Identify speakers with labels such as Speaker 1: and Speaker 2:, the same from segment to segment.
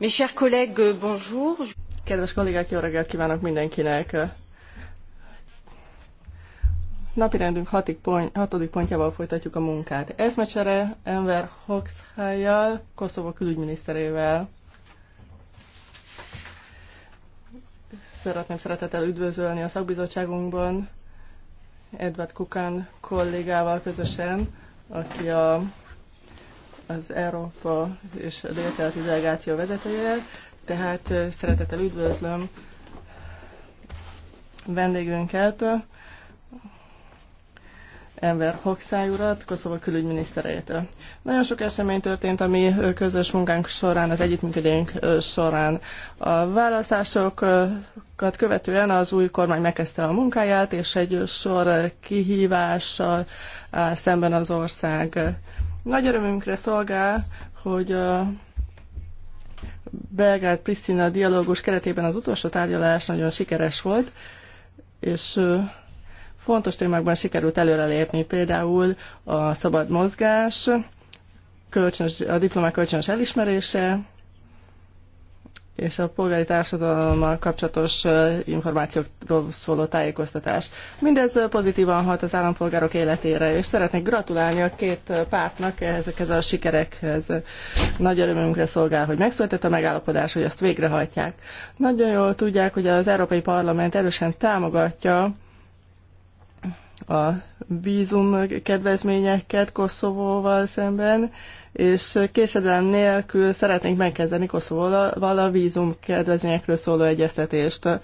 Speaker 1: Mes chers collègues, bonjour. Kedves kollégák, jó reggelt kívánok mindenkinek! Napirendünk hatik pont, hatodik pontjával folytatjuk a munkát. Ezmecsere Enver Hoxhájjal, Koszova külügyminiszterével. Szeretném szeretettel üdvözölni a szakbizottságunkban Edward Kukan kollégával közösen, aki a az Európa és a délkeleti delegáció vezetőjével, tehát szeretettel üdvözlöm vendégünket, ember Hoxály urat, Koszova külügyminiszterét. Nagyon sok esemény történt a mi közös munkánk során, az együttműködésünk során. A választásokat követően az új kormány megkezdte a munkáját, és egy sor kihívással szemben az ország nagy örömünkre szolgál, hogy a Belgárd Pristina dialógus keretében az utolsó tárgyalás nagyon sikeres volt, és fontos témákban sikerült előrelépni, például a szabad mozgás, kölcsönös, a diplomák kölcsönös elismerése, és a polgári társadalommal kapcsolatos információkról szóló tájékoztatás. Mindez pozitívan hat az állampolgárok életére, és szeretnék gratulálni a két pártnak ezekhez a sikerekhez. Nagy örömünkre szolgál, hogy megszületett a megállapodás, hogy azt végrehajtják. Nagyon jól tudják, hogy az Európai Parlament erősen támogatja a vízum kedvezményeket Koszovóval szemben, és késedelem nélkül szeretnénk megkezdeni Koszovóval a vízum kedvezményekről szóló egyeztetést.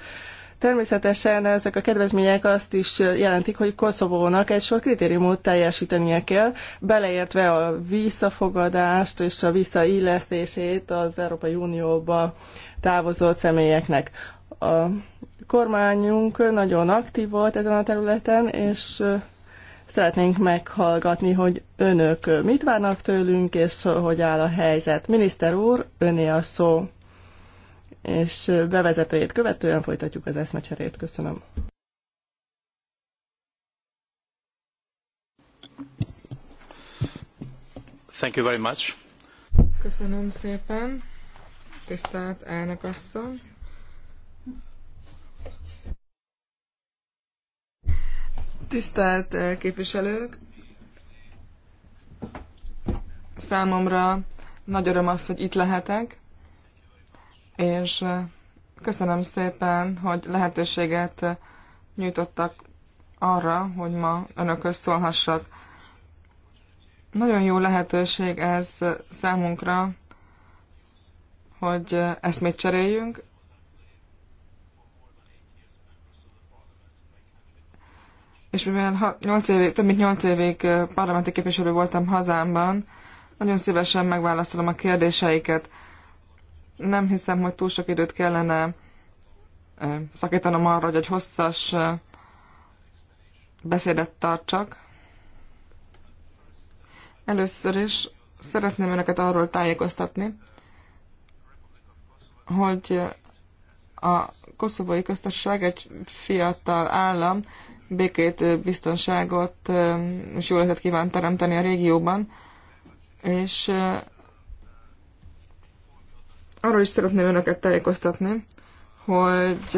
Speaker 1: Természetesen ezek a kedvezmények azt is jelentik, hogy Koszovónak egy sor kritériumot teljesítenie kell, beleértve a visszafogadást és a visszaillesztését az Európai Unióba távozott személyeknek. A kormányunk nagyon aktív volt ezen a területen, és Szeretnénk meghallgatni, hogy önök mit várnak tőlünk, és hogy áll a helyzet. Miniszter úr, öné a szó, és bevezetőjét követően folytatjuk az eszmecserét. Köszönöm.
Speaker 2: Thank you very much.
Speaker 3: Köszönöm szépen. Tisztelt elnök asszony, Tisztelt eh, képviselők! Számomra nagy öröm az, hogy itt lehetek, és eh, köszönöm szépen, hogy lehetőséget eh, nyújtottak arra, hogy ma önökhöz szólhassak. Nagyon jó lehetőség ez számunkra, hogy eszmét cseréljünk, és mivel 8 évig, több mint 8 évig parlamenti képviselő voltam hazámban, nagyon szívesen megválaszolom a kérdéseiket. Nem hiszem, hogy túl sok időt kellene szakítanom arra, hogy egy hosszas beszédet tartsak. Először is szeretném Önöket arról tájékoztatni, hogy a koszovói köztársaság egy fiatal állam, békét, biztonságot és lehet kíván teremteni a régióban, és arról is szeretném önöket tájékoztatni, hogy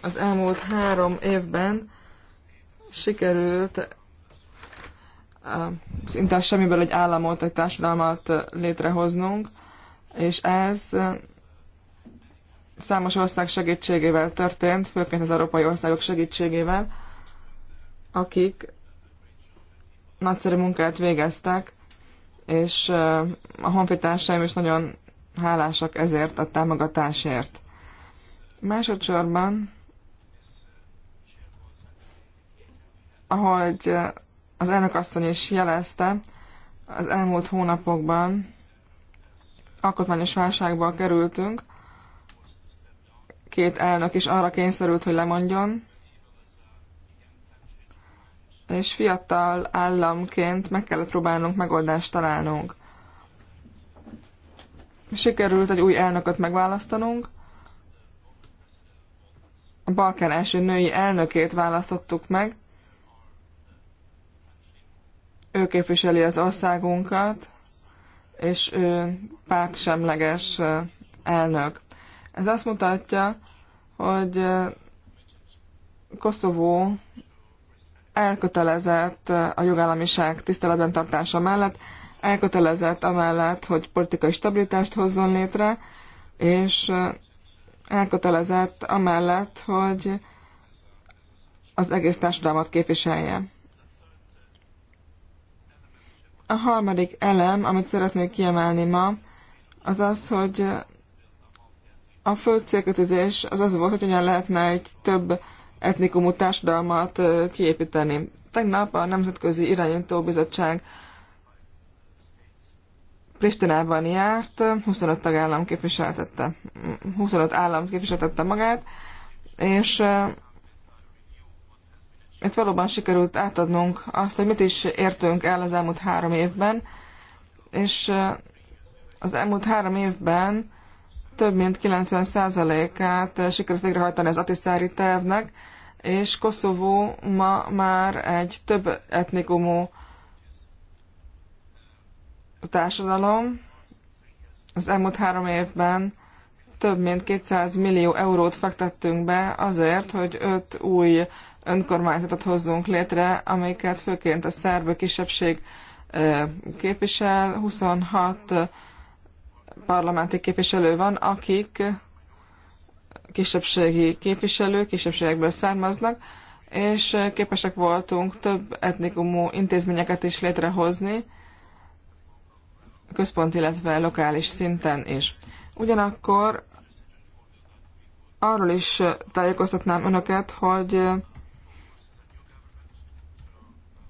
Speaker 3: az elmúlt három évben sikerült szinte semmiből egy államot, egy társadalmat létrehoznunk, és ez számos ország segítségével történt, főként az európai országok segítségével, akik nagyszerű munkát végeztek, és a honfitársaim is nagyon hálásak ezért a támogatásért. Másodszorban, ahogy az asszony is jelezte, az elmúlt hónapokban alkotmányos válságba kerültünk. Két elnök is arra kényszerült, hogy lemondjon és fiatal államként meg kellett próbálnunk megoldást találnunk. Sikerült egy új elnököt megválasztanunk. A Balkán első női elnökét választottuk meg. Ő képviseli az országunkat, és ő pártsemleges elnök. Ez azt mutatja, hogy Koszovó elkötelezett a jogállamiság tiszteletben tartása mellett, elkötelezett amellett, hogy politikai stabilitást hozzon létre, és elkötelezett amellett, hogy az egész társadalmat képviselje. A harmadik elem, amit szeretnék kiemelni ma, az az, hogy a fő célkötözés az az volt, hogy hogyan lehetne egy több etnikumú társadalmat kiépíteni. Tegnap a Nemzetközi Irányító Bizottság Pristinában járt, 25 tagállam képviseltette, 25 állam képviseltette magát, és itt valóban sikerült átadnunk azt, hogy mit is értünk el az elmúlt három évben, és az elmúlt három évben több mint 90%-át sikerült végrehajtani az Atiszári tervnek, és Koszovó ma már egy több etnikumú társadalom. Az elmúlt három évben több mint 200 millió eurót fektettünk be azért, hogy öt új önkormányzatot hozzunk létre, amiket főként a szerb kisebbség képvisel, 26 parlamenti képviselő van, akik kisebbségi képviselők, kisebbségekből származnak, és képesek voltunk több etnikumú intézményeket is létrehozni, központ, illetve lokális szinten is. Ugyanakkor arról is tájékoztatnám önöket, hogy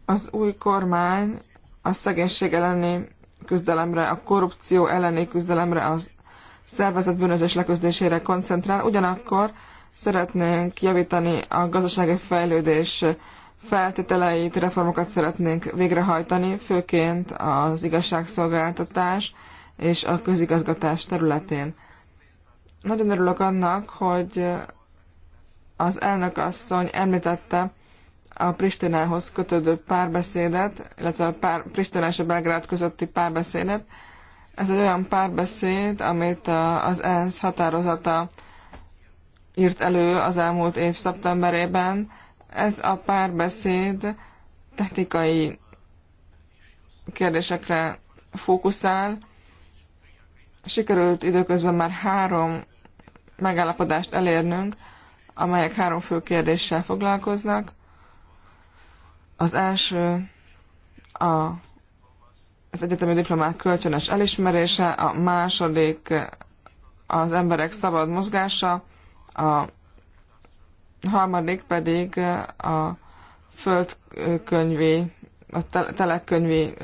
Speaker 3: az új kormány a szegénység elleni küzdelemre, a korrupció elleni küzdelemre, a szervezett bűnözés leküzdésére koncentrál. Ugyanakkor szeretnénk javítani a gazdasági fejlődés feltételeit, reformokat szeretnénk végrehajtani, főként az igazságszolgáltatás és a közigazgatás területén. Nagyon örülök annak, hogy az elnök asszony említette a Pristinához kötődő párbeszédet, illetve a pár, Pristina és a Belgrád közötti párbeszédet. Ez egy olyan párbeszéd, amit az ENSZ határozata írt elő az elmúlt év szeptemberében. Ez a párbeszéd technikai kérdésekre fókuszál. Sikerült időközben már három megállapodást elérnünk, amelyek három fő kérdéssel foglalkoznak. Az első a, az egyetemi diplomák kölcsönös elismerése, a második az emberek szabad mozgása, a harmadik pedig a földkönyvi, a telekönyvi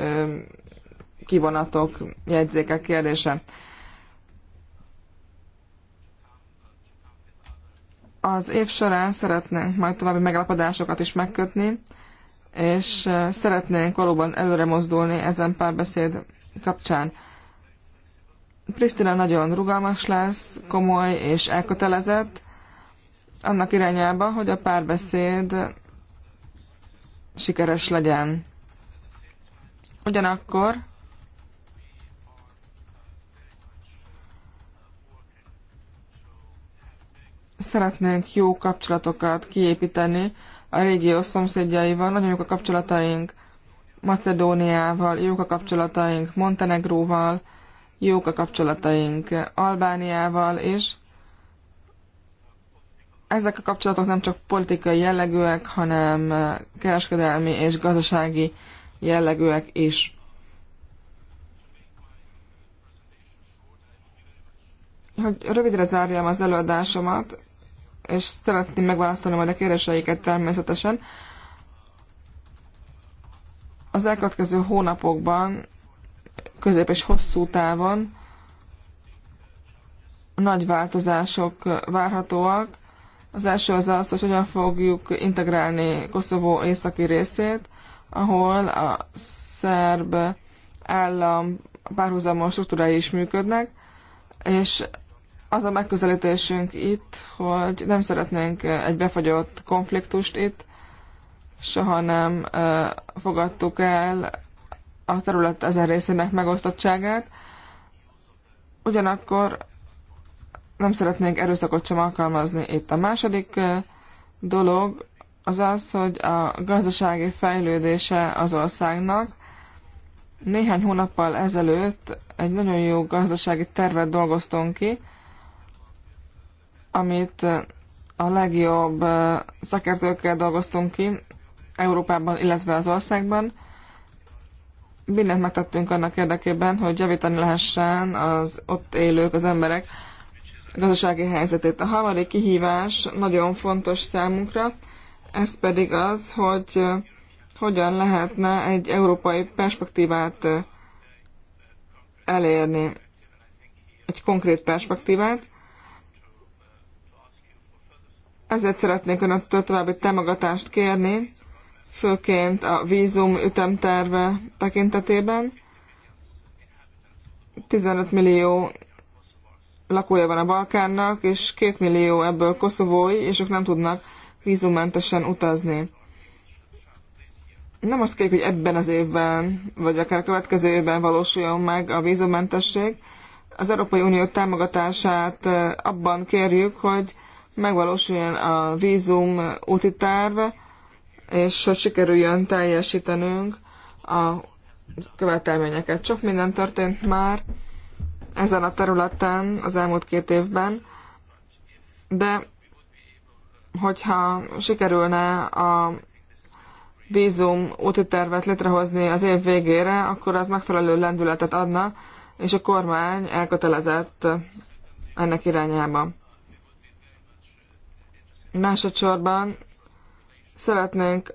Speaker 3: kivonatok, jegyzékek kérdése. Az év során szeretnénk majd további megállapodásokat is megkötni, és szeretnénk valóban előre mozdulni ezen párbeszéd kapcsán. Pristina nagyon rugalmas lesz, komoly és elkötelezett annak irányába, hogy a párbeszéd sikeres legyen. Ugyanakkor szeretnénk jó kapcsolatokat kiépíteni a régió szomszédjaival, nagyon jók a kapcsolataink Macedóniával, jók a kapcsolataink Montenegróval, jók a kapcsolataink Albániával, és ezek a kapcsolatok nem csak politikai jellegűek, hanem kereskedelmi és gazdasági jellegűek is. Hogy rövidre zárjam az előadásomat, és szeretném megválaszolni majd a kérdéseiket természetesen. Az elkövetkező hónapokban, közép és hosszú távon nagy változások várhatóak. Az első az az, hogy hogyan fogjuk integrálni Koszovó északi részét, ahol a szerb állam párhuzamos struktúrái is működnek, és az a megközelítésünk itt, hogy nem szeretnénk egy befagyott konfliktust itt, soha nem fogadtuk el a terület ezen részének megosztottságát. Ugyanakkor nem szeretnénk erőszakot sem alkalmazni itt. A második dolog az az, hogy a gazdasági fejlődése az országnak néhány hónappal ezelőtt egy nagyon jó gazdasági tervet dolgoztunk ki, amit a legjobb szakértőkkel dolgoztunk ki Európában, illetve az országban. Mindent megtettünk annak érdekében, hogy javítani lehessen az ott élők, az emberek gazdasági helyzetét. A harmadik kihívás nagyon fontos számunkra, ez pedig az, hogy hogyan lehetne egy európai perspektívát elérni, egy konkrét perspektívát, ezért szeretnék önöktől további támogatást kérni, főként a vízum ütemterve tekintetében. 15 millió lakója van a Balkánnak, és 2 millió ebből koszovói, és ők nem tudnak vízummentesen utazni. Nem azt kérjük, hogy ebben az évben, vagy akár a következő évben valósuljon meg a vízummentesség. Az Európai Unió támogatását eh, abban kérjük, hogy megvalósuljon a vízum úti terv, és hogy sikerüljön teljesítenünk a követelményeket. Sok minden történt már ezen a területen az elmúlt két évben, de hogyha sikerülne a vízum úti tervet létrehozni az év végére, akkor az megfelelő lendületet adna, és a kormány elkötelezett ennek irányába. Másodszorban szeretnénk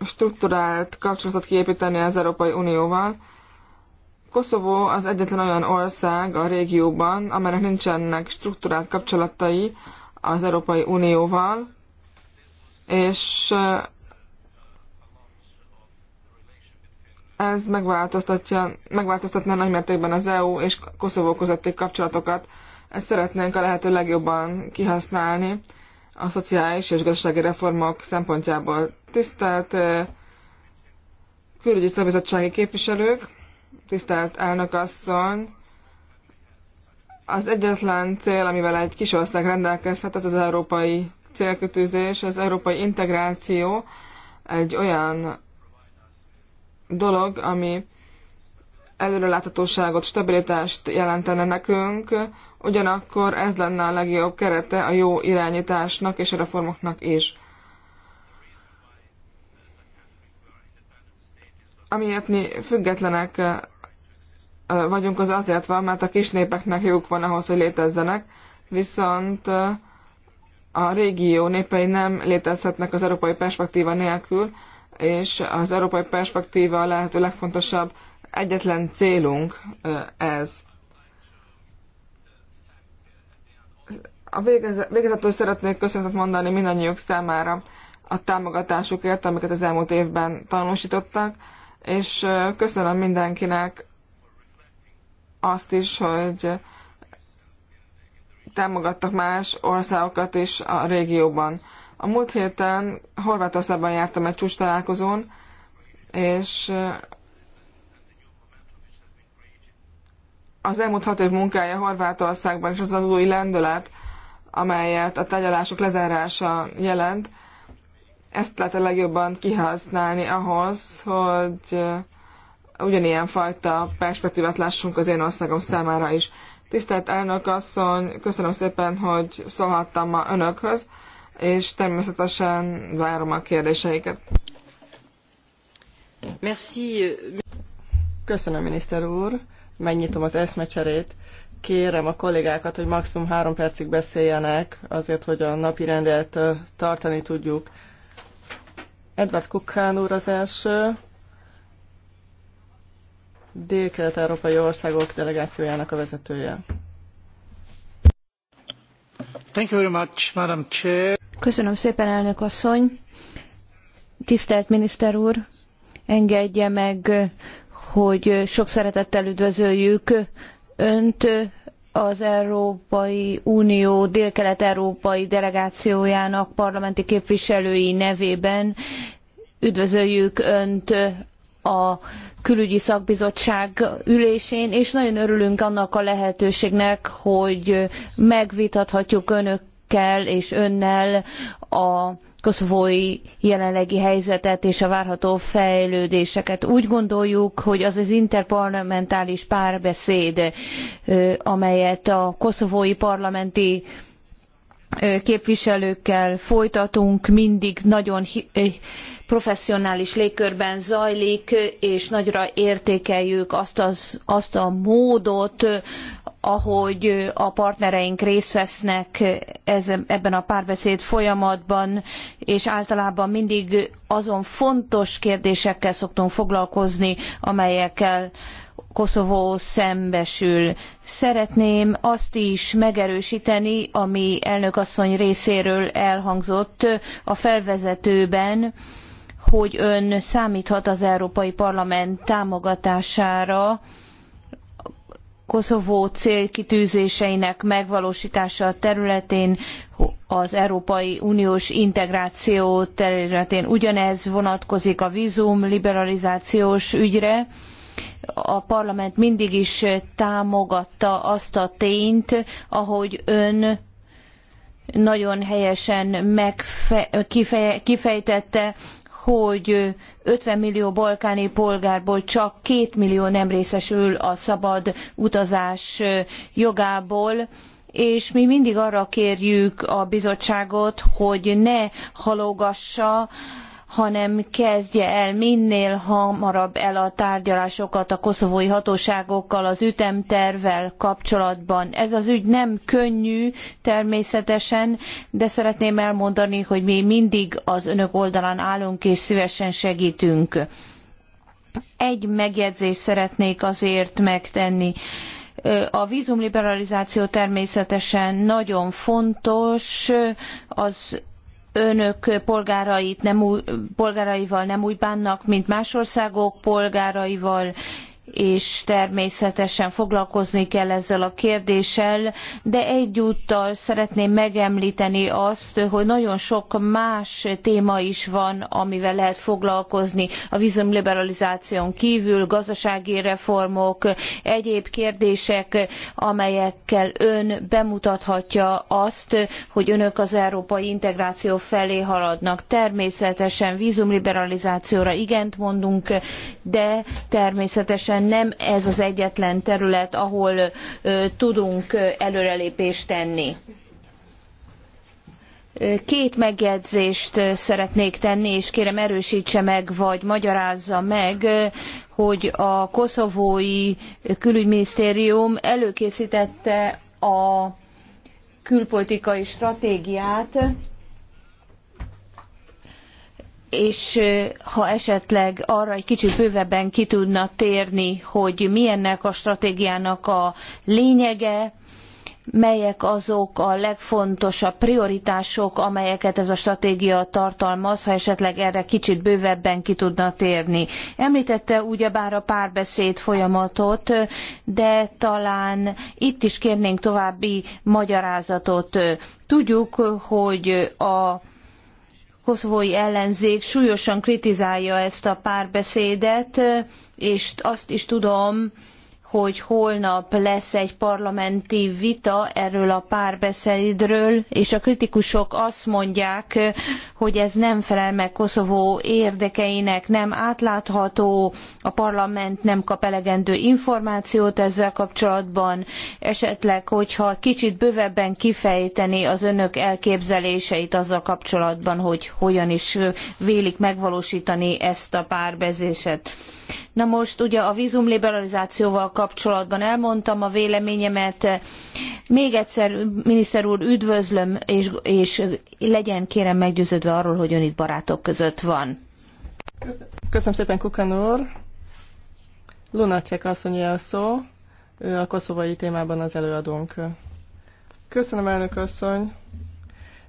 Speaker 3: strukturált kapcsolatot kiépíteni az Európai Unióval. Koszovó az egyetlen olyan ország a régióban, amelynek nincsenek strukturált kapcsolatai az Európai Unióval, és eh, ez megváltoztatja, megváltoztatna nagymértékben az EU és Koszovó közötti kapcsolatokat. Ezt szeretnénk a lehető legjobban kihasználni a szociális és gazdasági reformok szempontjából. Tisztelt külügyi szabizottsági képviselők, tisztelt elnökasszony, az egyetlen cél, amivel egy kis ország rendelkezhet, az az európai célkötőzés, az európai integráció egy olyan dolog, ami előreláthatóságot, stabilitást jelentene nekünk, ugyanakkor ez lenne a legjobb kerete a jó irányításnak és a reformoknak is. Amiért mi függetlenek eh, eh, vagyunk, az azért van, mert a népeknek jók van ahhoz, hogy létezzenek, viszont eh, a régió népei nem létezhetnek az európai perspektíva nélkül, és az európai perspektíva a lehető legfontosabb egyetlen célunk ez. A végezetül szeretnék köszönetet mondani mindannyiuk számára a támogatásukért, amiket az elmúlt évben tanúsítottak, és köszönöm mindenkinek azt is, hogy támogattak más országokat is a régióban. A múlt héten Horvátországban jártam egy csúcs találkozón, és az elmúlt hat év munkája Horvátországban és az az új lendület, amelyet a tárgyalások lezárása jelent, ezt lehet a legjobban kihasználni ahhoz, hogy eh, ugyanilyen fajta perspektívát lássunk az én országom számára is. Tisztelt elnök asszony, köszönöm szépen, hogy szólhattam ma önökhöz, és természetesen várom a kérdéseiket.
Speaker 2: Merci.
Speaker 1: Köszönöm, miniszter úr. Megnyitom az eszmecserét kérem a kollégákat, hogy maximum három percig beszéljenek, azért, hogy a napi rendet tartani tudjuk. Edward Kukán úr az első, dél-kelet-európai országok delegációjának a vezetője.
Speaker 3: Thank you very much, Madam Chair.
Speaker 2: Köszönöm szépen, elnök asszony. Tisztelt miniszter úr, engedje meg, hogy sok szeretettel üdvözöljük önt az Európai Unió délkelet-európai delegációjának parlamenti képviselői nevében üdvözöljük önt a külügyi szakbizottság ülésén, és nagyon örülünk annak a lehetőségnek, hogy megvitathatjuk önökkel és önnel a koszovói jelenlegi helyzetet és a várható fejlődéseket. Úgy gondoljuk, hogy az az interparlamentális párbeszéd, amelyet a koszovói parlamenti képviselőkkel folytatunk, mindig nagyon professzionális légkörben zajlik, és nagyra értékeljük azt, az, azt a módot, ahogy a partnereink részt vesznek ebben a párbeszéd folyamatban, és általában mindig azon fontos kérdésekkel szoktunk foglalkozni, amelyekkel Koszovó szembesül. Szeretném azt is megerősíteni, ami elnökasszony részéről elhangzott a felvezetőben, hogy ön számíthat az Európai Parlament támogatására, Koszovó célkitűzéseinek megvalósítása a területén, az Európai Uniós integráció területén. Ugyanez vonatkozik a vízum liberalizációs ügyre. A parlament mindig is támogatta azt a tényt, ahogy ön nagyon helyesen megfe- kifejtette, hogy 50 millió balkáni polgárból csak 2 millió nem részesül a szabad utazás jogából, és mi mindig arra kérjük a bizottságot, hogy ne halogassa, hanem kezdje el minél hamarabb el a tárgyalásokat a koszovói hatóságokkal az ütemtervvel kapcsolatban. Ez az ügy nem könnyű természetesen, de szeretném elmondani, hogy mi mindig az önök oldalán állunk és szívesen segítünk. Egy megjegyzést szeretnék azért megtenni. A vízumliberalizáció természetesen nagyon fontos, az önök polgárait nem úgy, polgáraival nem úgy bánnak, mint más országok polgáraival, és természetesen foglalkozni kell ezzel a kérdéssel, de egyúttal szeretném megemlíteni azt, hogy nagyon sok más téma is van, amivel lehet foglalkozni a vízumliberalizáción kívül, gazdasági reformok, egyéb kérdések, amelyekkel ön bemutathatja azt, hogy önök az európai integráció felé haladnak. Természetesen vízumliberalizációra igent mondunk, de természetesen nem ez az egyetlen terület, ahol tudunk előrelépést tenni. Két megjegyzést szeretnék tenni, és kérem erősítse meg, vagy magyarázza meg, hogy a koszovói külügyminisztérium előkészítette a külpolitikai stratégiát, és ha esetleg arra egy kicsit bővebben ki tudna térni, hogy mi ennek a stratégiának a lényege, melyek azok a legfontosabb prioritások, amelyeket ez a stratégia tartalmaz, ha esetleg erre kicsit bővebben ki tudna térni. Említette ugyebár a párbeszéd folyamatot, de talán itt is kérnénk további magyarázatot. Tudjuk, hogy a koszovói ellenzék súlyosan kritizálja ezt a párbeszédet, és azt is tudom, hogy holnap lesz egy parlamenti vita erről a párbeszédről, és a kritikusok azt mondják, hogy ez nem felel meg Koszovó érdekeinek, nem átlátható, a parlament nem kap elegendő információt ezzel kapcsolatban, esetleg, hogyha kicsit bővebben kifejteni az önök elképzeléseit azzal kapcsolatban, hogy hogyan is vélik megvalósítani ezt a párbeszédet. Na most ugye a vízumliberalizációval kapcsolatban elmondtam a véleményemet. Még egyszer, miniszter úr, üdvözlöm, és, és legyen kérem meggyőződve arról, hogy ön itt barátok között van. Köszönöm szépen, Kukan úr.
Speaker 1: Lunacek asszonyi a szó, ő a koszovai témában az előadónk. Köszönöm, elnök asszony.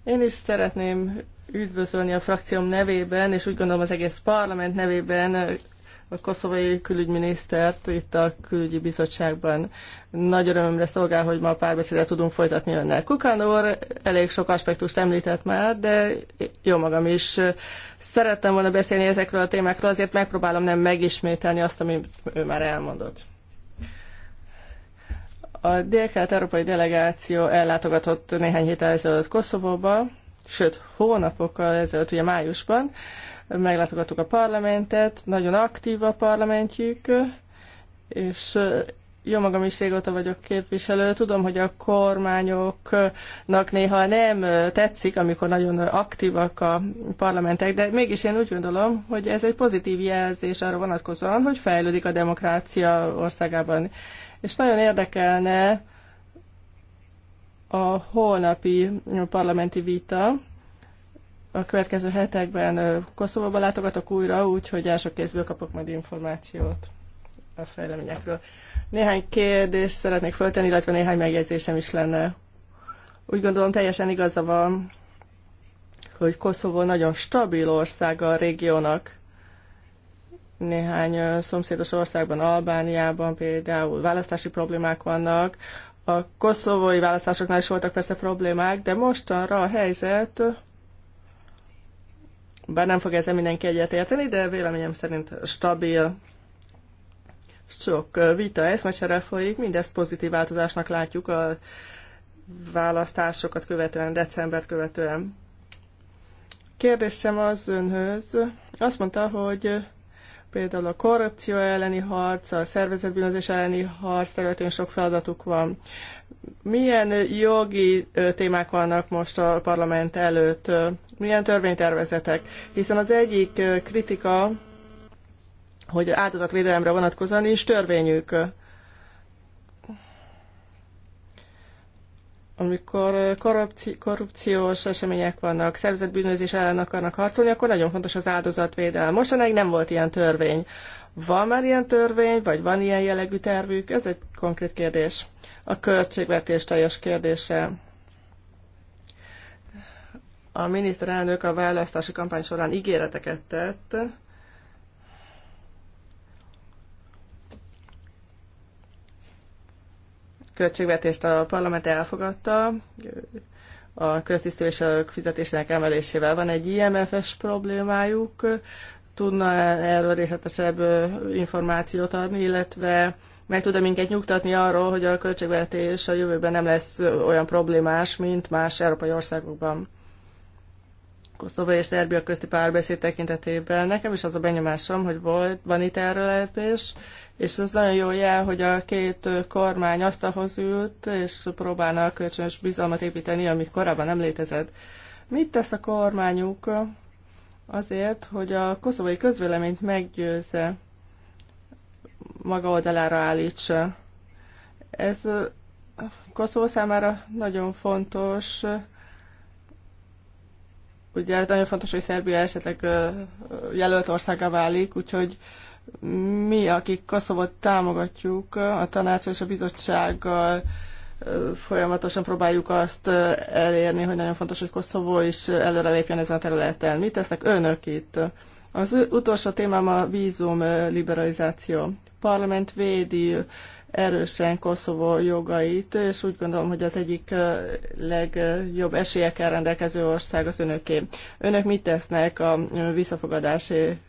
Speaker 1: Én is szeretném üdvözölni a frakcióm nevében, és úgy gondolom az egész parlament nevében a koszovai külügyminisztert itt a külügyi bizottságban. Nagy örömömre szolgál, hogy ma párbeszédet tudunk folytatni önnel. Kukán úr elég sok aspektust említett már, de jó magam is szerettem volna beszélni ezekről a témákról, azért megpróbálom nem megismételni azt, amit ő már elmondott. A dél európai delegáció ellátogatott néhány héttel ezelőtt Koszovóba, sőt hónapokkal ezelőtt, ugye májusban, meglátogattuk a parlamentet, nagyon aktív a parlamentjük, és jó magam is régóta vagyok képviselő, tudom, hogy a kormányoknak néha nem tetszik, amikor nagyon aktívak a parlamentek, de mégis én úgy gondolom, hogy ez egy pozitív jelzés arra vonatkozóan, hogy fejlődik a demokrácia országában. És nagyon érdekelne a holnapi parlamenti vita, a következő hetekben Koszovóba látogatok újra, úgyhogy első kézből kapok majd információt a fejleményekről. Néhány kérdést szeretnék föltenni, illetve néhány megjegyzésem is lenne. Úgy gondolom teljesen igaza van, hogy Koszovó nagyon stabil ország a régiónak. Néhány szomszédos országban, Albániában például választási problémák vannak. A koszovói választásoknál is voltak persze problémák, de mostanra a helyzet bár nem fog ezzel mindenki egyet érteni, de véleményem szerint stabil. Sok vita eszmesere folyik, mindezt pozitív változásnak látjuk a választásokat követően, decembert követően. Kérdésem az önhöz. Azt mondta, hogy Például a korrupció elleni harc, a szervezetbűnözés elleni harc területén sok feladatuk van. Milyen jogi témák vannak most a parlament előtt? Milyen törvénytervezetek? Hiszen az egyik kritika, hogy áldozatvédelemre vonatkozóan nincs törvényük. amikor eh, korrupci- korrupciós események vannak, szervezetbűnözés ellen akarnak harcolni, akkor nagyon fontos az áldozatvédelem. Mostanáig nem volt ilyen törvény. Van már ilyen törvény, vagy van ilyen jellegű tervük? Ez egy konkrét kérdés. A költségvetés teljes kérdése. A miniszterelnök a választási kampány során ígéreteket tett, költségvetést a parlament elfogadta, a köztisztviselők fizetésének emelésével van egy IMF-es problémájuk, tudna erről részletesebb információt adni, illetve meg tud-e minket nyugtatni arról, hogy a költségvetés a jövőben nem lesz olyan problémás, mint más európai országokban. Koszova és Szerbia közti párbeszéd tekintetében. Nekem is az a benyomásom, hogy volt, van itt lépés, és ez nagyon jó jel, hogy a két kormány asztalhoz ült, és a kölcsönös bizalmat építeni, ami korábban nem létezett. Mit tesz a kormányuk azért, hogy a koszovai közvéleményt meggyőzze, maga oldalára állítsa? Ez Koszovó számára nagyon fontos, Ugye hát nagyon fontos, hogy Szerbia esetleg jelölt országa válik, úgyhogy mi, akik Koszovot támogatjuk, a tanács és a bizottsággal folyamatosan próbáljuk azt elérni, hogy nagyon fontos, hogy Koszovó is előrelépjen ezen a területen. Mit tesznek önök itt? Az utolsó témám a vízum liberalizáció. Parlament védi erősen Koszovó jogait, és úgy gondolom, hogy az egyik legjobb esélyekkel rendelkező ország az önöké. Önök mit tesznek a visszafogadási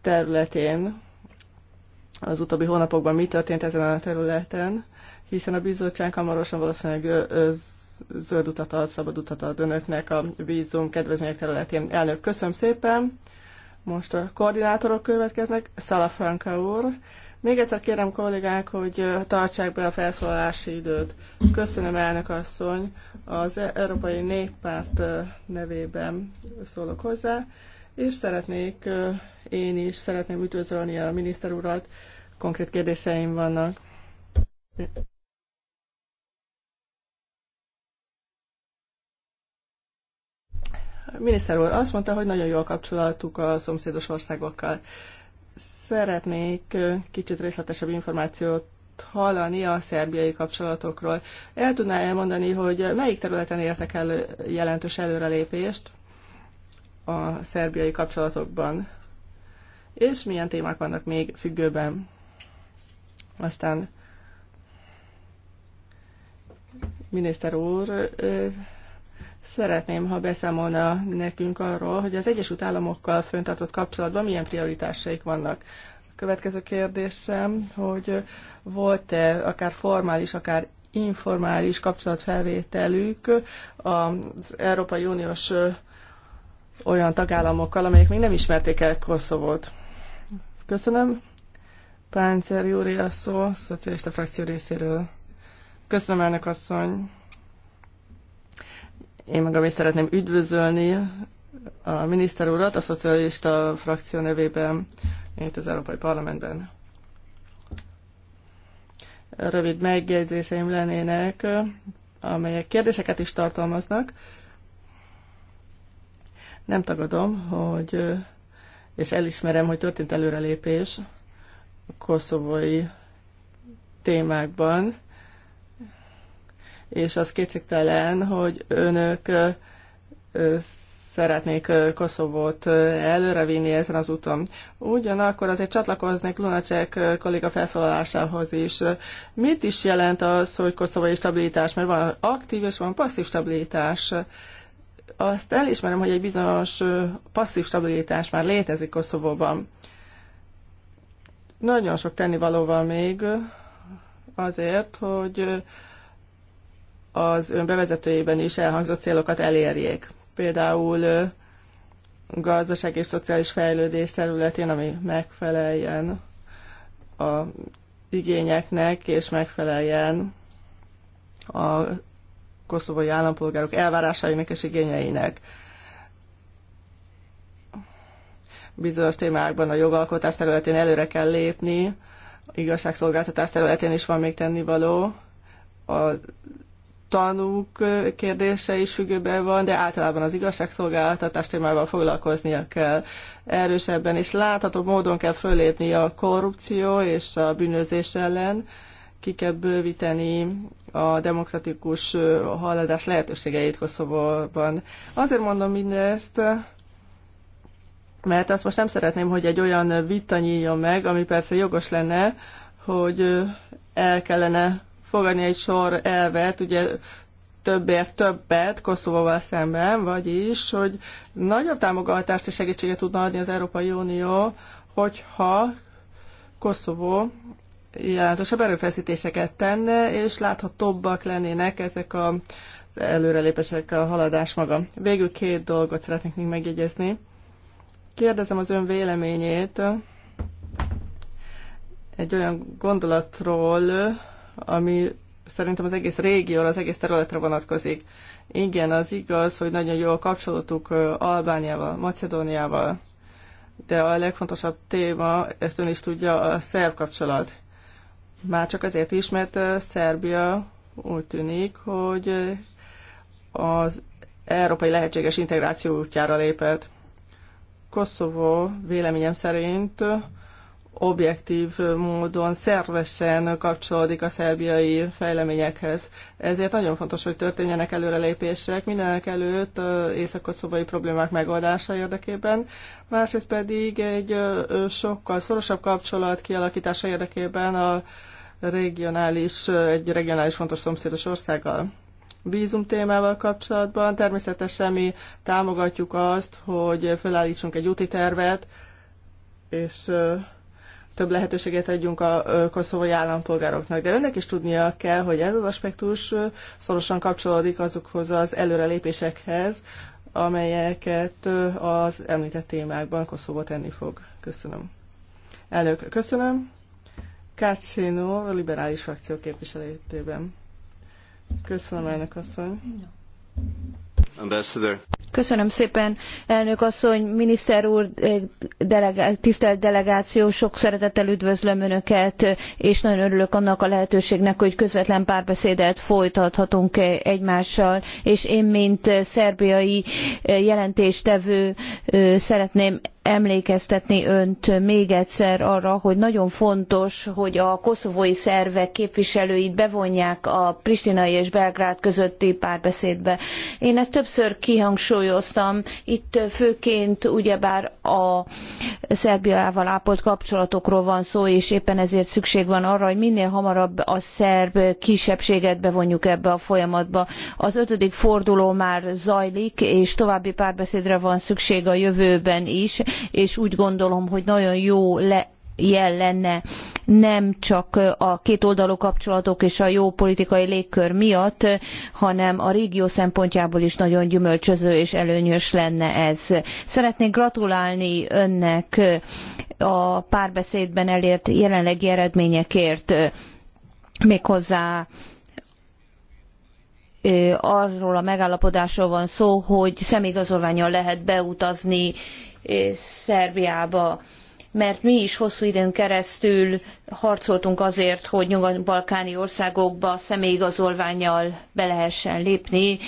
Speaker 1: területén? Az utóbbi hónapokban mi történt ezen a területen? Hiszen a bizottság hamarosan valószínűleg zöld utat ad, szabad utat ad önöknek a vízum kedvezmények területén. Elnök, köszönöm szépen! Most a koordinátorok következnek. Franka úr, még egyszer kérem kollégák, hogy tartsák be a felszólalási időt. Köszönöm elnök asszony, az e- Európai Néppárt nevében szólok hozzá, és szeretnék, én is szeretném üdvözölni a miniszter urat, konkrét kérdéseim vannak. miniszter úr azt mondta, hogy nagyon jó a kapcsolatuk a szomszédos országokkal szeretnék kicsit részletesebb információt hallani a szerbiai kapcsolatokról. El tudná elmondani, hogy melyik területen értek el jelentős előrelépést a szerbiai kapcsolatokban, és milyen témák vannak még függőben. Aztán miniszter úr Szeretném, ha beszámolna nekünk arról, hogy az Egyesült Államokkal föntartott kapcsolatban milyen prioritásaik vannak. A következő kérdésem, hogy volt-e akár formális, akár informális kapcsolatfelvételük az Európai Uniós olyan tagállamokkal, amelyek még nem ismerték el Koszovót. Köszönöm. Páncer Júri a szó, szocialista frakció részéről. Köszönöm, elnök asszony. Én magam is szeretném üdvözölni a miniszter urat a szocialista frakció nevében itt az Európai Parlamentben. Rövid megjegyzéseim lennének, amelyek kérdéseket is tartalmaznak. Nem tagadom, hogy, és elismerem, hogy történt előrelépés a koszovói témákban, és az kétségtelen, hogy önök szeretnék Koszovót előrevinni ezen az úton. Ugyanakkor azért csatlakoznék Lunacek kolléga felszólalásához is. Mit is jelent az, hogy koszovai stabilitás? Mert van aktív és van passzív stabilitás. Azt elismerem, hogy egy bizonyos passzív stabilitás már létezik Koszovóban. Nagyon sok tennivaló van még azért, hogy az ön bevezetőjében is elhangzott célokat elérjék. Például gazdaság és szociális fejlődés területén, ami megfeleljen a igényeknek, és megfeleljen a koszovói állampolgárok elvárásainak és igényeinek. Bizonyos témákban a jogalkotás területén előre kell lépni, igazságszolgáltatás területén is van még tennivaló, a tanúk kérdése is függőben van, de általában az igazságszolgáltatás témával foglalkoznia kell. Erősebben és látható módon kell fölépni a korrupció és a bűnözés ellen, ki kell bővíteni a demokratikus haladás lehetőségeit Koszovóban. Azért mondom mindezt, mert azt most nem szeretném, hogy egy olyan vita nyíljon meg, ami persze jogos lenne, hogy el kellene fogadni egy sor elvet, ugye többért többet Koszovóval szemben, vagyis, hogy nagyobb támogatást és segítséget tudna adni az Európai Unió, hogyha Koszovó jelentősebb erőfeszítéseket tenne, és láthatóbbak lennének ezek a előrelépések, a haladás maga. Végül két dolgot szeretnék még megjegyezni. Kérdezem az ön véleményét egy olyan gondolatról, ami szerintem az egész régió, az egész területre vonatkozik. Igen, az igaz, hogy nagyon jól kapcsolódtuk Albániával, Macedóniával, de a legfontosabb téma, ezt ön is tudja, a szerb kapcsolat. Már csak azért is, mert Szerbia úgy tűnik, hogy az európai lehetséges integráció útjára lépett. Koszovó véleményem szerint objektív módon szervesen kapcsolódik a szerbiai fejleményekhez. Ezért nagyon fontos, hogy történjenek előrelépések mindenek előtt észak-koszovai problémák megoldása érdekében, másrészt pedig egy sokkal szorosabb kapcsolat kialakítása érdekében a regionális, egy regionális fontos szomszédos országgal vízum témával kapcsolatban. Természetesen mi támogatjuk azt, hogy felállítsunk egy úti tervet, és több lehetőséget adjunk a koszovói állampolgároknak. De önnek is tudnia kell, hogy ez az aspektus szorosan kapcsolódik azokhoz az előrelépésekhez, amelyeket az említett témákban Koszovó tenni fog. Köszönöm. Elnök, köszönöm. Kácsino, a liberális frakció képviseletében. Köszönöm, elnök
Speaker 2: asszony. Ambassador. Köszönöm szépen, elnök asszony, miniszter úr, eh, tisztelt delegáció, sok szeretettel üdvözlöm Önöket, és nagyon örülök annak a lehetőségnek, hogy közvetlen párbeszédet folytathatunk eh, egymással, és én, mint eh, szerbiai jelentéstevő szeretném emlékeztetni önt még egyszer arra, hogy nagyon fontos, hogy a koszovói szervek képviselőit bevonják a pristinai és Belgrád közötti párbeszédbe. Én ezt többször kihangsúlyozom, hangsúlyoztam. Itt főként ugyebár a Szerbiával ápolt kapcsolatokról van szó, és éppen ezért szükség van arra, hogy minél hamarabb a szerb kisebbséget bevonjuk ebbe a folyamatba. Az ötödik forduló már zajlik, és további párbeszédre van szükség a jövőben is, és úgy gondolom, hogy nagyon jó le jel lenne nem csak a kétoldalú kapcsolatok és a jó politikai légkör miatt, hanem a régió szempontjából is nagyon gyümölcsöző és előnyös lenne ez. Szeretnék gratulálni önnek a párbeszédben elért jelenlegi eredményekért, méghozzá arról a megállapodásról van szó, hogy személyigazolványon lehet beutazni Szerbiába mert mi is hosszú időn keresztül harcoltunk azért, hogy nyugat-balkáni országokba személyigazolványjal be lehessen lépni.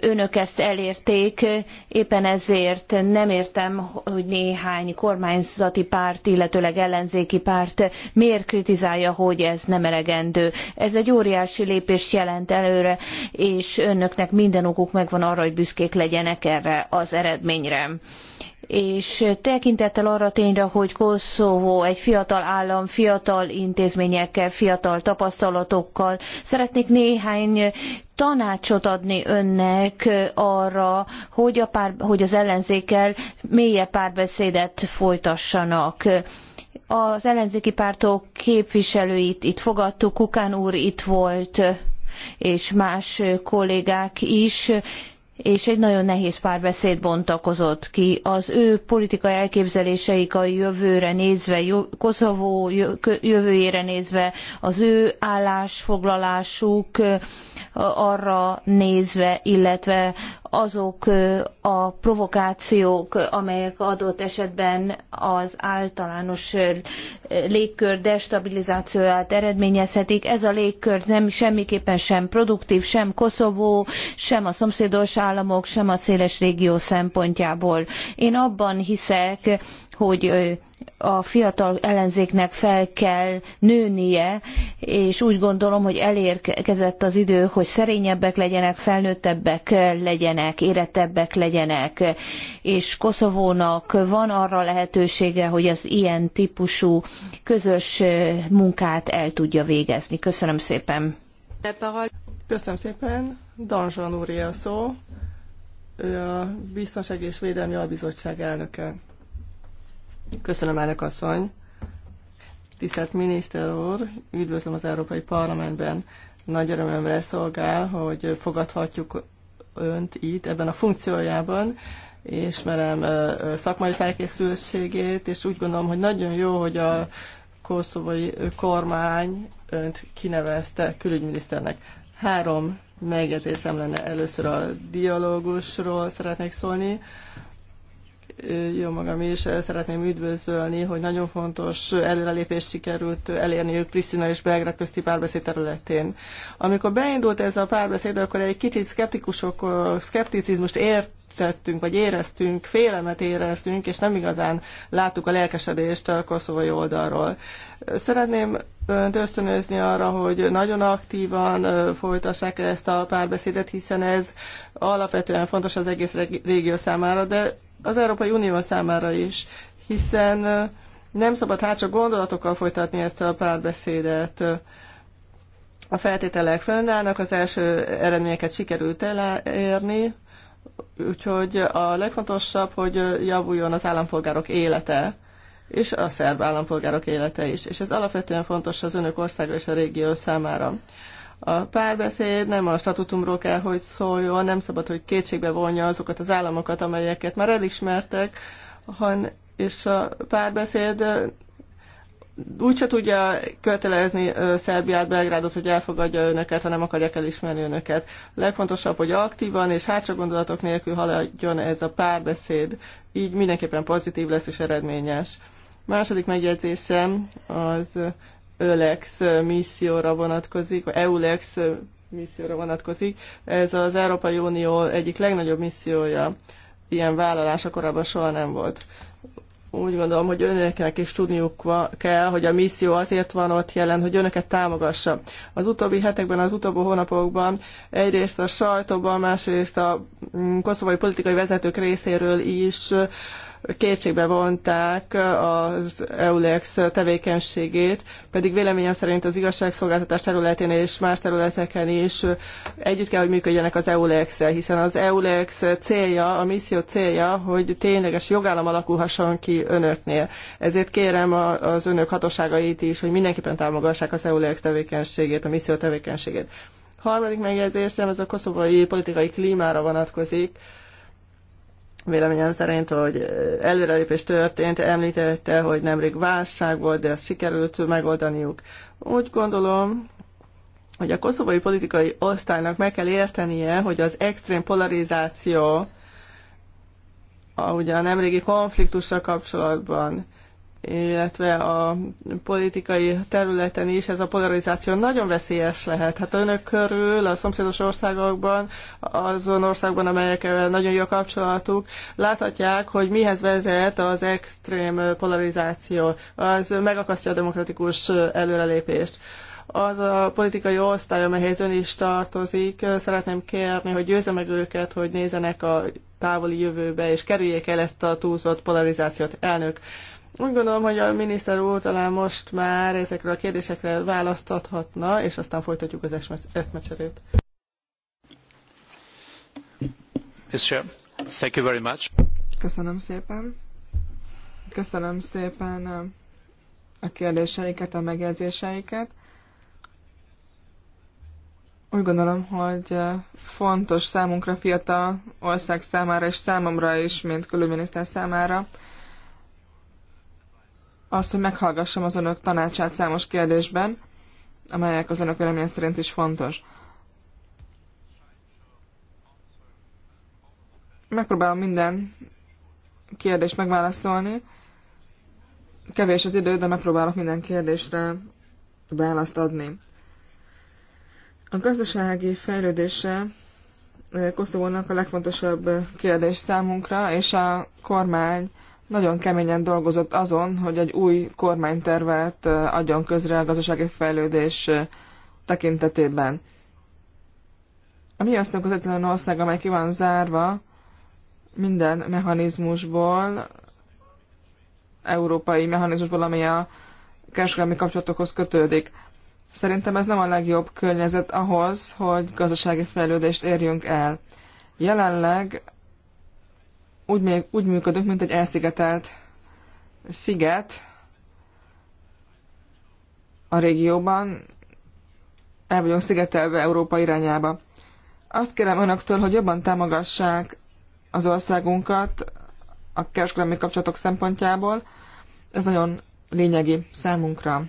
Speaker 2: Önök ezt elérték, éppen ezért nem értem, hogy néhány kormányzati párt, illetőleg ellenzéki párt miért kritizálja, hogy ez nem elegendő. Ez egy óriási lépést jelent előre, és önöknek minden okuk megvan arra, hogy büszkék legyenek erre az eredményre és tekintettel arra tényre, hogy Koszovó egy fiatal állam, fiatal intézményekkel, fiatal tapasztalatokkal, szeretnék néhány tanácsot adni önnek arra, hogy, a pár, hogy az ellenzékkel mélyebb párbeszédet folytassanak az ellenzéki pártok képviselőit itt fogadtuk, Kukán úr itt volt, és más kollégák is és egy nagyon nehéz párbeszéd bontakozott ki. Az ő politikai elképzeléseik a jövőre nézve, Koszovó jövőjére nézve, az ő állásfoglalásuk arra nézve, illetve azok a provokációk, amelyek adott esetben az általános légkör destabilizációját eredményezhetik. Ez a légkör nem semmiképpen sem produktív, sem Koszovó, sem a szomszédos államok, sem a széles régió szempontjából. Én abban hiszek, hogy a fiatal ellenzéknek fel kell nőnie, és úgy gondolom, hogy elérkezett az idő, hogy szerényebbek legyenek, felnőttebbek legyenek, érettebbek legyenek, és Koszovónak van arra lehetősége, hogy az ilyen típusú közös munkát el tudja végezni. Köszönöm szépen!
Speaker 1: Köszönöm szépen! Danzsan úr szó, ő a Biztonsági és Védelmi Albizottság elnöke. Köszönöm, elnök asszony. Tisztelt miniszter úr, üdvözlöm az Európai Parlamentben. Nagy örömömre szolgál, hogy fogadhatjuk önt itt ebben a funkciójában. Ismerem szakmai felkészültségét, és úgy gondolom, hogy nagyon jó, hogy a koszovai kormány önt kinevezte külügyminiszternek. Három megjegyzésem lenne. Először a dialógusról szeretnék szólni jó magam is szeretném üdvözölni, hogy nagyon fontos előrelépést sikerült elérniük Pristina és Belgrá közti párbeszéd területén. Amikor beindult ez a párbeszéd, akkor egy kicsit szkeptikusok, szkepticizmust ért tettünk, vagy éreztünk, félemet éreztünk, és nem igazán láttuk a lelkesedést a koszovai oldalról. Szeretném önt ösztönözni arra, hogy nagyon aktívan folytassák ezt a párbeszédet, hiszen ez alapvetően fontos az egész régió számára, de az Európai Unió számára is, hiszen nem szabad csak gondolatokkal folytatni ezt a párbeszédet. A feltételek fönnállnak, az első eredményeket sikerült elérni, úgyhogy a legfontosabb, hogy javuljon az állampolgárok élete és a szerb állampolgárok élete is. És ez alapvetően fontos az önök országa és a régió számára. A párbeszéd nem a statutumról kell, hogy szóljon, nem szabad, hogy kétségbe vonja azokat az államokat, amelyeket már elismertek, han, és a párbeszéd úgyse tudja kötelezni Szerbiát, Belgrádot, hogy elfogadja önöket, ha nem akarják elismerni önöket. A legfontosabb, hogy aktívan és hátsó gondolatok nélkül haladjon ez a párbeszéd. Így mindenképpen pozitív lesz és eredményes. Második megjegyzésem az ÖLEX misszióra vonatkozik, vagy EULEX misszióra vonatkozik. Ez az Európai Unió egyik legnagyobb missziója. Ilyen vállalása korábban soha nem volt. Úgy gondolom, hogy önöknek is tudniuk kell, hogy a misszió azért van ott jelen, hogy önöket támogassa. Az utóbbi hetekben, az utóbbi hónapokban egyrészt a sajtóban, másrészt a mm, koszovai politikai vezetők részéről is kétségbe vonták az EULEX tevékenységét, pedig véleményem szerint az igazságszolgáltatás területén és más területeken is együtt kell, hogy működjenek az eulex hiszen az EULEX célja, a misszió célja, hogy tényleges jogállam alakulhasson ki önöknél. Ezért kérem az önök hatóságait is, hogy mindenképpen támogassák az EULEX tevékenységét, a misszió tevékenységét. Harmadik megjegyzésem, ez a koszovai politikai klímára vonatkozik. Véleményem szerint, hogy előrelépés történt, említette, hogy nemrég válság volt, de ezt sikerült megoldaniuk. Úgy gondolom, hogy a koszovói politikai osztálynak meg kell értenie, hogy az extrém polarizáció a, ugye a nemrégi konfliktusra kapcsolatban illetve a politikai területen is ez a polarizáció nagyon veszélyes lehet. Hát önök körül, a szomszédos országokban, azon országban, amelyekkel nagyon jó kapcsolatuk, láthatják, hogy mihez vezet az extrém polarizáció. Az megakasztja a demokratikus előrelépést az a politikai osztály, amelyhez ön is tartozik, szeretném kérni, hogy győzze meg őket, hogy nézenek a távoli jövőbe, és kerüljék el ezt a túlzott polarizációt. Elnök, úgy gondolom, hogy a miniszter úr talán most már ezekre a kérdésekre választathatna, és aztán folytatjuk az eszmecserét.
Speaker 2: Thank you very much.
Speaker 3: Köszönöm szépen. Köszönöm szépen um, a kérdéseiket, a megjegyzéseiket. Úgy gondolom, hogy uh, fontos számunkra, fiatal ország számára és számomra is, mint külügyminiszter számára, azt, hogy meghallgassam az önök tanácsát számos kérdésben, amelyek az önök vélemény szerint is fontos. Megpróbálom minden kérdést megválaszolni. Kevés az idő, de megpróbálok minden kérdésre választ adni. A gazdasági fejlődése eh, Koszovónak a legfontosabb kérdés számunkra, és a kormány nagyon keményen dolgozott azon, hogy egy új kormánytervet adjon közre a gazdasági fejlődés tekintetében. A mi országunk az egyetlen ország, amely ki van zárva minden mechanizmusból, európai mechanizmusból, ami a kereskedelmi kapcsolatokhoz kötődik. Szerintem ez nem a legjobb környezet ahhoz, hogy gazdasági fejlődést érjünk el. Jelenleg úgy, még, úgy működünk, mint egy elszigetelt sziget a régióban, el vagyunk szigetelve Európa irányába. Azt kérem önöktől, hogy jobban támogassák az országunkat a kereskedelmi kapcsolatok szempontjából. Ez nagyon lényegi számunkra.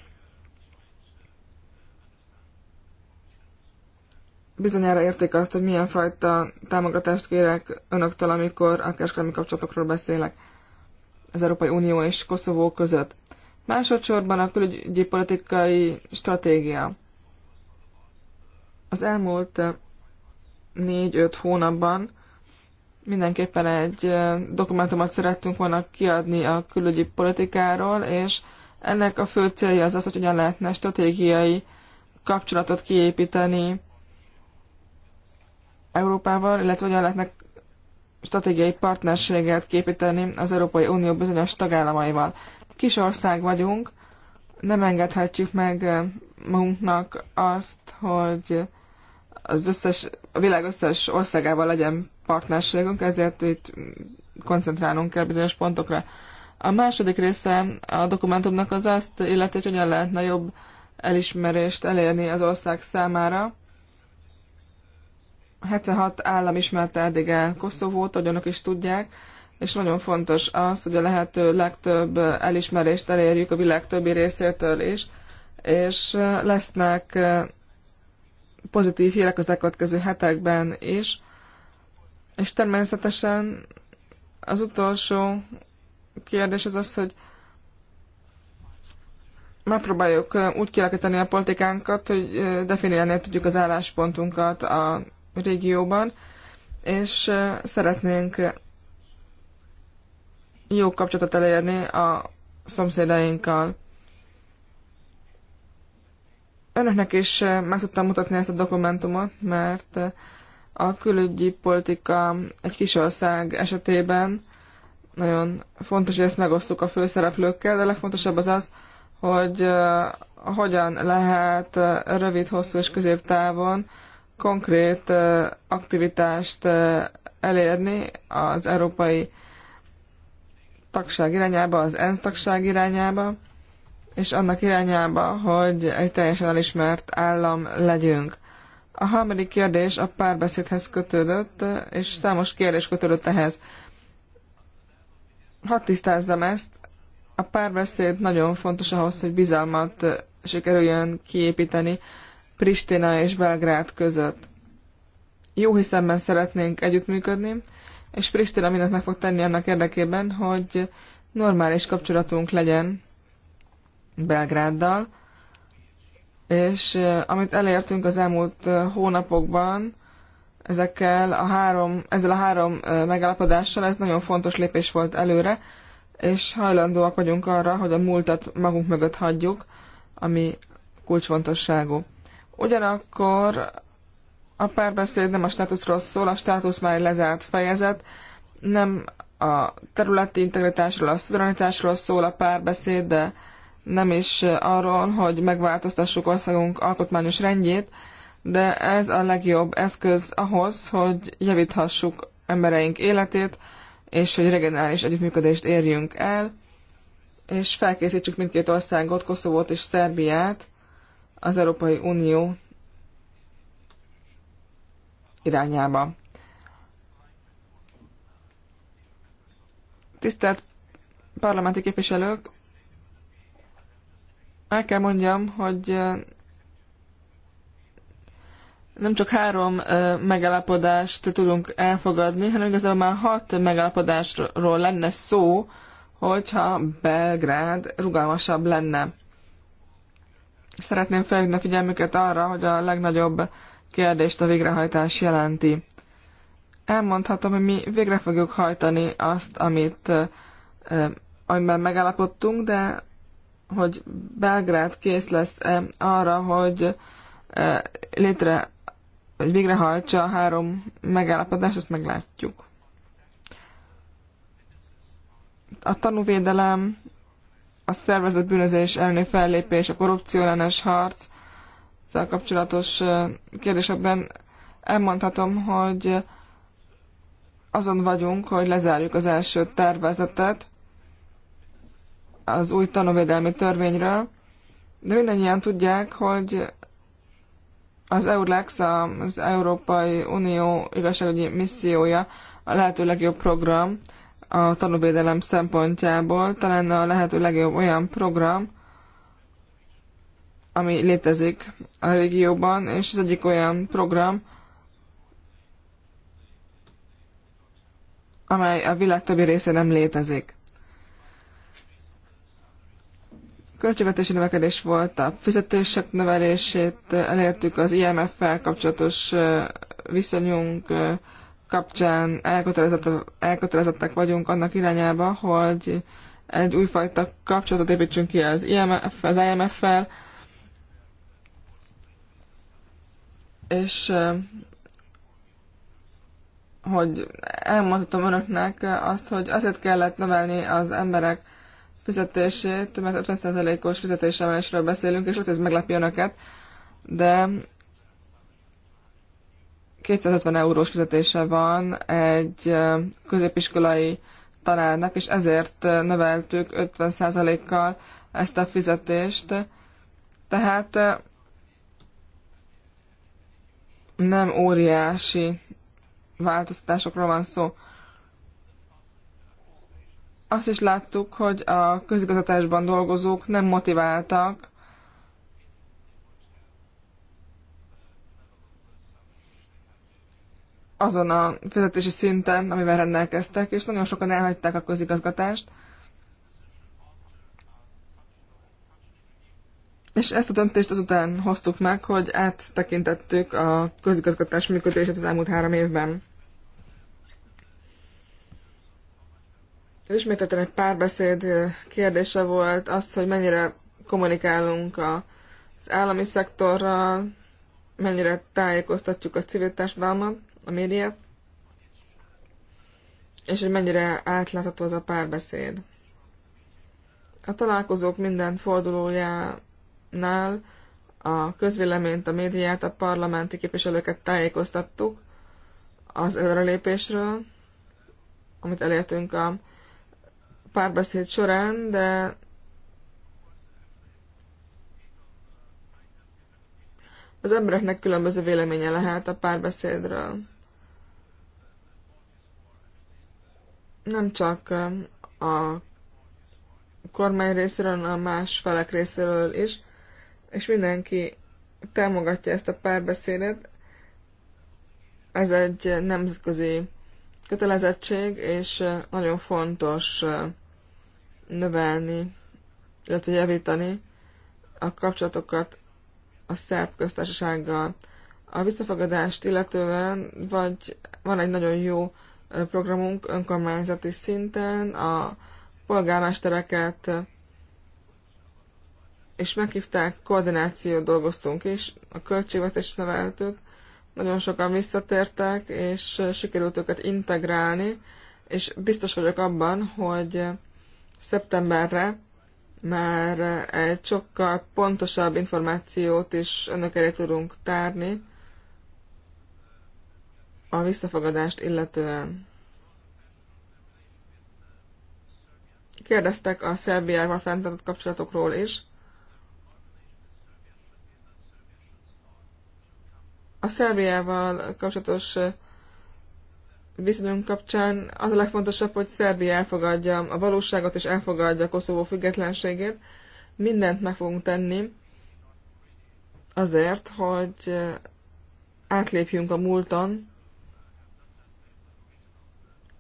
Speaker 3: bizonyára érték azt, hogy milyen fajta támogatást kérek önöktől, amikor a kereskedelmi kapcsolatokról beszélek az Európai Unió és Koszovó között. Másodszorban a külügyi politikai stratégia. Az elmúlt eh, négy-öt hónapban mindenképpen egy eh, dokumentumot szerettünk volna kiadni a külügyi politikáról, és ennek a fő célja az az, hogy hogyan lehetne stratégiai kapcsolatot kiépíteni Európával, illetve hogyan lehetnek stratégiai partnerséget képíteni az Európai Unió bizonyos tagállamaival. Kis ország vagyunk, nem engedhetjük meg eh, magunknak azt, hogy az összes, a világ összes országával legyen partnerségünk, ezért itt koncentrálnunk kell bizonyos pontokra. A második része a dokumentumnak az azt illetve hogy hogyan lehetne jobb elismerést elérni az ország számára, 76 állam ismerte eddig el Koszovót, hogy önök is tudják, és nagyon fontos az, hogy a lehető legtöbb elismerést elérjük a világ többi részétől is, és lesznek pozitív hírek az elkövetkező hetekben is, és természetesen az utolsó kérdés az az, hogy megpróbáljuk úgy kialakítani a politikánkat, hogy definiálni tudjuk az álláspontunkat a régióban, és szeretnénk jó kapcsolatot elérni a szomszédainkkal. Önöknek is meg tudtam mutatni ezt a dokumentumot, mert a külügyi politika egy kis ország esetében nagyon fontos, hogy ezt megosztjuk a főszereplőkkel, de a legfontosabb az az, hogy hogyan lehet rövid, hosszú és középtávon konkrét aktivitást elérni az európai tagság irányába, az ENSZ tagság irányába, és annak irányába, hogy egy teljesen elismert állam legyünk. A harmadik kérdés a párbeszédhez kötődött, és számos kérdés kötődött ehhez. Hadd tisztázzam ezt, a párbeszéd nagyon fontos ahhoz, hogy bizalmat sikerüljön kiépíteni Pristina és Belgrád között. Jó hiszemben szeretnénk együttműködni, és Pristina mindent meg fog tenni annak érdekében, hogy normális kapcsolatunk legyen Belgráddal, és amit elértünk az elmúlt hónapokban, ezekkel a három, ezzel a három megállapodással, ez nagyon fontos lépés volt előre, és hajlandóak vagyunk arra, hogy a múltat magunk mögött hagyjuk, ami kulcsfontosságú. Ugyanakkor a párbeszéd nem a státuszról szól, a státusz már egy lezárt fejezet, nem a területi integritásról, a szuverenitásról szól a párbeszéd, de nem is arról, hogy megváltoztassuk országunk alkotmányos rendjét, de ez a legjobb eszköz ahhoz, hogy javíthassuk embereink életét, és hogy regionális együttműködést érjünk el, és felkészítsük mindkét országot, Koszovót és Szerbiát az Európai Unió irányába. Tisztelt parlamenti képviselők, el kell mondjam, hogy nem csak három megállapodást tudunk elfogadni, hanem igazából már hat megállapodásról lenne szó, hogyha Belgrád rugalmasabb lenne. Szeretném felhívni a figyelmüket arra, hogy a legnagyobb kérdést a végrehajtás jelenti. Elmondhatom, hogy mi végre fogjuk hajtani azt, amit amiben megállapodtunk, de hogy Belgrád kész lesz -e arra, hogy létre, hogy végrehajtsa a három megállapodást, azt meglátjuk. A tanúvédelem a szervezett bűnözés elleni fellépés, a korrupció ellenes harc, ezzel kapcsolatos kérdésekben elmondhatom, hogy azon vagyunk, hogy lezárjuk az első tervezetet az új tanúvédelmi törvényről, de mindannyian tudják, hogy az EURLEX, az Európai Unió igazságügyi missziója a lehető legjobb program a tanúvédelem szempontjából talán a lehető legjobb olyan program, ami létezik a régióban, és az egyik olyan program, amely a világ többi része nem létezik. Költségvetési növekedés volt, a fizetések növelését elértük, az IMF-fel kapcsolatos viszonyunk kapcsán elkötelezettek vagyunk annak irányába, hogy egy újfajta kapcsolatot építsünk ki az IMF, az IMF-fel, és hogy elmondhatom önöknek azt, hogy azért kellett növelni az emberek fizetését, mert 50%-os fizetésemelésről beszélünk, és ott ez meglepi önöket, de 250 eurós fizetése van egy középiskolai tanárnak, és ezért növeltük 50%-kal ezt a fizetést. Tehát nem óriási változtatásokról van szó. Azt is láttuk, hogy a közigazgatásban dolgozók nem motiváltak azon a fizetési szinten, amivel rendelkeztek, és nagyon sokan elhagyták a közigazgatást. És ezt a döntést azután hoztuk meg, hogy áttekintettük a közigazgatás működését az elmúlt három évben. Ismételten egy párbeszéd kérdése volt az, hogy mennyire kommunikálunk az állami szektorral, mennyire tájékoztatjuk a civil társadalmat a média, és hogy mennyire átlátható az a párbeszéd. A találkozók minden fordulójánál a közvéleményt, a médiát, a parlamenti képviselőket tájékoztattuk az előrelépésről, amit elértünk a párbeszéd során, de az embereknek különböző véleménye lehet a párbeszédről. nem csak um, a kormány részéről, hanem a más felek részéről is, és mindenki támogatja ezt a párbeszédet. Ez egy nemzetközi kötelezettség, és uh, nagyon fontos uh, növelni, illetve javítani a kapcsolatokat a szerb köztársasággal. A visszafogadást illetően vagy van egy nagyon jó programunk önkormányzati szinten, a polgármestereket és meghívták, koordinációt dolgoztunk is, a költségvetést neveltük, nagyon sokan visszatértek, és sikerült őket integrálni, és biztos vagyok abban, hogy szeptemberre már egy sokkal pontosabb információt is önök elé tudunk tárni, a visszafogadást illetően. Kérdeztek a Szerbiával fenntartott kapcsolatokról is. A Szerbiával kapcsolatos viszonyunk kapcsán az a legfontosabb, hogy Szerbia elfogadja a valóságot és elfogadja Koszovó függetlenségét. Mindent meg fogunk tenni azért, hogy átlépjünk a múlton,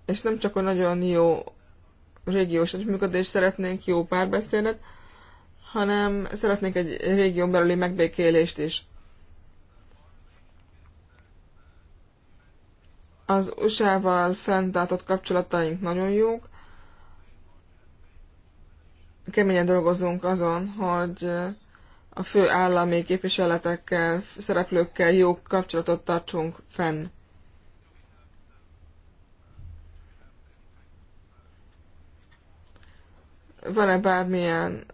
Speaker 3: és nem csak a nagyon jó régiós együttműködést szeretnénk, jó párbeszédet, hanem szeretnénk egy régión belüli megbékélést is. Az USA-val fenntartott kapcsolataink nagyon jók. Keményen dolgozunk azon, hogy a fő állami képviseletekkel, szereplőkkel jó kapcsolatot tartsunk fenn. van-e bármilyen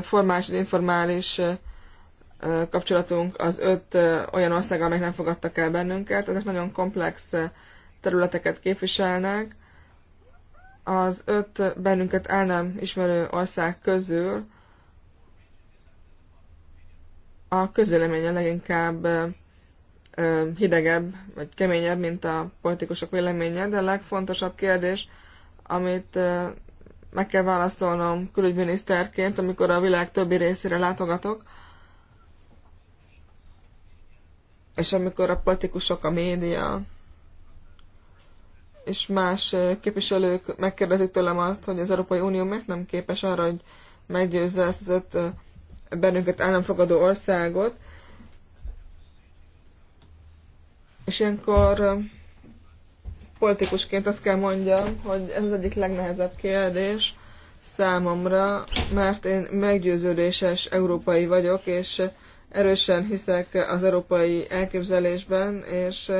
Speaker 3: formális, informális kapcsolatunk az öt olyan ország, amelyek nem fogadtak el bennünket. Ezek nagyon komplex területeket képviselnek. Az öt bennünket el nem ismerő ország közül a közvéleménye leginkább hidegebb vagy keményebb, mint a politikusok véleménye, de a legfontosabb kérdés amit meg kell válaszolnom külügyminiszterként, amikor a világ többi részére látogatok, és amikor a politikusok, a média és más képviselők megkérdezik tőlem azt, hogy az Európai Unió miért nem képes arra, hogy meggyőzze ezt az öt bennünket államfogadó országot, és ilyenkor politikusként azt kell mondjam, hogy ez az egyik legnehezebb kérdés számomra, mert én meggyőződéses európai vagyok, és erősen hiszek az európai elképzelésben, és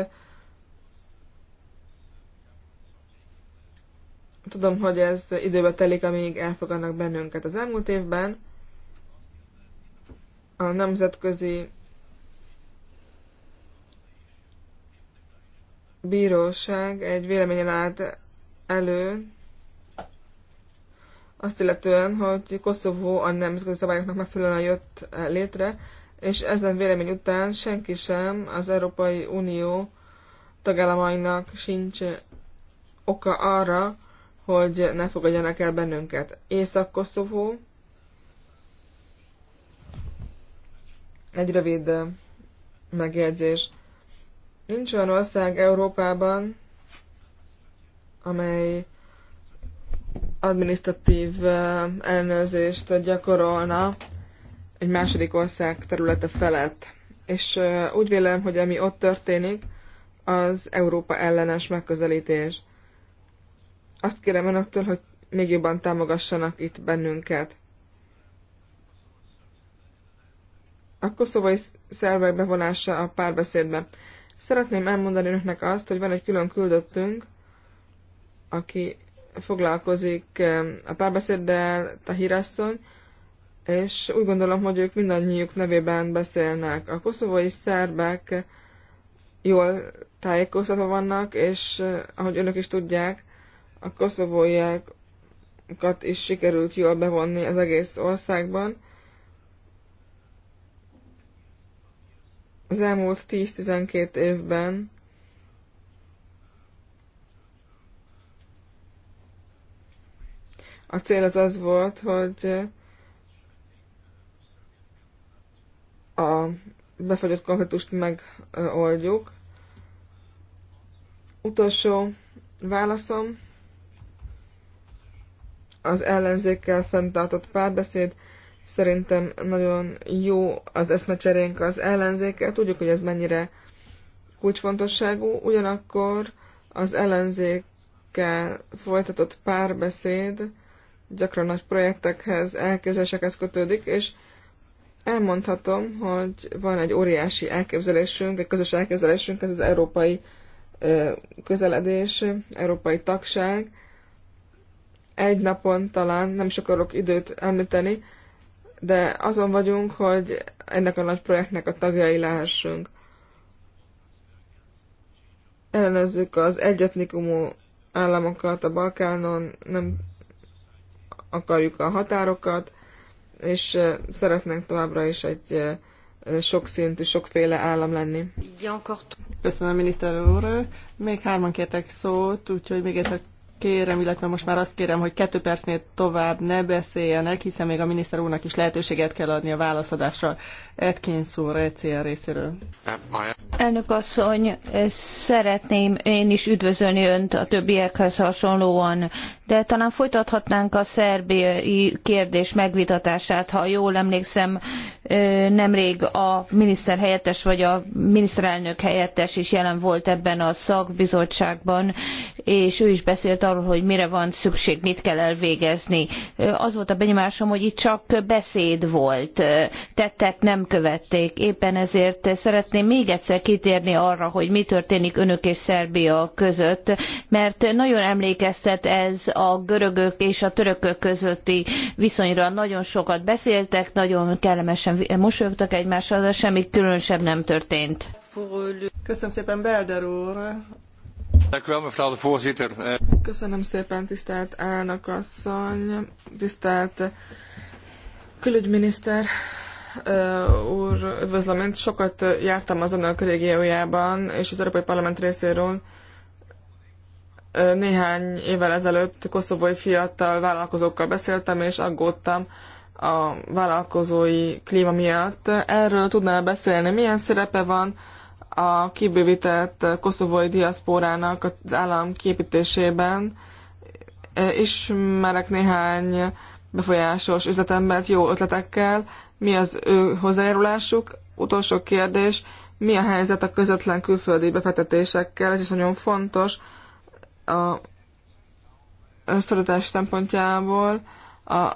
Speaker 3: tudom, hogy ez időbe telik, amíg elfogadnak bennünket. Az elmúlt évben a nemzetközi bíróság egy véleményen állt elő, azt illetően, hogy Koszovó a nemzetközi szabályoknak megfelelően jött létre, és ezen vélemény után senki sem az Európai Unió tagállamainak sincs oka arra, hogy ne fogadjanak el bennünket. Észak-Koszovó egy rövid megjegyzés. Nincs olyan ország Európában, amely administratív ellenőrzést gyakorolna egy második ország területe felett. És úgy vélem, hogy ami ott történik, az Európa ellenes megközelítés. Azt kérem önöktől, hogy még jobban támogassanak itt bennünket. A koszovai szervek bevonása a párbeszédbe. Szeretném elmondani önöknek azt, hogy van egy külön küldöttünk, aki foglalkozik a párbeszéddel, a hírasszony, és úgy gondolom, hogy ők mindannyiuk nevében beszélnek. A koszovói szerbek jól tájékoztatva vannak, és eh, ahogy önök is tudják, a koszovóiakat is sikerült jól bevonni az egész országban, az elmúlt 10-12 évben a cél az az volt, hogy a befagyott konfliktust megoldjuk. Utolsó válaszom az ellenzékkel fenntartott párbeszéd Szerintem nagyon jó az eszmecserénk az ellenzékkel. Tudjuk, hogy ez mennyire kulcsfontosságú, ugyanakkor az ellenzékkel folytatott párbeszéd gyakran nagy projektekhez, elképzelésekhez kötődik, és elmondhatom, hogy van egy óriási elképzelésünk, egy közös elképzelésünk, ez az európai közeledés, európai tagság. Egy napon talán, nem is akarok időt említeni, de azon vagyunk, hogy ennek a nagy projektnek a tagjai lehessünk. Ellenezzük az egyetnikumú államokat a Balkánon, nem akarjuk a határokat, és szeretnénk továbbra is egy sokszintű, sokféle állam lenni. Köszönöm,
Speaker 1: miniszter úr. Még hárman kértek szót, úgyhogy még egyszer kérem, illetve most már azt kérem, hogy kettő percnél tovább ne beszéljenek, hiszen még a miniszter úrnak is lehetőséget kell adni a válaszadásra. Atkins úr, ECR részéről.
Speaker 2: Elnök asszony, szeretném én is üdvözölni önt a többiekhez hasonlóan de talán folytathatnánk a szerbiai kérdés megvitatását, ha jól emlékszem, nemrég a miniszter helyettes vagy a miniszterelnök helyettes is jelen volt ebben a szakbizottságban, és ő is beszélt arról, hogy mire van szükség, mit kell elvégezni. Az volt a benyomásom, hogy itt csak beszéd volt, tettek nem követték. Éppen ezért szeretném még egyszer kitérni arra, hogy mi történik önök és Szerbia között, mert nagyon emlékeztet ez a görögök és a törökök közötti viszonyra nagyon sokat beszéltek, nagyon kellemesen mosolyogtak egymással, de semmi különösebb nem történt.
Speaker 1: Köszönöm szépen,
Speaker 3: Belder úr! Köszönöm szépen, tisztelt elnök asszony, tisztelt külügyminiszter úr, üdvözlöm, én sokat jártam az önök régiójában, és az Európai Parlament részéről néhány évvel ezelőtt koszovói fiatal vállalkozókkal beszéltem, és aggódtam a vállalkozói klíma miatt. Erről tudnál beszélni, milyen szerepe van a kibővített koszovói diaszpórának az állam képítésében. E, ismerek néhány befolyásos üzletembert jó ötletekkel. Mi az ő hozzájárulásuk? Utolsó kérdés, mi a helyzet a közvetlen külföldi befektetésekkel? Ez is nagyon fontos a szorítás szempontjából a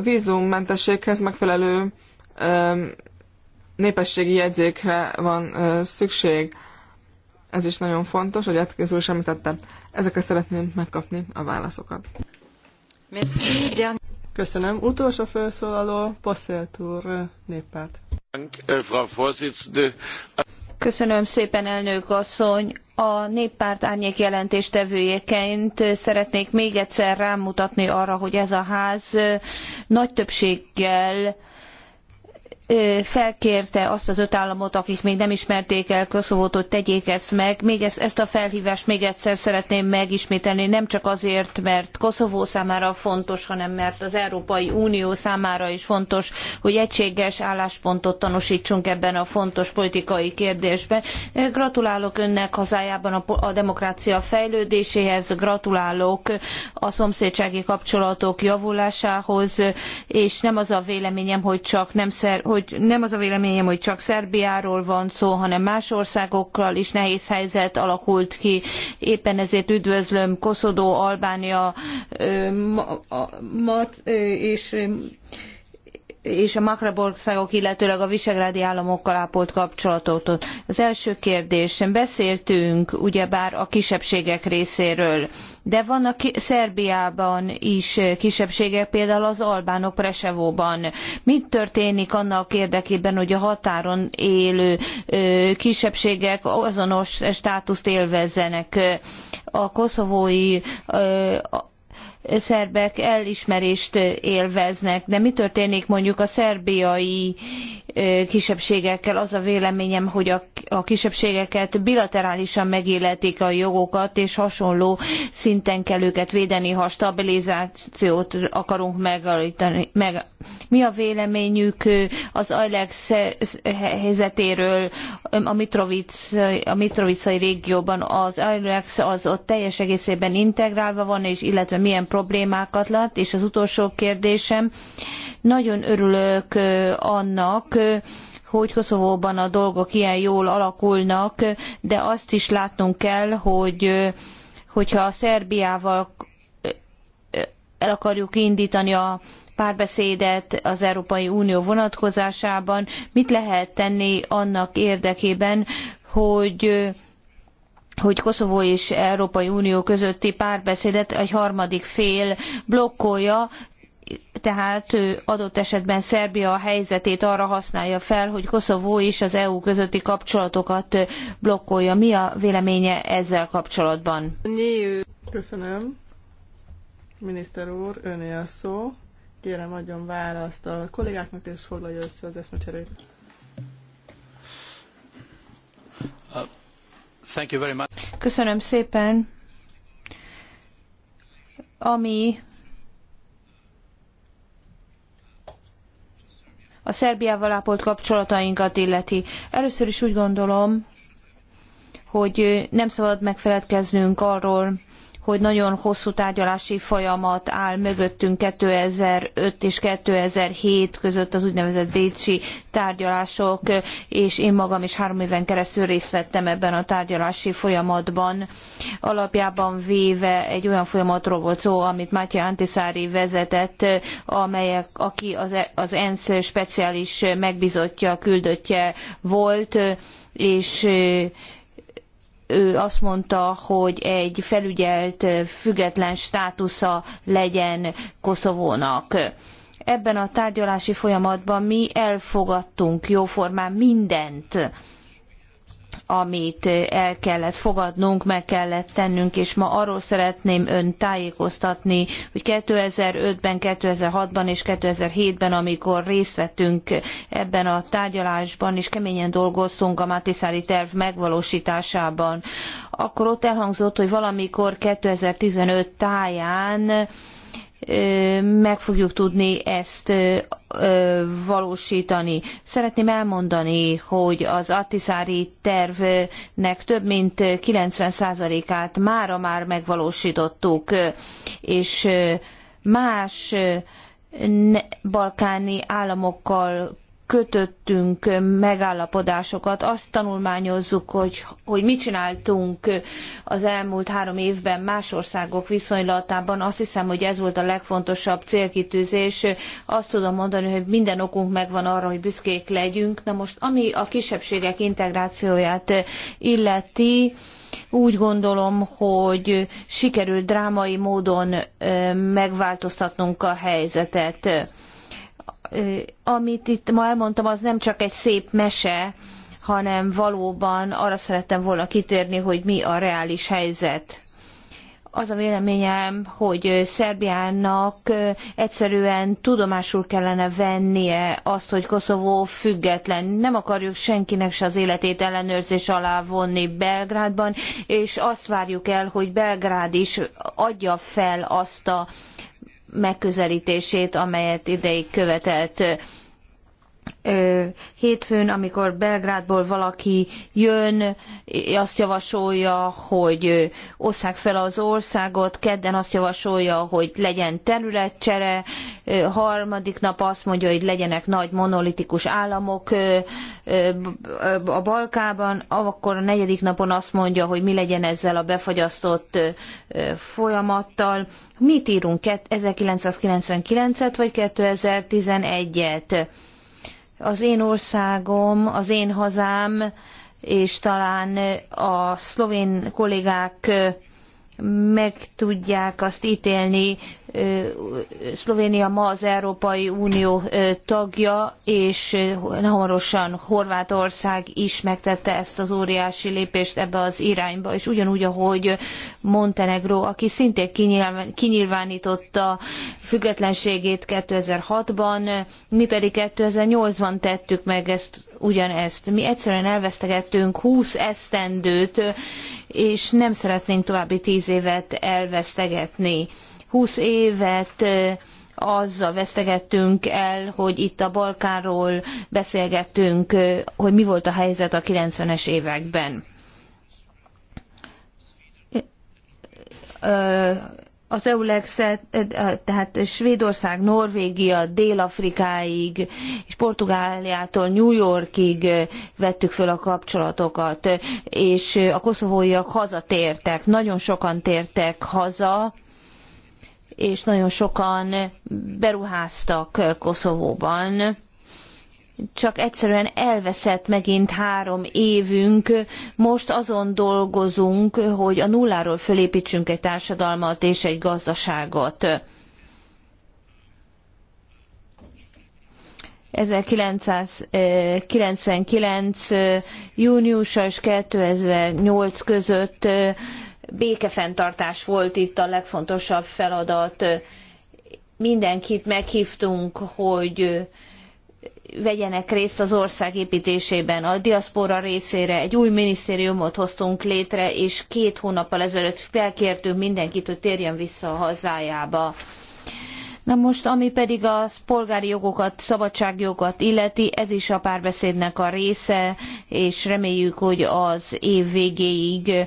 Speaker 3: vízummentességhez megfelelő népességi jegyzékre van szükség. Ez is nagyon fontos, hogy Atkinson sem említette. Ezekre szeretném megkapni a válaszokat.
Speaker 1: Köszönöm. Utolsó
Speaker 2: felszólaló, Posselt úr, néppárt. Köszönöm szépen, A néppárt árnyék jelentéstevőjeként szeretnék még egyszer rámutatni arra, hogy ez a ház nagy többséggel felkérte azt az öt államot, akik még nem ismerték el Koszovót, hogy tegyék ezt meg. Még ezt, ezt a felhívást még egyszer szeretném megismételni, nem csak azért, mert Koszovó számára fontos, hanem mert az Európai Unió számára is fontos, hogy egységes álláspontot tanúsítsunk ebben a fontos politikai kérdésben. Gratulálok önnek hazájában a, a demokrácia fejlődéséhez, gratulálok a szomszédsági kapcsolatok javulásához, és nem az a véleményem, hogy csak nem szer, hogy nem az a véleményem, hogy csak Szerbiáról van szó, hanem más országokkal is nehéz helyzet alakult ki. Éppen ezért üdvözlöm Koszodó, Albánia, ma, és és a maghreb országok, illetőleg a visegrádi államokkal ápolt kapcsolatot. Az első kérdésem, beszéltünk ugyebár a kisebbségek részéről, de vannak Szerbiában is kisebbségek, például az albánok Presevóban. Mit történik annak érdekében, hogy a határon élő kisebbségek azonos státuszt élvezzenek? A koszovói szerbek elismerést élveznek. De mi történik mondjuk a szerbiai kisebbségekkel. Az a véleményem, hogy a, a kisebbségeket bilaterálisan megilletik a jogokat, és hasonló szinten kell őket védeni, ha stabilizációt akarunk megállítani. Meg. Mi a véleményük az Ajlex helyzetéről a, Mitrovic, a Mitrovicai régióban? Az Ajlex az ott teljes egészében integrálva van, és illetve milyen problémákat lát? És az utolsó kérdésem, nagyon örülök annak, hogy Koszovóban a dolgok ilyen jól alakulnak, de azt is látnunk kell, hogy hogyha a Szerbiával el akarjuk indítani a párbeszédet az Európai Unió vonatkozásában, mit lehet tenni annak érdekében, hogy hogy Koszovó és Európai Unió közötti párbeszédet egy harmadik fél blokkolja, tehát ő adott esetben Szerbia a helyzetét arra használja fel, hogy Koszovó is az EU közötti kapcsolatokat blokkolja. Mi a véleménye ezzel kapcsolatban?
Speaker 1: Köszönöm. Miniszter úr, öné a szó. Kérem, adjon választ a kollégáknak, és foglalja össze az eszmecserét.
Speaker 2: Uh, Köszönöm szépen. Ami a Szerbiával ápolt kapcsolatainkat illeti. Először is úgy gondolom, hogy nem szabad megfeledkeznünk arról, hogy nagyon hosszú tárgyalási folyamat áll mögöttünk 2005 és 2007 között az úgynevezett Bécsi tárgyalások, és én magam is három éven keresztül részt vettem ebben a tárgyalási folyamatban. Alapjában véve egy olyan folyamatról volt szó, amit Mátya Antiszári vezetett, amelyek, aki az, e- az ENSZ speciális megbizotja, küldöttje volt, és ő azt mondta, hogy egy felügyelt független státusza legyen Koszovónak. Ebben a tárgyalási folyamatban mi elfogadtunk jóformán mindent, amit el kellett fogadnunk, meg kellett tennünk, és ma arról szeretném ön tájékoztatni, hogy 2005-ben, 2006-ban és 2007-ben, amikor részt vettünk ebben a tárgyalásban, és keményen dolgoztunk a Matiszári terv megvalósításában, akkor ott elhangzott, hogy valamikor 2015 táján meg fogjuk tudni ezt valósítani. Szeretném elmondani, hogy az Attiszári tervnek több mint 90%-át mára már megvalósítottuk, és más balkáni államokkal kötöttünk megállapodásokat, azt tanulmányozzuk, hogy, hogy mit csináltunk az elmúlt három évben más országok viszonylatában. Azt hiszem, hogy ez volt a legfontosabb célkitűzés. Azt tudom mondani, hogy minden okunk megvan arra, hogy büszkék legyünk. Na most, ami a kisebbségek integrációját illeti, úgy gondolom, hogy sikerült drámai módon megváltoztatnunk a helyzetet amit itt ma elmondtam, az nem csak egy szép mese, hanem valóban arra szerettem volna kitérni, hogy mi a reális helyzet az a véleményem, hogy Szerbiának egyszerűen tudomásul kellene vennie azt, hogy Koszovó független. Nem akarjuk senkinek se az életét ellenőrzés alá vonni Belgrádban, és azt várjuk el, hogy Belgrád is adja fel azt a megközelítését, amelyet ideig követelt hétfőn, amikor Belgrádból valaki jön, azt javasolja, hogy osszák fel az országot, kedden azt javasolja, hogy legyen területcsere, harmadik nap azt mondja, hogy legyenek nagy monolitikus államok a Balkában, akkor a negyedik napon azt mondja, hogy mi legyen ezzel a befagyasztott folyamattal. Mit írunk 1999-et vagy 2011-et? Az én országom, az én hazám, és talán a szlovén kollégák meg tudják azt ítélni, Szlovénia ma az Európai Unió tagja, és hamarosan Horvátország is megtette ezt az óriási lépést ebbe az irányba, és ugyanúgy, ahogy Montenegro, aki szintén kinyilvánította függetlenségét 2006-ban, mi pedig 2008-ban tettük meg ezt ugyanezt. Mi egyszerűen elvesztegettünk 20 esztendőt, és nem szeretnénk további 10 évet elvesztegetni. 20 évet azzal vesztegettünk el, hogy itt a Balkánról beszélgettünk, hogy mi volt a helyzet a 90-es években. Az eulex tehát Svédország, Norvégia, Dél-Afrikáig és Portugáliától New Yorkig vettük föl a kapcsolatokat, és a koszovóiak hazatértek, nagyon sokan tértek haza, és nagyon sokan beruháztak Koszovóban csak egyszerűen elveszett megint három évünk. Most azon dolgozunk, hogy a nulláról fölépítsünk egy társadalmat és egy gazdaságot. 1999. Eh, eh, júniusa és 2008 között eh, békefenntartás volt itt a legfontosabb feladat. Mindenkit meghívtunk, hogy vegyenek részt az ország építésében. A diaszpora részére egy új minisztériumot hoztunk létre, és két hónappal ezelőtt felkértünk mindenkit, hogy térjen vissza a hazájába. Na most, ami pedig a polgári jogokat, szabadságjogokat illeti, ez is a párbeszédnek a része, és reméljük, hogy az év végéig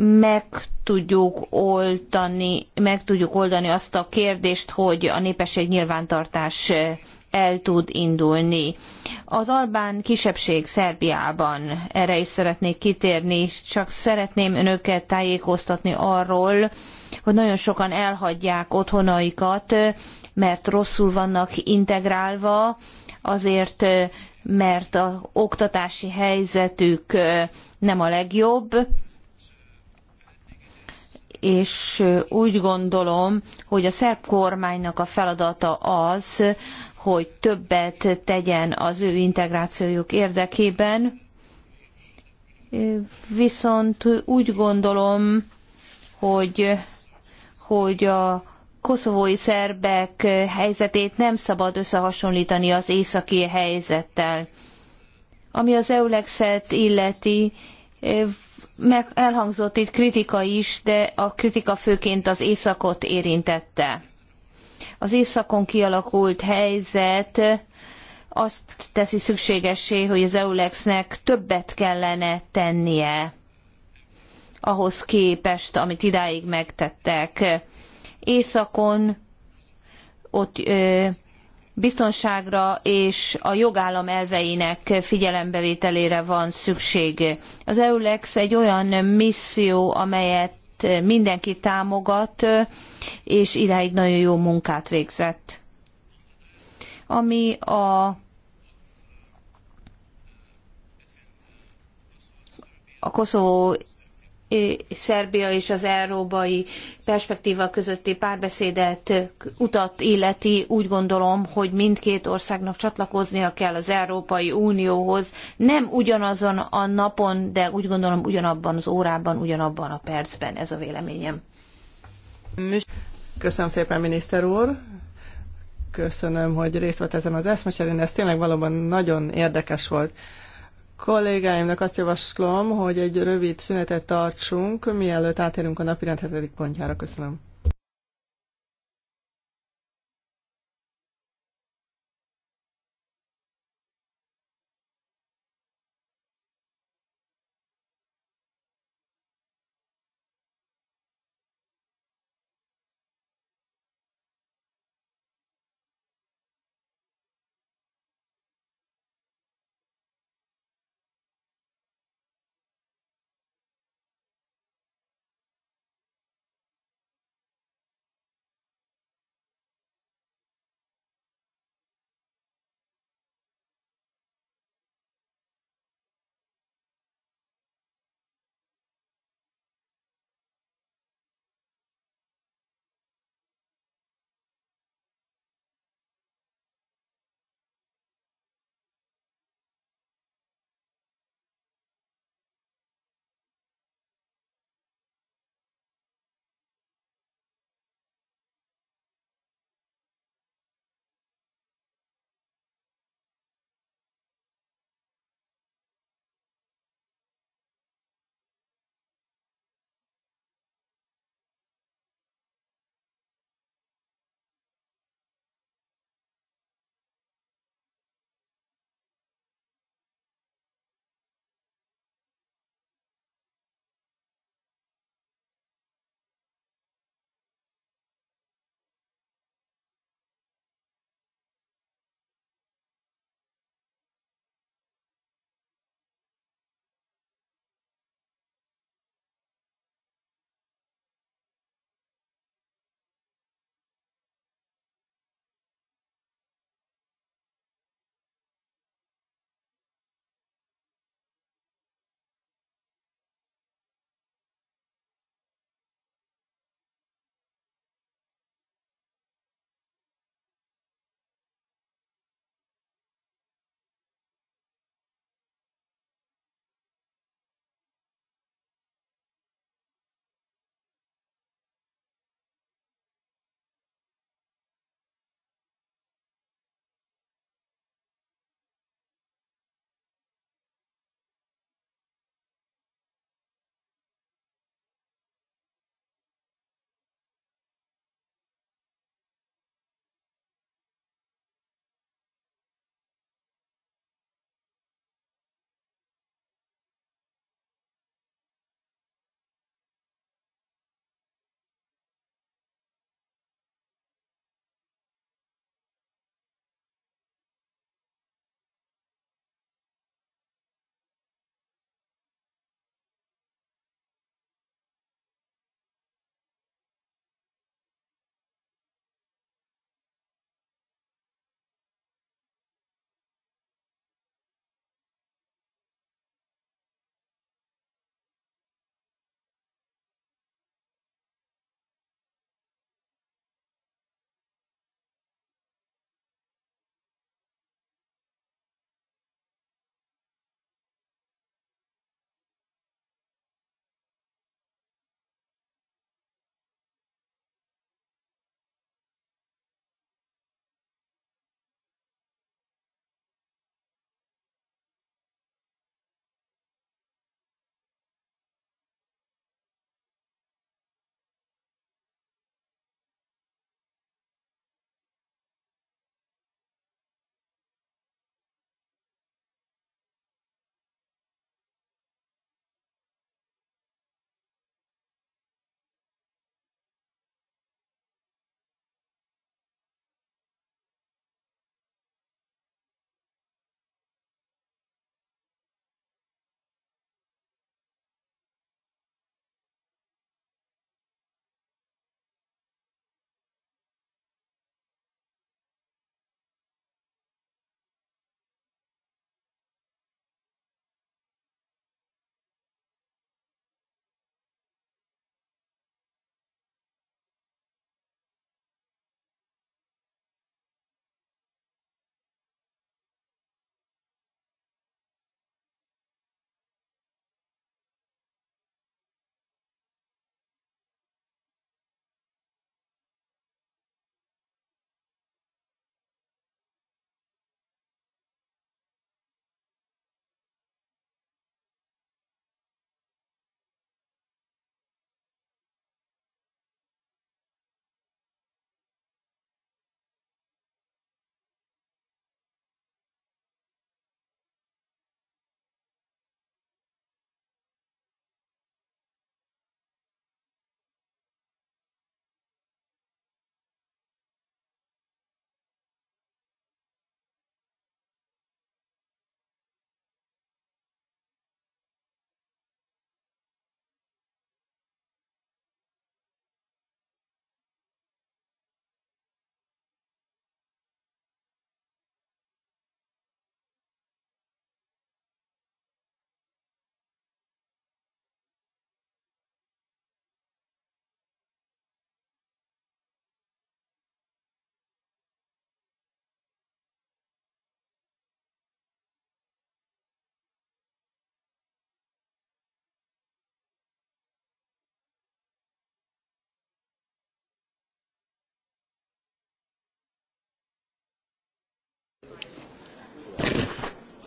Speaker 2: meg tudjuk oltani, meg tudjuk oldani azt a kérdést, hogy a népesség nyilvántartás eh, el tud indulni. Az albán kisebbség Szerbiában, erre is szeretnék kitérni, csak szeretném önöket tájékoztatni arról, hogy nagyon sokan elhagyják otthonaikat, mert rosszul vannak integrálva, azért, eh, mert a oktatási helyzetük eh, nem a legjobb, és úgy gondolom, hogy a szerb kormánynak a feladata az, hogy többet tegyen az ő integrációjuk érdekében, viszont úgy gondolom, hogy, hogy a koszovói szerbek helyzetét nem szabad összehasonlítani az északi helyzettel. Ami az EULEX-et illeti, meg elhangzott itt kritika is, de a kritika főként az északot érintette. Az északon kialakult helyzet azt teszi szükségessé, hogy az EULEX-nek többet kellene tennie ahhoz képest, amit idáig megtettek. Északon ott ö, biztonságra és a jogállam elveinek figyelembevételére van szükség. Az EULEX egy olyan misszió, amelyet mindenki támogat, és idáig nagyon jó munkát végzett. Ami a a Koszovó Szerbia és az európai perspektíva közötti párbeszédet utat illeti, úgy gondolom, hogy mindkét országnak csatlakoznia kell az Európai Unióhoz, nem ugyanazon a napon, de úgy gondolom ugyanabban az órában, ugyanabban a percben, ez a véleményem.
Speaker 1: Köszönöm szépen, miniszter úr! Köszönöm, hogy részt vett ezen az eszmecserén, ez tényleg valóban nagyon érdekes volt kollégáimnak azt javaslom, hogy egy rövid szünetet tartsunk, mielőtt átérünk a napirend hetedik pontjára.
Speaker 3: Köszönöm.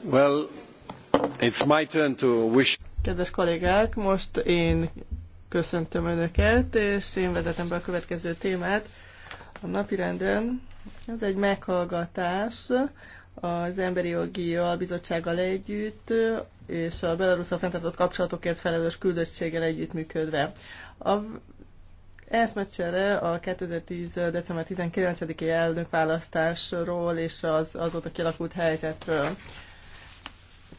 Speaker 2: Well, it's my turn to wish.
Speaker 1: Kedves kollégák, most én köszöntöm Önöket, és én vezetem be a következő témát a napirenden. Ez egy meghallgatás az Emberi Jogi Albizottsággal együtt, és a Belarusszal fenntartott kapcsolatokért felelős küldöttséggel együttműködve. A eszmecsere a 2010. december 19-i elnökválasztásról és az azóta kialakult helyzetről.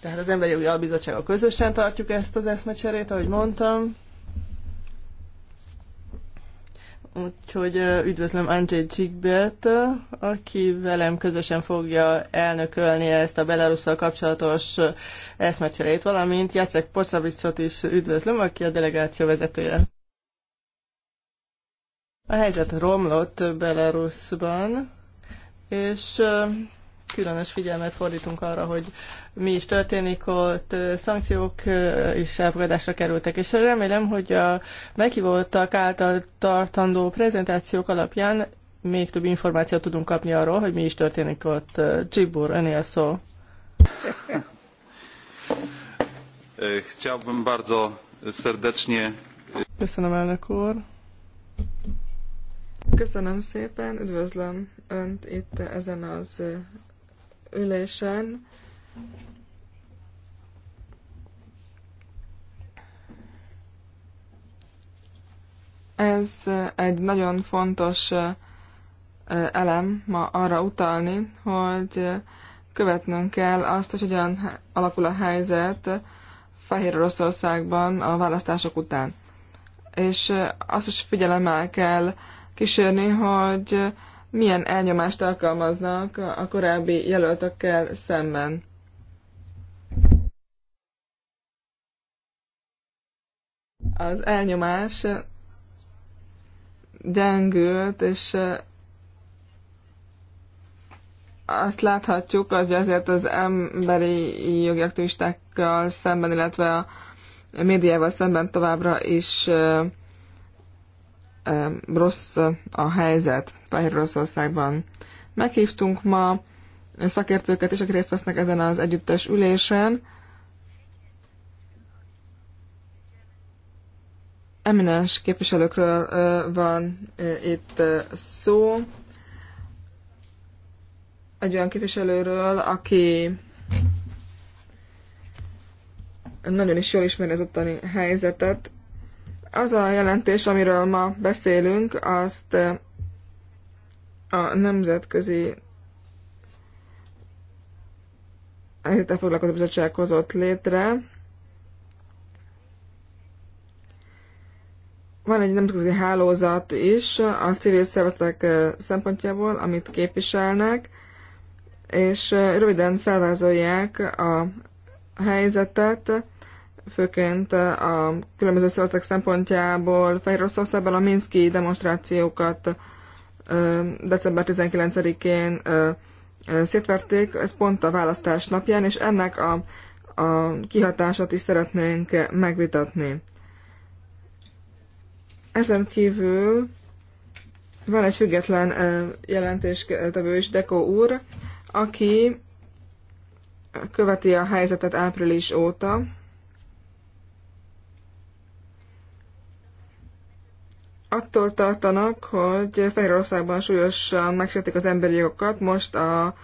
Speaker 1: Tehát az Emberi Jogi Albizottsága közösen tartjuk ezt az eszmecserét, ahogy mondtam. Úgyhogy üdvözlöm Andrzej Csigbet, aki velem közösen fogja elnökölni ezt a Belarusszal kapcsolatos eszmecserét, valamint Jacek Pocsabicot is üdvözlöm, aki a delegáció vezetője. A helyzet romlott Belarusban, és különös figyelmet fordítunk arra, hogy mi is történik ott, szankciók is elfogadásra kerültek, és remélem, hogy a meghívottak által tartandó prezentációk alapján még több információt tudunk kapni arról, hogy mi is történik ott. Csibur, a szó.
Speaker 2: E, chciałbym bardzo serdecznie...
Speaker 1: Köszönöm,
Speaker 3: elnök úr. Köszönöm szépen, üdvözlöm Önt itt ezen az ülésen ez egy nagyon fontos elem ma arra utalni, hogy követnünk kell azt, hogy hogyan alakul a helyzet Fehér Oroszországban a választások után. És azt is figyelemmel kell kísérni, hogy milyen elnyomást alkalmaznak a korábbi jelöltökkel szemben. Az elnyomás gyengült, és eh, azt láthatjuk, hogy azért az emberi jogi aktivistákkal szemben, illetve a médiával szemben továbbra is eh, rossz a helyzet Fehér Oroszországban. Meghívtunk ma szakértőket is, akik részt vesznek ezen az együttes ülésen. Eminens képviselőkről van itt szó. Egy olyan képviselőről, aki nagyon is jól ismeri az ottani helyzetet, az a jelentés, amiről ma beszélünk, azt eh, a nemzetközi helyzettel foglalkozó bizottság hozott létre. Van egy nemzetközi hálózat is a civil szervezetek eh, szempontjából, amit képviselnek, és eh, röviden felvázolják a helyzetet, főként a különböző szövetek szempontjából Fehér Oroszországban a Minszki demonstrációkat december 19-én szétverték, ez pont a választás napján, és ennek a, a kihatását is szeretnénk megvitatni. Ezen kívül van egy független jelentéstevő is, Deko úr, aki követi a helyzetet április óta, attól tartanak, hogy Fehérországban súlyosan megsértik az emberi jogokat, most a,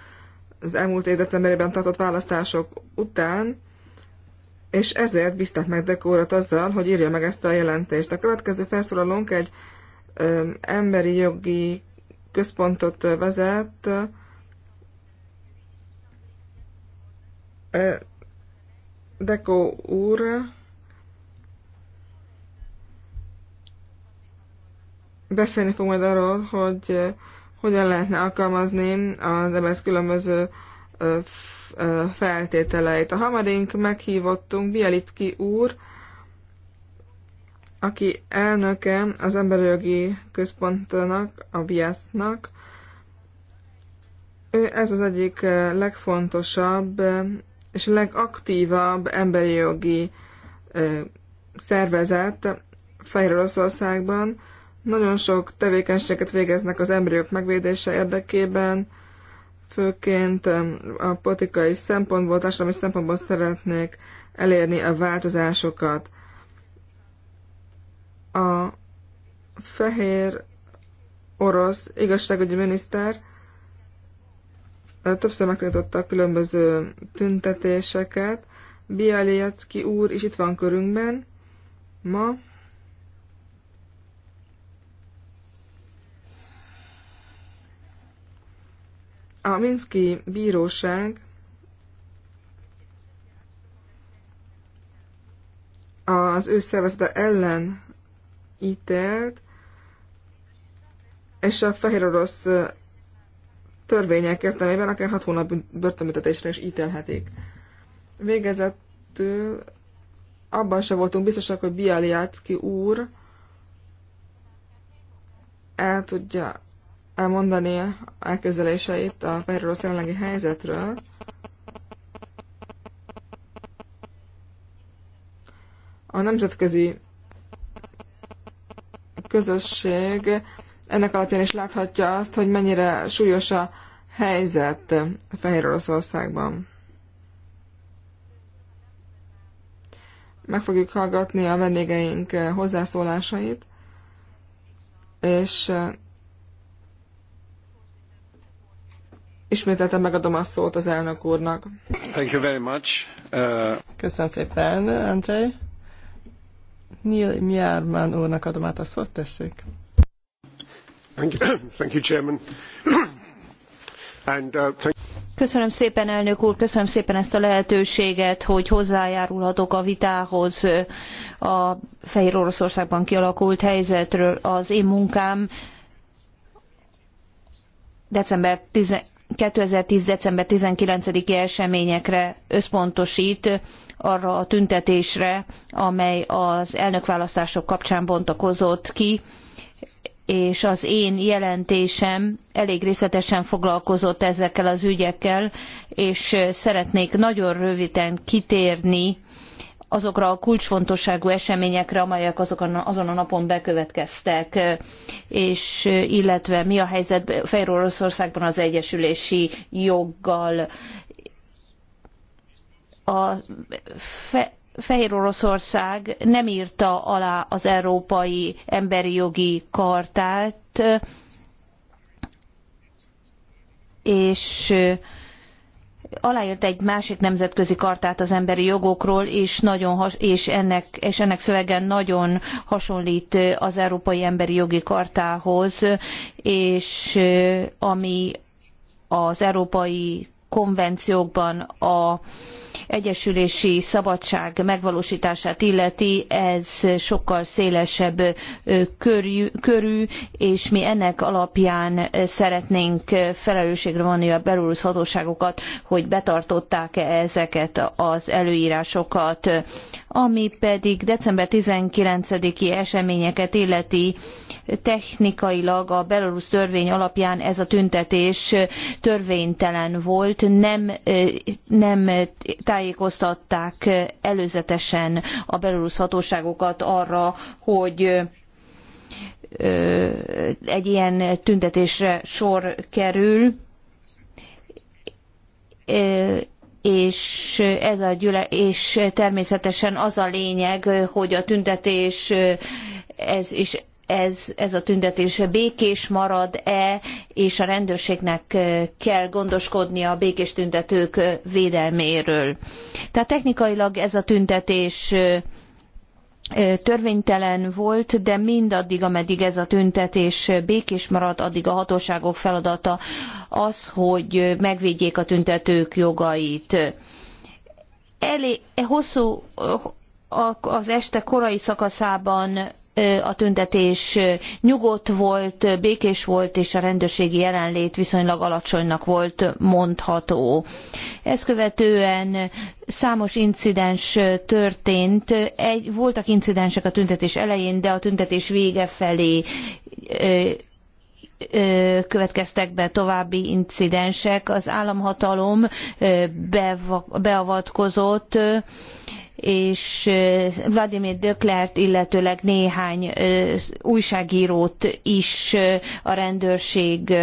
Speaker 3: az elmúlt év decemberében tartott választások után, és ezért bíztak meg Dekórat azzal, hogy írja meg ezt a jelentést. A következő felszólalónk egy ö, emberi jogi központot vezet, Dekó úr, beszélni fog majd arról, hogy eh, hogyan lehetne alkalmazni az EBSZ különböző eh, eh, feltételeit. A hamarink meghívottunk Bielicki úr, aki elnöke az emberjogi központnak, a Biasznak. Ő ez az egyik legfontosabb és legaktívabb emberi jogi szervezet Fehér Oroszországban, nagyon sok tevékenységet végeznek az embriók megvédése érdekében, főként a politikai szempontból, társadalmi szempontból szeretnék elérni a változásokat. A fehér orosz igazságügyi miniszter többször megtiltotta a különböző tüntetéseket. Bialyacki úr is itt van körünkben ma. A Minszki Bíróság az ő szervezete ellen ítélt, és a fehér orosz törvények értelmében akár 6 hónap börtönbüntetésre is ítélhetik. Végezettől abban se voltunk biztosak, hogy Bialyácki úr el tudja elmondani elközeléseit a Fehér jelenlegi helyzetről. A nemzetközi közösség ennek alapján is láthatja azt, hogy mennyire súlyos a helyzet Fehér Oroszországban. Meg fogjuk hallgatni a vendégeink hozzászólásait, és Ismételten megadom a szót az elnök úrnak.
Speaker 2: Thank you very much. Uh...
Speaker 3: Köszönöm szépen, Andrei.
Speaker 1: Neil Mjármán úrnak adom át a szót, tessék. Thank you, thank you Chairman. And, uh, thank...
Speaker 2: Köszönöm szépen, elnök úr, köszönöm szépen ezt a lehetőséget, hogy hozzájárulhatok a vitához a Fehér Oroszországban kialakult helyzetről. Az én munkám december 10 2010. december 19-i eseményekre összpontosít, arra a tüntetésre, amely az elnökválasztások kapcsán bontakozott ki, és az én jelentésem elég részletesen foglalkozott ezekkel az ügyekkel, és szeretnék nagyon röviden kitérni azokra a kulcsfontosságú eseményekre, amelyek azokon, azon a napon bekövetkeztek, és illetve mi a helyzet Fehér Oroszországban az egyesülési joggal. A fe, Fehér Oroszország nem írta alá az Európai Emberi Jogi Kartát, és aláírt egy másik nemzetközi kartát az emberi jogokról, és, nagyon és, ennek, és ennek szövege nagyon hasonlít eh, az Európai Emberi Jogi Kartához, és eh, ami az európai konvenciókban a egyesülési szabadság megvalósítását illeti, ez sokkal szélesebb körű, és mi ennek alapján szeretnénk felelősségre vonni a belorusz hatóságokat, hogy betartották-e ezeket az előírásokat. Ami pedig december 19-i eseményeket illeti, technikailag a belorusz törvény alapján ez a tüntetés törvénytelen volt, nem, nem tájékoztatták előzetesen a belorusz hatóságokat arra, hogy egy ilyen tüntetésre sor kerül, és, ez a gyüle, és természetesen az a lényeg, hogy a tüntetés ez is ez, ez a tüntetés békés marad-e, és a rendőrségnek kell gondoskodnia a békés tüntetők védelméről. Tehát technikailag ez a tüntetés törvénytelen volt, de mindaddig, ameddig ez a tüntetés békés marad, addig a hatóságok feladata az, hogy megvédjék a tüntetők jogait. Elé, hosszú, az este korai szakaszában a tüntetés nyugodt volt, békés volt, és a rendőrségi jelenlét viszonylag alacsonynak volt mondható. Ezt követően számos incidens történt. Egy, voltak incidensek a tüntetés elején, de a tüntetés vége felé következtek be további incidensek. Az államhatalom beavatkozott, és Vladimir Döklert, illetőleg néhány újságírót is a rendőrség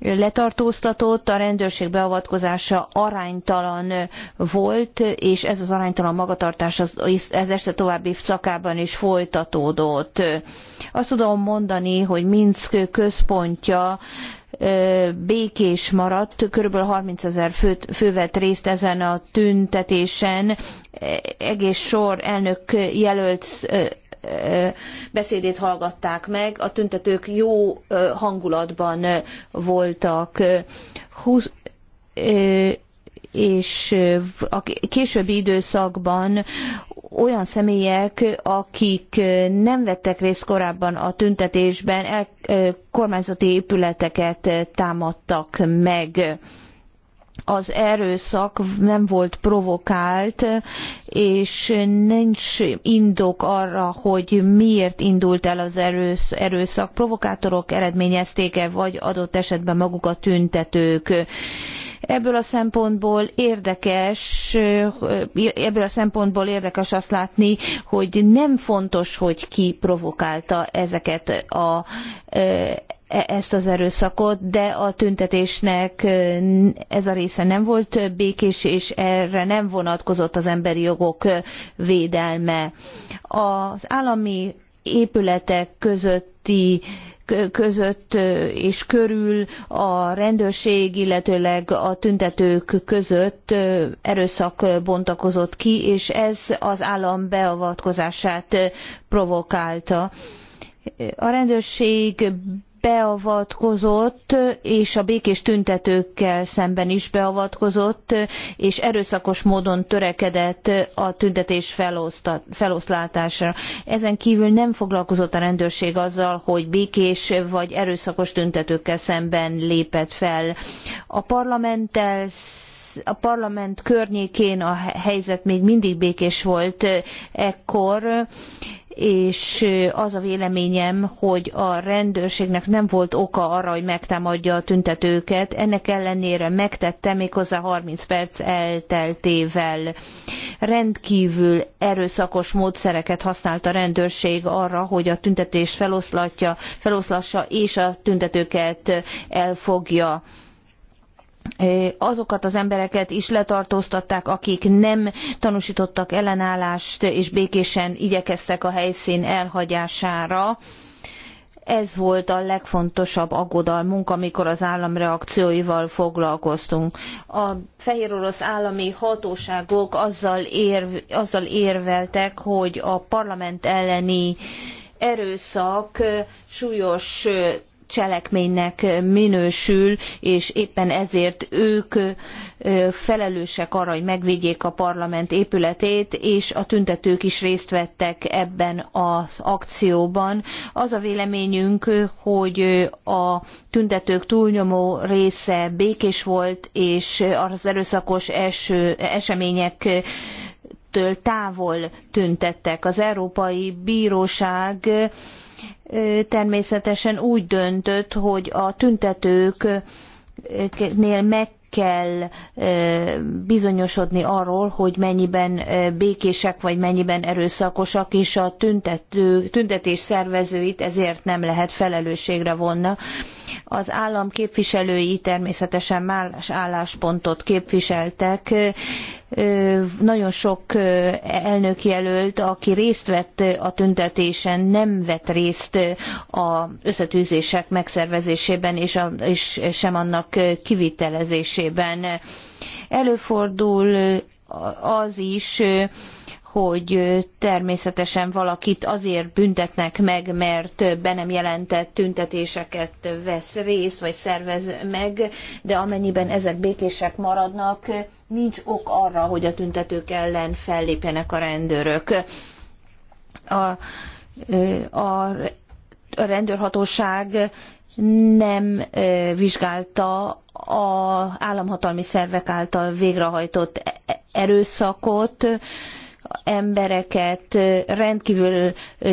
Speaker 2: letartóztatott, a rendőrség beavatkozása aránytalan volt, és ez az aránytalan magatartás az, ez este további szakában is folytatódott. Azt tudom mondani, hogy Minszk központja békés maradt, körülbelül 30 ezer fő, fő vett részt ezen a tüntetésen, e, egész sor elnök jelölt beszédét hallgatták meg, a tüntetők jó hangulatban voltak, és a későbbi időszakban olyan személyek, akik nem vettek részt korábban a tüntetésben, el, kormányzati épületeket támadtak meg az erőszak nem volt provokált, és nincs indok arra, hogy miért indult el az erőszak. Provokátorok eredményezték-e, vagy adott esetben maguk a tüntetők. Ebből a szempontból érdekes, ebből a szempontból érdekes azt látni, hogy nem fontos, hogy ki provokálta ezeket a e-, ezt az erőszakot, de a tüntetésnek ez a része nem volt békés, és erre nem vonatkozott az emberi jogok védelme. Az állami épületek közötti között és körül a rendőrség, illetőleg a tüntetők között erőszak bontakozott ki, és ez az állam beavatkozását provokálta. A rendőrség beavatkozott, és a békés tüntetőkkel szemben is beavatkozott, és erőszakos módon törekedett a tüntetés feloszlatására. Ezen kívül nem foglalkozott a rendőrség azzal, hogy békés vagy erőszakos tüntetőkkel szemben lépett fel. A parlamenttel a parlament környékén a helyzet még mindig békés volt ekkor, és az a véleményem, hogy a rendőrségnek nem volt oka arra, hogy megtámadja a tüntetőket, ennek ellenére megtette méghozzá 30 perc elteltével. Rendkívül erőszakos módszereket használt a rendőrség arra, hogy a tüntetést feloszlatja, feloszlassa és a tüntetőket elfogja azokat az embereket is letartóztatták, akik nem tanúsítottak ellenállást, és békésen igyekeztek a helyszín elhagyására. Ez volt a legfontosabb aggodalmunk, amikor az állam reakcióival foglalkoztunk. A fehérorosz állami hatóságok azzal, érv, azzal érveltek, hogy a parlament elleni erőszak súlyos cselekménynek minősül, és éppen ezért ők felelősek arra, hogy megvédjék a parlament épületét, és a tüntetők is részt vettek ebben az akcióban. Az a véleményünk, hogy a tüntetők túlnyomó része békés volt, és az erőszakos eső, események től távol tüntettek. Az Európai Bíróság természetesen úgy döntött, hogy a tüntetőknél meg kell bizonyosodni arról, hogy mennyiben békések vagy mennyiben erőszakosak, és a tüntető, tüntetés szervezőit ezért nem lehet felelősségre vonni az állam képviselői természetesen más álláspontot képviseltek. Nagyon sok elnök jelölt, aki részt vett a tüntetésen, nem vett részt az összetűzések megszervezésében és, a, és sem annak kivitelezésében. Előfordul az is, hogy természetesen valakit azért büntetnek meg, mert be nem jelentett tüntetéseket vesz részt, vagy szervez meg, de amennyiben ezek békések maradnak, nincs ok arra, hogy a tüntetők ellen fellépjenek a rendőrök. A, a, a rendőrhatóság nem vizsgálta a államhatalmi szervek által végrehajtott e-, e-, erőszakot, embereket rendkívül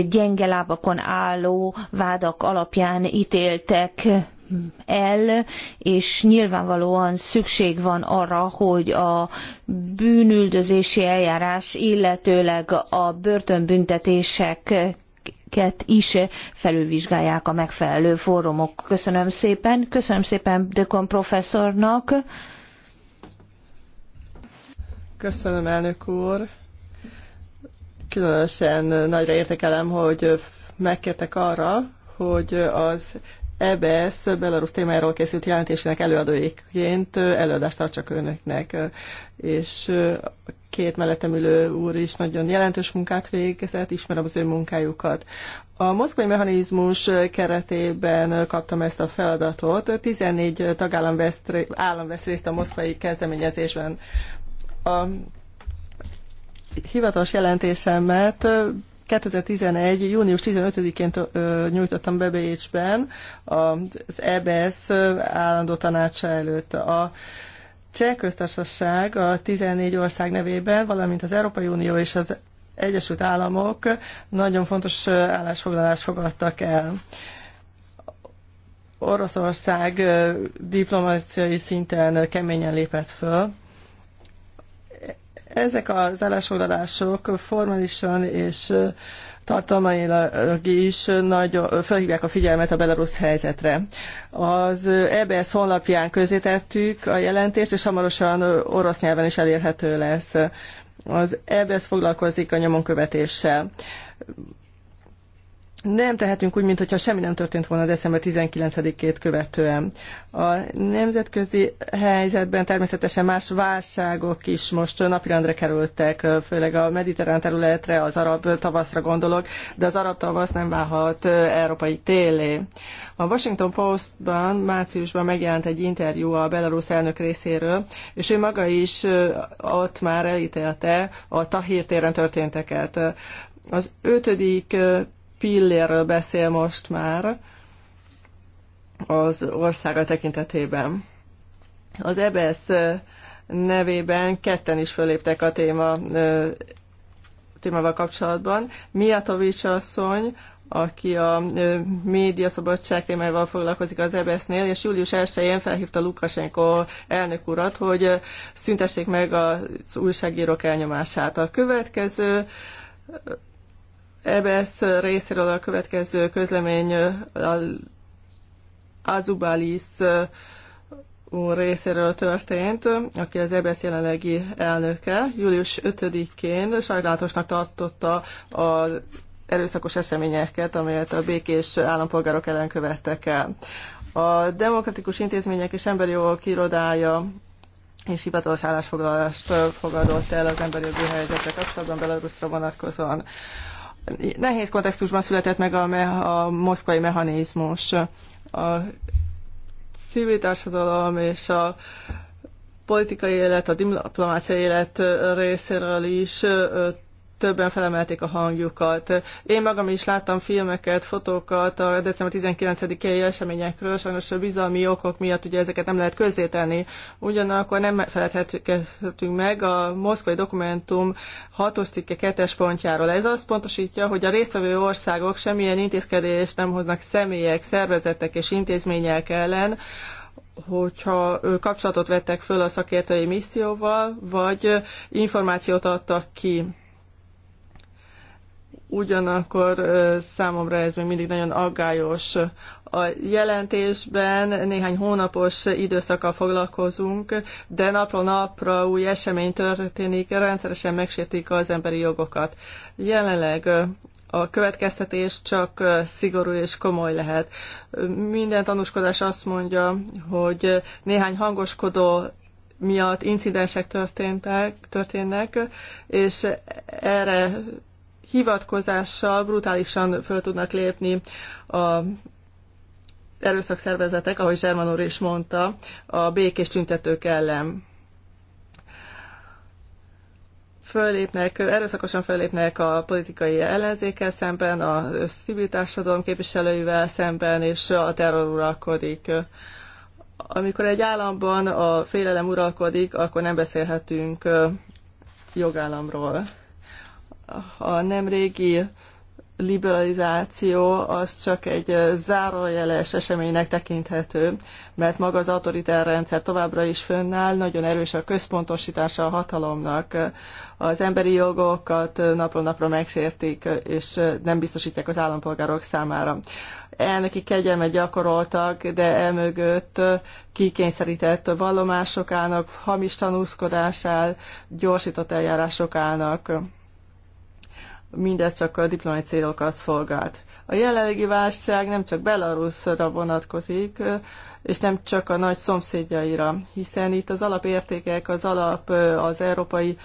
Speaker 2: gyenge lábakon álló vádak alapján ítéltek el, és nyilvánvalóan szükség van arra, hogy a bűnüldözési eljárás, illetőleg a börtönbüntetéseket is felülvizsgálják a megfelelő fórumok. Köszönöm szépen. Köszönöm szépen Dökon professzornak.
Speaker 1: Köszönöm, elnök úr. Különösen nagyra értékelem, hogy megkértek arra, hogy az EBS belarusz témáról készült jelentésének előadóiként előadást tartsak önöknek, és két mellettem ülő úr is nagyon jelentős munkát végezett, ismerem az ő munkájukat. A moszkvai mechanizmus keretében kaptam ezt a feladatot. 14 tagállam vesz, állam vesz részt a moszkvai kezdeményezésben. A hivatalos jelentésemet 2011. június 15-én nyújtottam be Bécsben az EBS állandó tanácsa előtt. A Cseh köztársaság a 14 ország nevében, valamint az Európai Unió és az Egyesült Államok nagyon fontos állásfoglalást fogadtak el. Oroszország diplomáciai szinten keményen lépett föl, ezek az állásfoglalások formálisan és tartalmailag is nagyon felhívják a figyelmet a belarusz helyzetre. Az EBS honlapján közétettük a jelentést, és hamarosan orosz nyelven is elérhető lesz. Az EBS foglalkozik a nyomonkövetéssel nem tehetünk úgy, mintha semmi nem történt volna december 19-ét követően. A nemzetközi helyzetben természetesen más válságok is most napirendre kerültek, főleg a mediterrán területre, az arab tavaszra gondolok, de az arab tavasz nem válhat európai télé. A Washington Postban márciusban megjelent egy interjú a belarusz elnök részéről, és ő maga is ott már elítélte a Tahir téren történteket. Az ötödik pillérről beszél most már az országa tekintetében. Az EBS nevében ketten is föléptek a téma, témával kapcsolatban. Miatovics asszony, aki a médiaszabadság témával foglalkozik az EBS-nél, és július 1-én felhívta Lukasenko elnök urat, hogy szüntessék meg az újságírók elnyomását. A következő EBS részéről a következő közlemény Azubalis úr részéről történt, aki az EBSZ jelenlegi elnöke. Július 5-én sajnálatosnak tartotta az erőszakos eseményeket, amelyet a békés állampolgárok ellen követtek el. A Demokratikus Intézmények és Emberi Jogok Irodája és hivatalos állásfoglalást fogadott el az emberi jogi helyzetre kapcsolatban Belarusra vonatkozóan. Nehéz kontextusban született meg a, me- a moszkvai mechanizmus. A civil társadalom és a politikai élet, a diplomáciai élet részéről is többen felemelték a hangjukat. Én magam is láttam filmeket, fotókat a december 19-i eseményekről, sajnos a bizalmi okok miatt ugye ezeket nem lehet közzétenni. Ugyanakkor nem feledhetünk meg a moszkvai dokumentum 6 cikke 2 pontjáról. Ez azt pontosítja, hogy a résztvevő országok semmilyen intézkedést nem hoznak személyek, szervezetek és intézmények ellen, hogyha kapcsolatot vettek föl a szakértői misszióval, vagy információt adtak ki ugyanakkor számomra ez még mindig nagyon aggályos. A jelentésben néhány hónapos időszaka foglalkozunk, de napról napra új esemény történik, rendszeresen megsértik az emberi jogokat. Jelenleg a következtetés csak szigorú és komoly lehet. Minden tanúskodás azt mondja, hogy néhány hangoskodó miatt incidensek történtek, történnek, és erre hivatkozással brutálisan föl tudnak lépni a erőszakszervezetek, ahogy Zserman úr is mondta, a békés tüntetők ellen. Fölépnek, erőszakosan fölépnek a politikai ellenzékkel szemben, a civil társadalom képviselőivel szemben, és a terror uralkodik. Amikor egy államban a félelem uralkodik, akkor nem beszélhetünk jogállamról a nem régi liberalizáció az csak egy zárójeles eseménynek tekinthető, mert maga az autoritár rendszer továbbra is fönnáll, nagyon erős a központosítása a hatalomnak. Az emberi jogokat napról napra megsértik, és nem biztosítják az állampolgárok számára. Elnöki kegyelmet gyakoroltak, de emögött kikényszerített vallomások állnak, hamis tanúszkodás áll, gyorsított eljárások állnak mindez csak a diplomai célokat szolgált. A jelenlegi válság nem csak Belarusra vonatkozik, és nem csak a nagy szomszédjaira, hiszen itt az alapértékek, az alap, az európai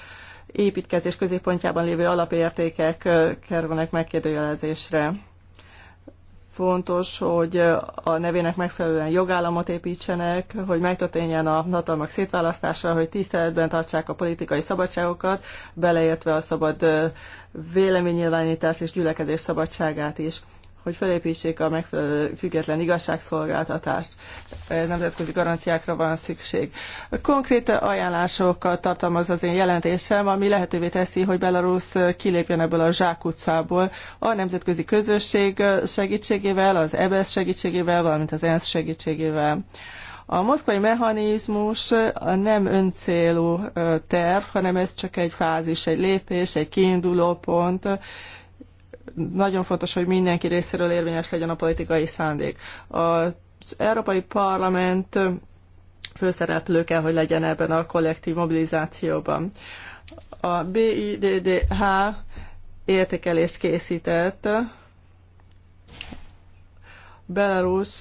Speaker 1: építkezés középpontjában lévő alapértékek kerülnek megkérdőjelezésre. Fontos, hogy a nevének megfelelően jogállamot építsenek, hogy megtörténjen a hatalmak szétválasztása, hogy tiszteletben tartsák a politikai szabadságokat, beleértve a szabad véleménynyilvánítás és gyülekedés szabadságát is hogy felépítsék a megfelelő független igazságszolgáltatást, nemzetközi garanciákra van szükség. Konkrét ajánlásokat tartalmaz az én jelentésem, ami lehetővé teszi, hogy Belarus kilépjen ebből a zsákutcából a nemzetközi közösség segítségével, az EBS segítségével, valamint az ENSZ segítségével. A moszkvai mechanizmus nem öncélú terv, hanem ez csak egy fázis, egy lépés, egy kiinduló pont. Nagyon fontos, hogy mindenki részéről érvényes legyen a politikai szándék. Az Európai Parlament főszereplő kell, hogy legyen ebben a kollektív mobilizációban. A BIDDH értékelést készített Belarus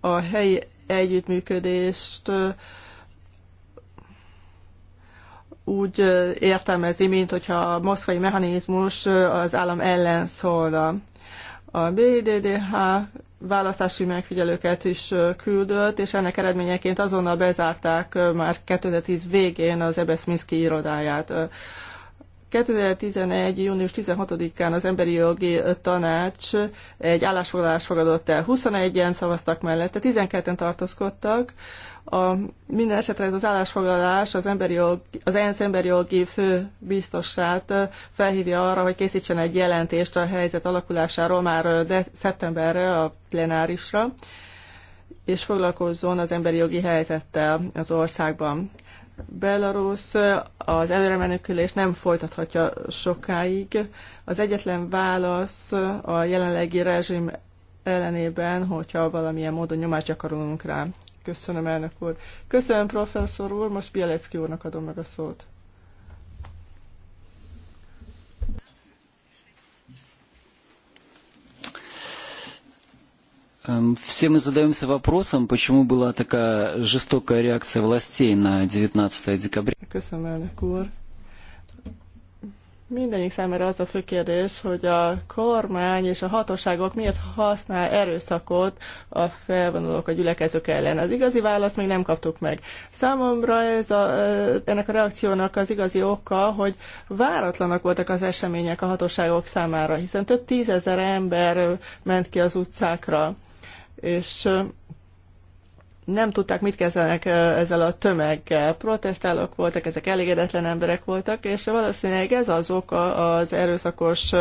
Speaker 1: a helyi együttműködést úgy értelmezi, mint hogyha a moszkvai mechanizmus az állam ellen szólna. A BDDH választási megfigyelőket is küldött, és ennek eredményeként azonnal bezárták már 2010 végén az Ebesz Minszki irodáját. 2011. június 16-án az Emberi Jogi Tanács egy állásfoglalást fogadott el. 21-en szavaztak mellette, 12-en tartózkodtak. A, minden esetre ez az állásfoglalás az, emberi jogi, az ENSZ emberi jogi fő biztossát felhívja arra, hogy készítsen egy jelentést a helyzet alakulásáról már de, szeptemberre a plenárisra és foglalkozzon az emberi jogi helyzettel az országban. Belarus az előremenekülés nem folytathatja sokáig. Az egyetlen válasz a jelenlegi rezsim ellenében, hogyha valamilyen módon nyomást gyakorolunk rá. Köszönöm, elnök úr. Köszönöm, professzor úr. Most Bielecki úrnak adom meg a szót.
Speaker 3: Все мы задаемся вопросом, почему была такая жестокая реакция властей на 19 декабря.
Speaker 1: az a fő kérdés, hogy a kormány és a hatóságok miért használ a felvonulók, a gyülekezők ellen. Az igazi választ még nem kaptuk meg. Számomra ez a, ennek a reakciónak az igazi oka, hogy váratlanak voltak az események a hatóságok számára, hiszen több tízezer ember ment ki az utcákra és nem tudták, mit kezdenek ezzel a tömeggel. Protestálók voltak, ezek elégedetlen emberek voltak, és valószínűleg ez az oka az erőszakos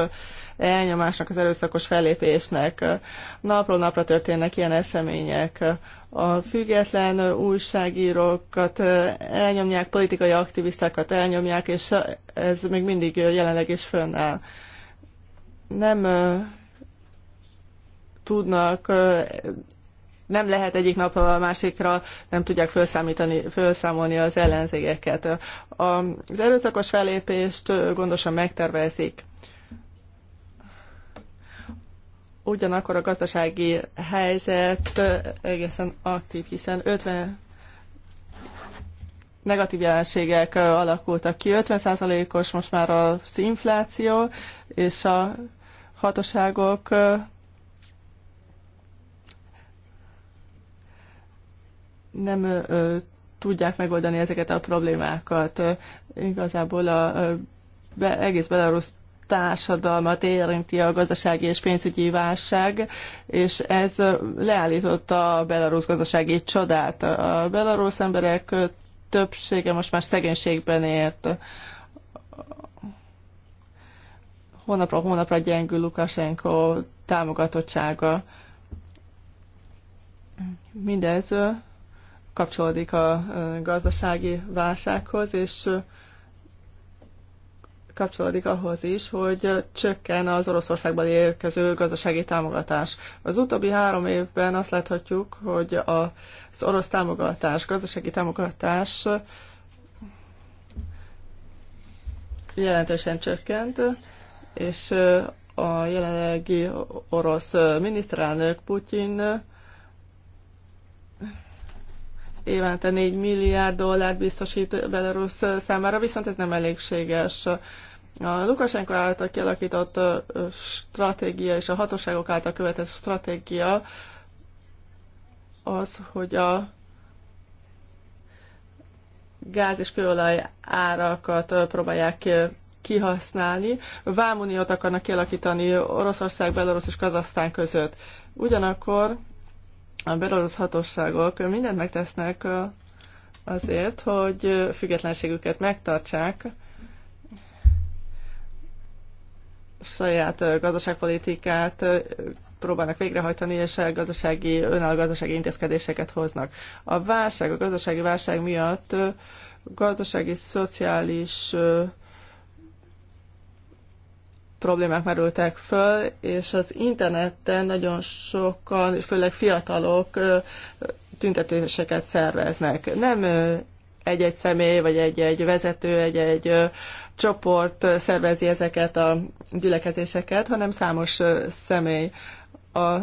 Speaker 1: elnyomásnak, az erőszakos fellépésnek. Napról napra történnek ilyen események. A független újságírókat elnyomják, politikai aktivistákat elnyomják, és ez még mindig jelenleg is fönnáll. Nem tudnak, nem lehet egyik napra a másikra, nem tudják felszámítani, felszámolni az ellenzégeket. Az erőszakos felépést gondosan megtervezik. Ugyanakkor a gazdasági helyzet egészen aktív, hiszen 50 negatív jelenségek alakultak ki. 50%-os most már az infláció, és a hatóságok nem tudják megoldani ezeket a problémákat. Igazából a be, egész belarusz társadalmat érinti a gazdasági és pénzügyi válság, és ez leállította a belarusz gazdasági csodát. A belarusz emberek többsége most már szegénységben ért. Hónapra hónapra gyengül Lukasenko támogatottsága. Mindez kapcsolódik a gazdasági válsághoz, és kapcsolódik ahhoz is, hogy csökken az Oroszországban érkező gazdasági támogatás. Az utóbbi három évben azt láthatjuk, hogy az orosz támogatás, gazdasági támogatás jelentősen csökkent, és a jelenlegi orosz miniszterelnök Putyin évente 4 milliárd dollár biztosít Belarus számára, viszont ez nem elégséges. A Lukasenko által kialakított stratégia és a hatóságok által követett stratégia az, hogy a gáz és kőolaj árakat próbálják kihasználni. Vámuniót akarnak kialakítani Oroszország, Belarus és Kazasztán között. Ugyanakkor a belorusz hatóságok mindent megtesznek azért, hogy függetlenségüket megtartsák, saját gazdaságpolitikát próbálnak végrehajtani, és gazdasági, önálló gazdasági intézkedéseket hoznak. A válság, a gazdasági válság miatt gazdasági, szociális problémák merültek föl, és az interneten nagyon sokan, főleg fiatalok tüntetéseket szerveznek. Nem egy-egy személy, vagy egy-egy vezető, egy-egy csoport szervezi ezeket a gyülekezéseket, hanem számos személy. A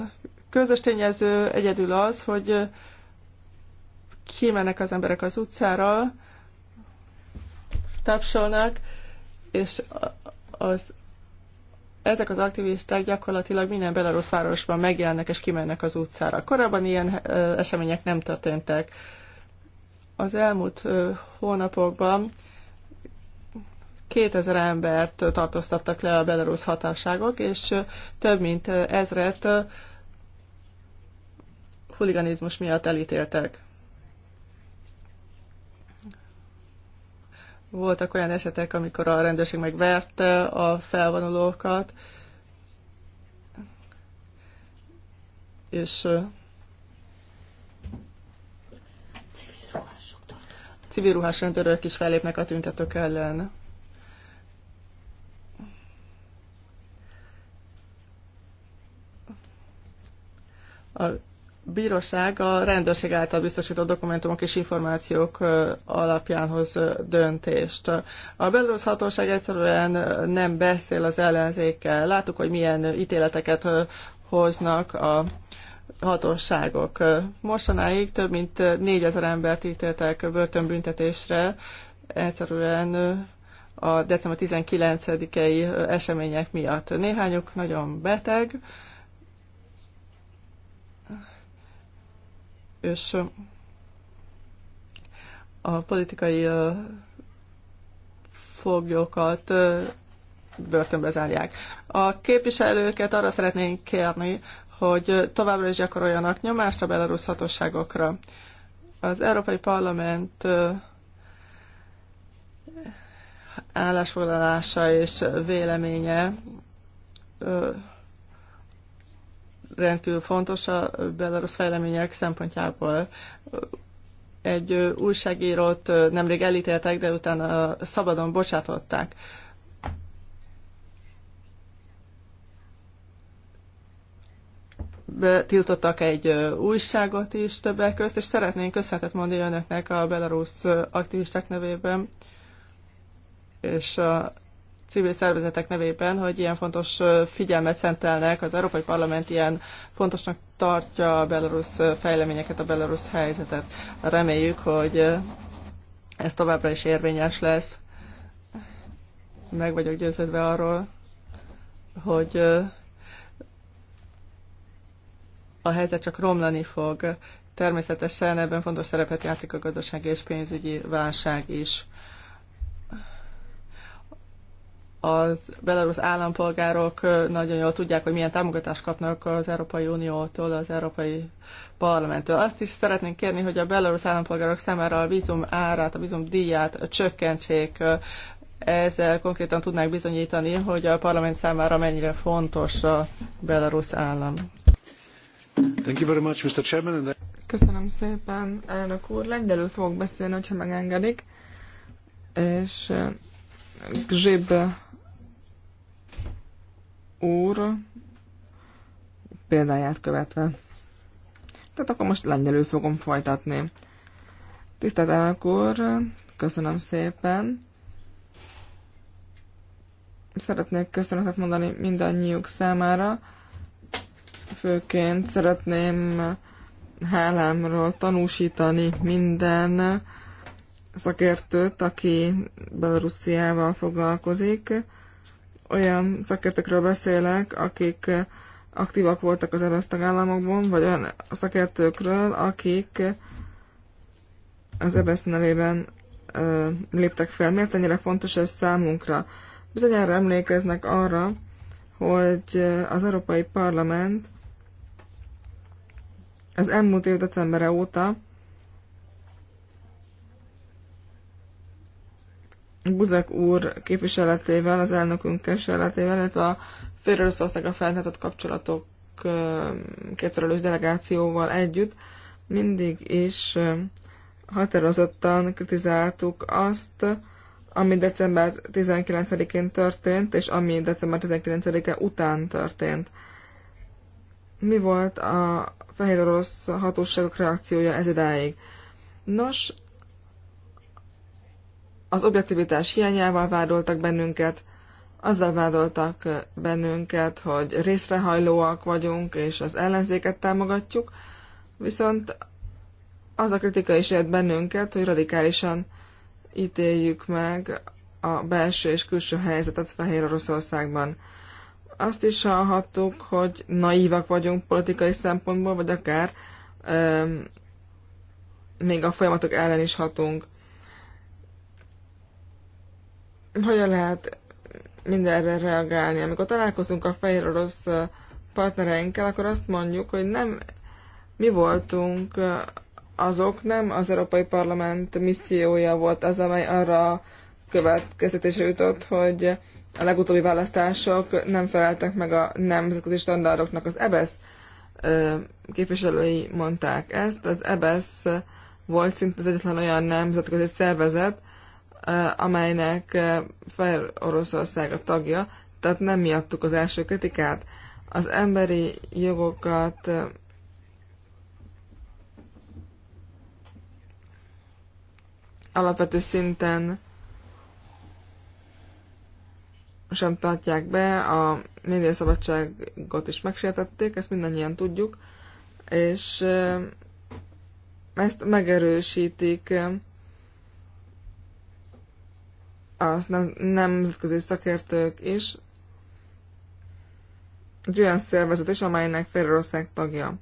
Speaker 1: közös tényező egyedül az, hogy kimennek az emberek az utcára, tapsolnak, és az ezek az aktivisták gyakorlatilag minden belarusz városban megjelennek és kimennek az utcára. Korábban ilyen események nem történtek. Az elmúlt hónapokban 2000 embert tartóztattak le a belarusz hatáságok, és több mint ezret huliganizmus miatt elítéltek. Voltak olyan esetek, amikor a rendőrség megverte a felvonulókat, és civil ruhás rendőrök is fellépnek a tüntetők ellen. A bíróság a rendőrség által biztosított dokumentumok és információk alapján hoz döntést. A belorusz hatóság egyszerűen nem beszél az ellenzékkel. Láttuk, hogy milyen ítéleteket hoznak a hatóságok. Mostanáig több mint négyezer embert ítéltek börtönbüntetésre, egyszerűen a december 19-i események miatt. Néhányuk nagyon beteg, és a politikai foglyokat börtönbe zárják. A képviselőket arra szeretnénk kérni, hogy továbbra is gyakoroljanak nyomást a belarusz hatóságokra. Az Európai Parlament állásfoglalása és véleménye rendkívül fontos a belarusz fejlemények szempontjából. Egy újságírót nemrég elítéltek, de utána szabadon bocsátották. tiltottak egy újságot is többek közt, és szeretnénk köszönetet mondani önöknek a belarusz aktivisták nevében, és a civil szervezetek nevében, hogy ilyen fontos figyelmet szentelnek, az Európai Parlament ilyen fontosnak tartja a belarusz fejleményeket, a belarusz helyzetet. Reméljük, hogy ez továbbra is érvényes lesz. Meg vagyok győződve arról, hogy a helyzet csak romlani fog. Természetesen ebben fontos szerepet játszik a gazdasági és pénzügyi válság is az belarusz állampolgárok nagyon jól tudják, hogy milyen támogatást kapnak az Európai Uniótól, az Európai Parlamenttől. Azt is szeretnénk kérni, hogy a belarusz állampolgárok számára a vízum árát, a vízum díját csökkentsék. Ezzel konkrétan tudnák bizonyítani, hogy a parlament számára mennyire fontos a belarusz állam.
Speaker 2: Thank you very much, Mr. Chairman.
Speaker 3: Köszönöm szépen, elnök úr. Lengyelül fogok beszélni, hogyha megengedik. És Grzyb úr példáját követve. Tehát akkor most lengyelül fogom folytatni. Tisztelt elnök úr, köszönöm szépen. Szeretnék köszönetet mondani mindannyiuk számára. Főként szeretném hálámról tanúsítani minden szakértőt, aki Belarusziával foglalkozik olyan szakértőkről beszélek, akik aktívak voltak az EBSZ tagállamokban, vagy olyan szakértőkről, akik az EBSZ nevében ö, léptek fel. Miért ennyire fontos ez számunkra? Bizonyára emlékeznek arra, hogy az Európai Parlament az elmúlt év decemberre óta Buzek úr képviseletével, az elnökünk képviseletével, illetve a a feltartott kapcsolatok képfelelős delegációval együtt mindig is határozottan kritizáltuk azt, ami december 19-én történt, és ami december 19-e után történt. Mi volt a fehér orosz hatóságok reakciója ez idáig? Nos, az objektivitás hiányával vádoltak bennünket, azzal vádoltak bennünket, hogy részrehajlóak vagyunk, és az ellenzéket támogatjuk, viszont az a kritika is ért bennünket, hogy radikálisan ítéljük meg a belső és külső helyzetet Fehér Oroszországban. Azt is hallhattuk, hogy naívak vagyunk politikai szempontból, vagy akár öm, még a folyamatok ellen is hatunk hogyan lehet mindenre reagálni. Amikor találkozunk a fehér orosz partnereinkkel, akkor azt mondjuk, hogy nem mi voltunk azok, nem az Európai Parlament missziója volt az, amely arra következtetésre jutott, hogy a legutóbbi választások nem feleltek meg a nemzetközi standardoknak. Az EBSZ e képviselői mondták ezt. Az EBSZ e volt szinte az egyetlen olyan nemzetközi szervezet, Eh, amelynek eh, Fehér Oroszország a tagja, tehát nem miattuk az első kritikát. Az emberi jogokat eh, alapvető szinten sem tartják be, a médiaszabadságot is megsértették, ezt mindannyian tudjuk, és ezt megerősítik az nem, nemzetközi szakértők is, egy olyan szervezet is, amelynek Fehérország tagja.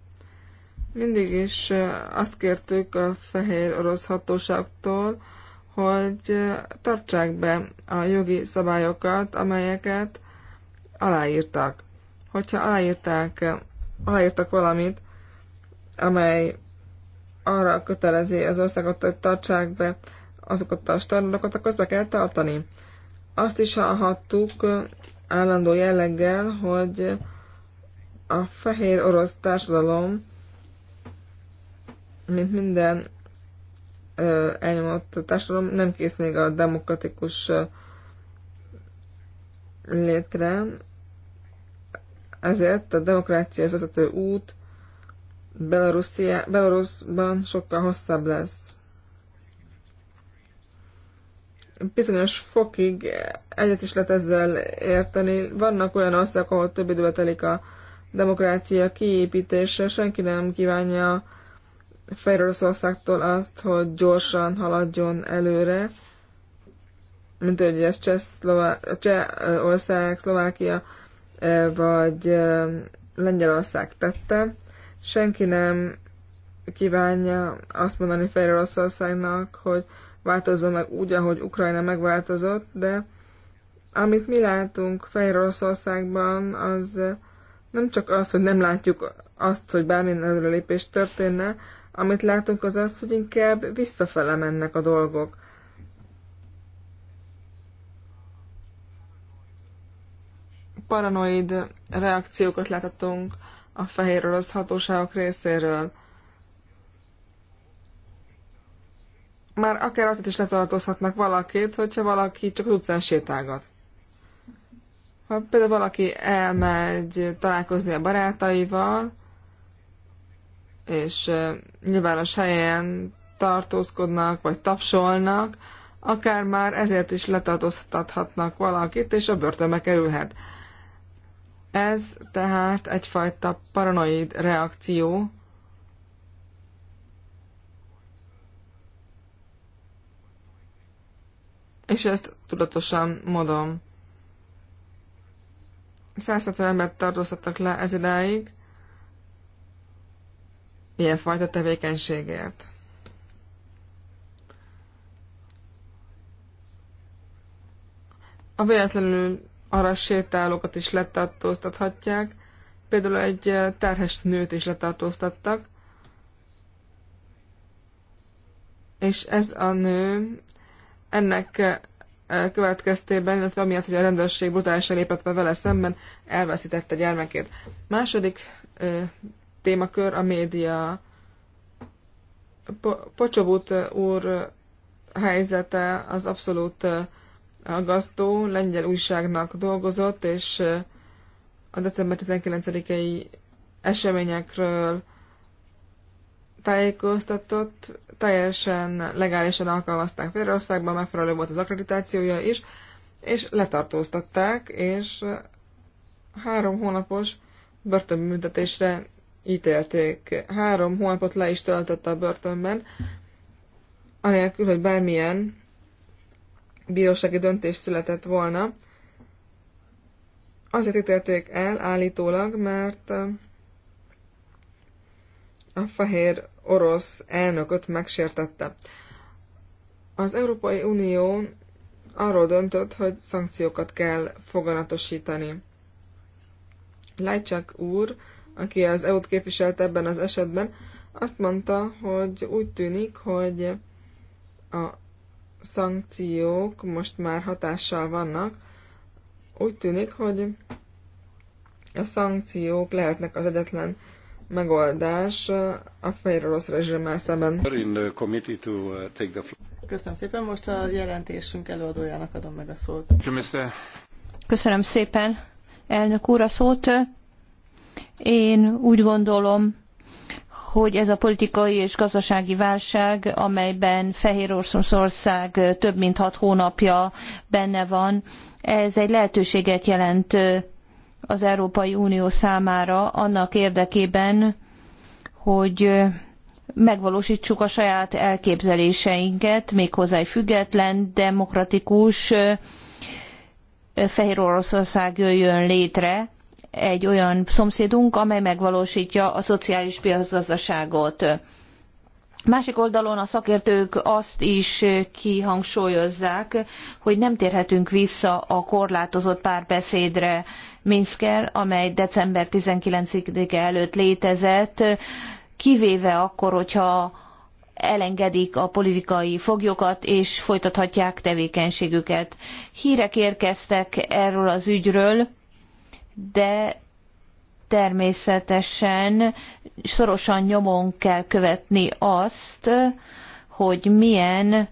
Speaker 3: Mindig is azt kértük a fehér orosz hatóságtól, hogy tartsák be a jogi szabályokat, amelyeket aláírtak. Hogyha aláírták, aláírtak valamit, amely arra kötelezi az országot, hogy tartsák be azokat a standardokat, akkor azt be kell tartani. Azt is hallhattuk állandó jelleggel, hogy a fehér orosz társadalom, mint minden elnyomott társadalom, nem kész még a demokratikus létre, ezért a demokrácia vezető út Belarusban sokkal hosszabb lesz bizonyos fokig egyet is lehet ezzel érteni. Vannak olyan országok, ahol több időbe telik a demokrácia kiépítése, senki nem kívánja Fehér azt, hogy gyorsan haladjon előre, mint hogy ez Csehszlová- Csehország, Szlovákia vagy Lengyelország tette. Senki nem kívánja azt mondani Fehér hogy változzon meg úgy, ahogy Ukrajna megváltozott, de amit mi látunk Fehér Oroszországban, az nem csak az, hogy nem látjuk azt, hogy bármilyen előrelépés történne, amit látunk az az, hogy inkább visszafele mennek a dolgok. Paranoid reakciókat láthatunk a fehér orosz hatóságok részéről. már akár azt is letartózhatnak valakit, hogyha valaki csak az utcán sétálgat. Ha például valaki elmegy találkozni a barátaival, és nyilvános helyen tartózkodnak, vagy tapsolnak, akár már ezért is letartóztathatnak valakit, és a börtönbe kerülhet. Ez tehát egyfajta paranoid reakció, és ezt tudatosan modom 170 embert tartóztattak le ez idáig ilyenfajta tevékenységért. A véletlenül arra sétálókat is letartóztathatják, például egy eh, terhes nőt is letartóztattak, és ez a nő ennek eh, következtében, illetve amiatt, hogy a rendőrség brutálisan lépett vele szemben, elveszítette gyermekét. Második eh, témakör a média. Po- Pocsobut eh, úr helyzete az abszolút aggasztó. Lengyel újságnak dolgozott, és a december 19-i eseményekről tájékoztatott, teljesen legálisan alkalmazták Félországban, megfelelő volt az akkreditációja is, és letartóztatták, és három hónapos börtönbüntetésre ítélték. Három hónapot le is töltött a börtönben, anélkül, hogy bármilyen bírósági döntés született volna. Azért ítélték el állítólag, mert a fehér orosz elnököt megsértette. Az Európai Unió arról döntött, hogy szankciókat kell foganatosítani. Lajcsák úr, aki az EU-t képviselt ebben az esetben, azt mondta, hogy úgy tűnik, hogy a szankciók most már hatással vannak. Úgy tűnik, hogy a szankciók lehetnek az egyetlen megoldás a fehér orosz rezsimmel szemben.
Speaker 2: Uh,
Speaker 3: Köszönöm szépen, most a jelentésünk
Speaker 2: előadójának adom meg a szót. Köszönöm szépen, elnök úr, a szót. Én úgy gondolom, hogy ez a politikai és gazdasági válság, amelyben Fehér Oroszország több mint hat hónapja benne van, ez egy lehetőséget jelent az Európai Unió számára annak érdekében, hogy megvalósítsuk a saját elképzeléseinket, méghozzá egy független, demokratikus Fehér Oroszország jöjjön létre, egy olyan szomszédunk, amely megvalósítja a szociális piacgazdaságot. Másik oldalon a szakértők azt is kihangsúlyozzák, hogy nem térhetünk vissza a korlátozott párbeszédre Minszkel, amely december 19-e előtt létezett, kivéve akkor, hogyha elengedik a politikai foglyokat, és folytathatják tevékenységüket. Hírek érkeztek erről az ügyről, de természetesen szorosan nyomon kell követni azt, hogy milyen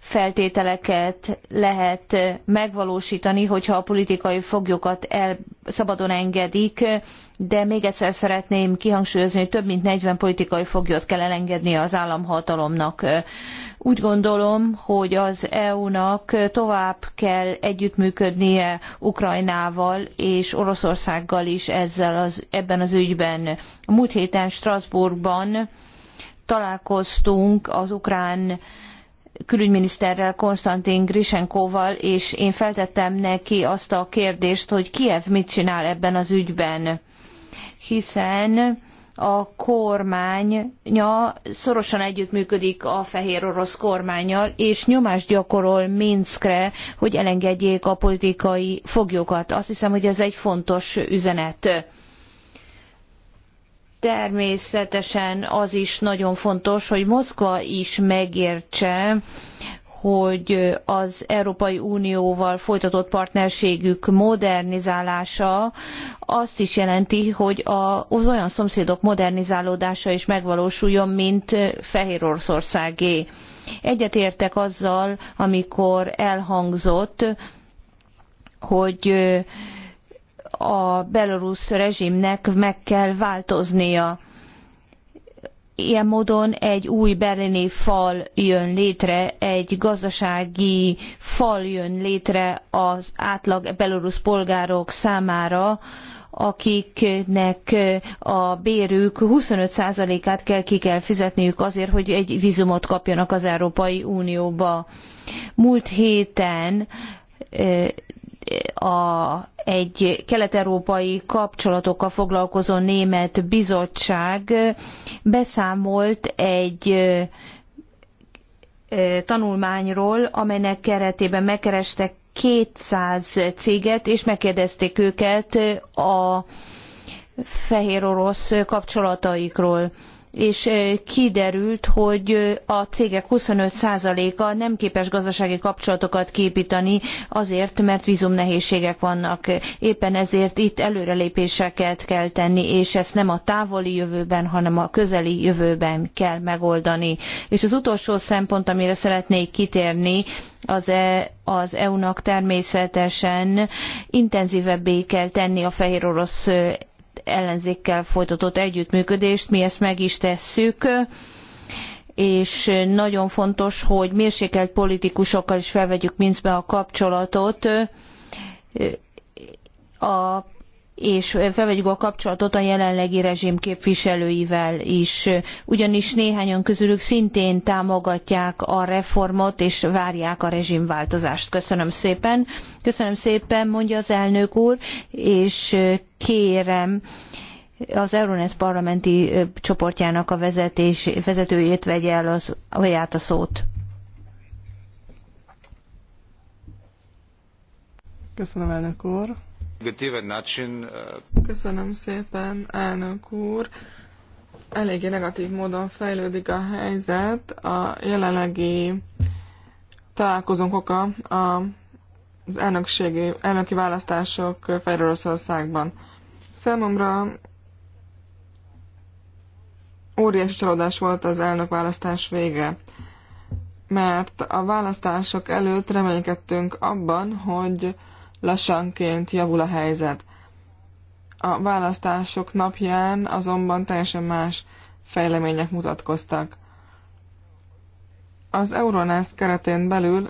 Speaker 2: feltételeket lehet megvalósítani, hogyha a politikai foglyokat el, szabadon engedik, de még egyszer szeretném kihangsúlyozni, hogy több mint 40 politikai foglyot kell elengedni az államhatalomnak. Úgy gondolom, hogy az EU-nak tovább kell együttműködnie Ukrajnával és Oroszországgal is ezzel az, ebben az ügyben. A múlt héten Strasbourgban találkoztunk az ukrán külügyminiszterrel, Konstantin Grisenkóval, és én feltettem neki azt a kérdést, hogy Kiev mit csinál ebben az ügyben, hiszen a kormánya szorosan együttműködik a fehér orosz kormányjal, és nyomást gyakorol Minskre, hogy elengedjék a politikai foglyokat. Azt hiszem, hogy ez egy fontos üzenet Természetesen az is nagyon fontos, hogy Moszkva is megértse, hogy az Európai Unióval folytatott partnerségük modernizálása azt is jelenti, hogy az olyan szomszédok modernizálódása is megvalósuljon, mint Fehéroroszországé. Egyetértek azzal, amikor elhangzott, hogy a belorusz rezsimnek meg kell változnia. Ilyen módon egy új berlini fal jön létre, egy gazdasági fal jön létre az átlag belorusz polgárok számára, akiknek a bérük 25%-át kell ki kell fizetniük azért, hogy egy vízumot kapjanak az Európai Unióba. Múlt héten a, egy kelet-európai kapcsolatokkal foglalkozó német bizottság beszámolt egy tanulmányról, amelynek keretében megkerestek 200 céget, és megkérdezték őket a fehér orosz kapcsolataikról és kiderült, hogy a cégek 25%-a nem képes gazdasági kapcsolatokat képíteni azért, mert vízumnehézségek vannak. Éppen ezért itt előrelépéseket kell tenni, és ezt nem a távoli jövőben, hanem a közeli jövőben kell megoldani. És az utolsó szempont, amire szeretnék kitérni, az, e, az EU-nak természetesen intenzívebbé kell tenni a fehérorosz ellenzékkel folytatott együttműködést, mi ezt meg is tesszük és nagyon fontos, hogy mérsékelt politikusokkal is felvegyük Minskbe a kapcsolatot. A és felvegyük a kapcsolatot a jelenlegi rezsim képviselőivel is, ugyanis néhányan közülük szintén támogatják a reformot, és várják a rezsimváltozást. Köszönöm szépen. Köszönöm szépen, mondja az elnök úr, és kérem, az Euronest parlamenti csoportjának a vezetés, vezetőjét vegye el az, a szót. Köszönöm, elnök úr.
Speaker 3: Köszönöm szépen, elnök úr. Eléggé negatív módon fejlődik a helyzet. A jelenlegi találkozónk oka az elnökségi, elnöki választások Fejről Oroszországban. Számomra óriási csalódás volt az elnökválasztás vége, mert a választások előtt reménykedtünk abban, hogy lassanként javul a helyzet. A választások napján azonban teljesen más fejlemények mutatkoztak. Az Euronest keretén belül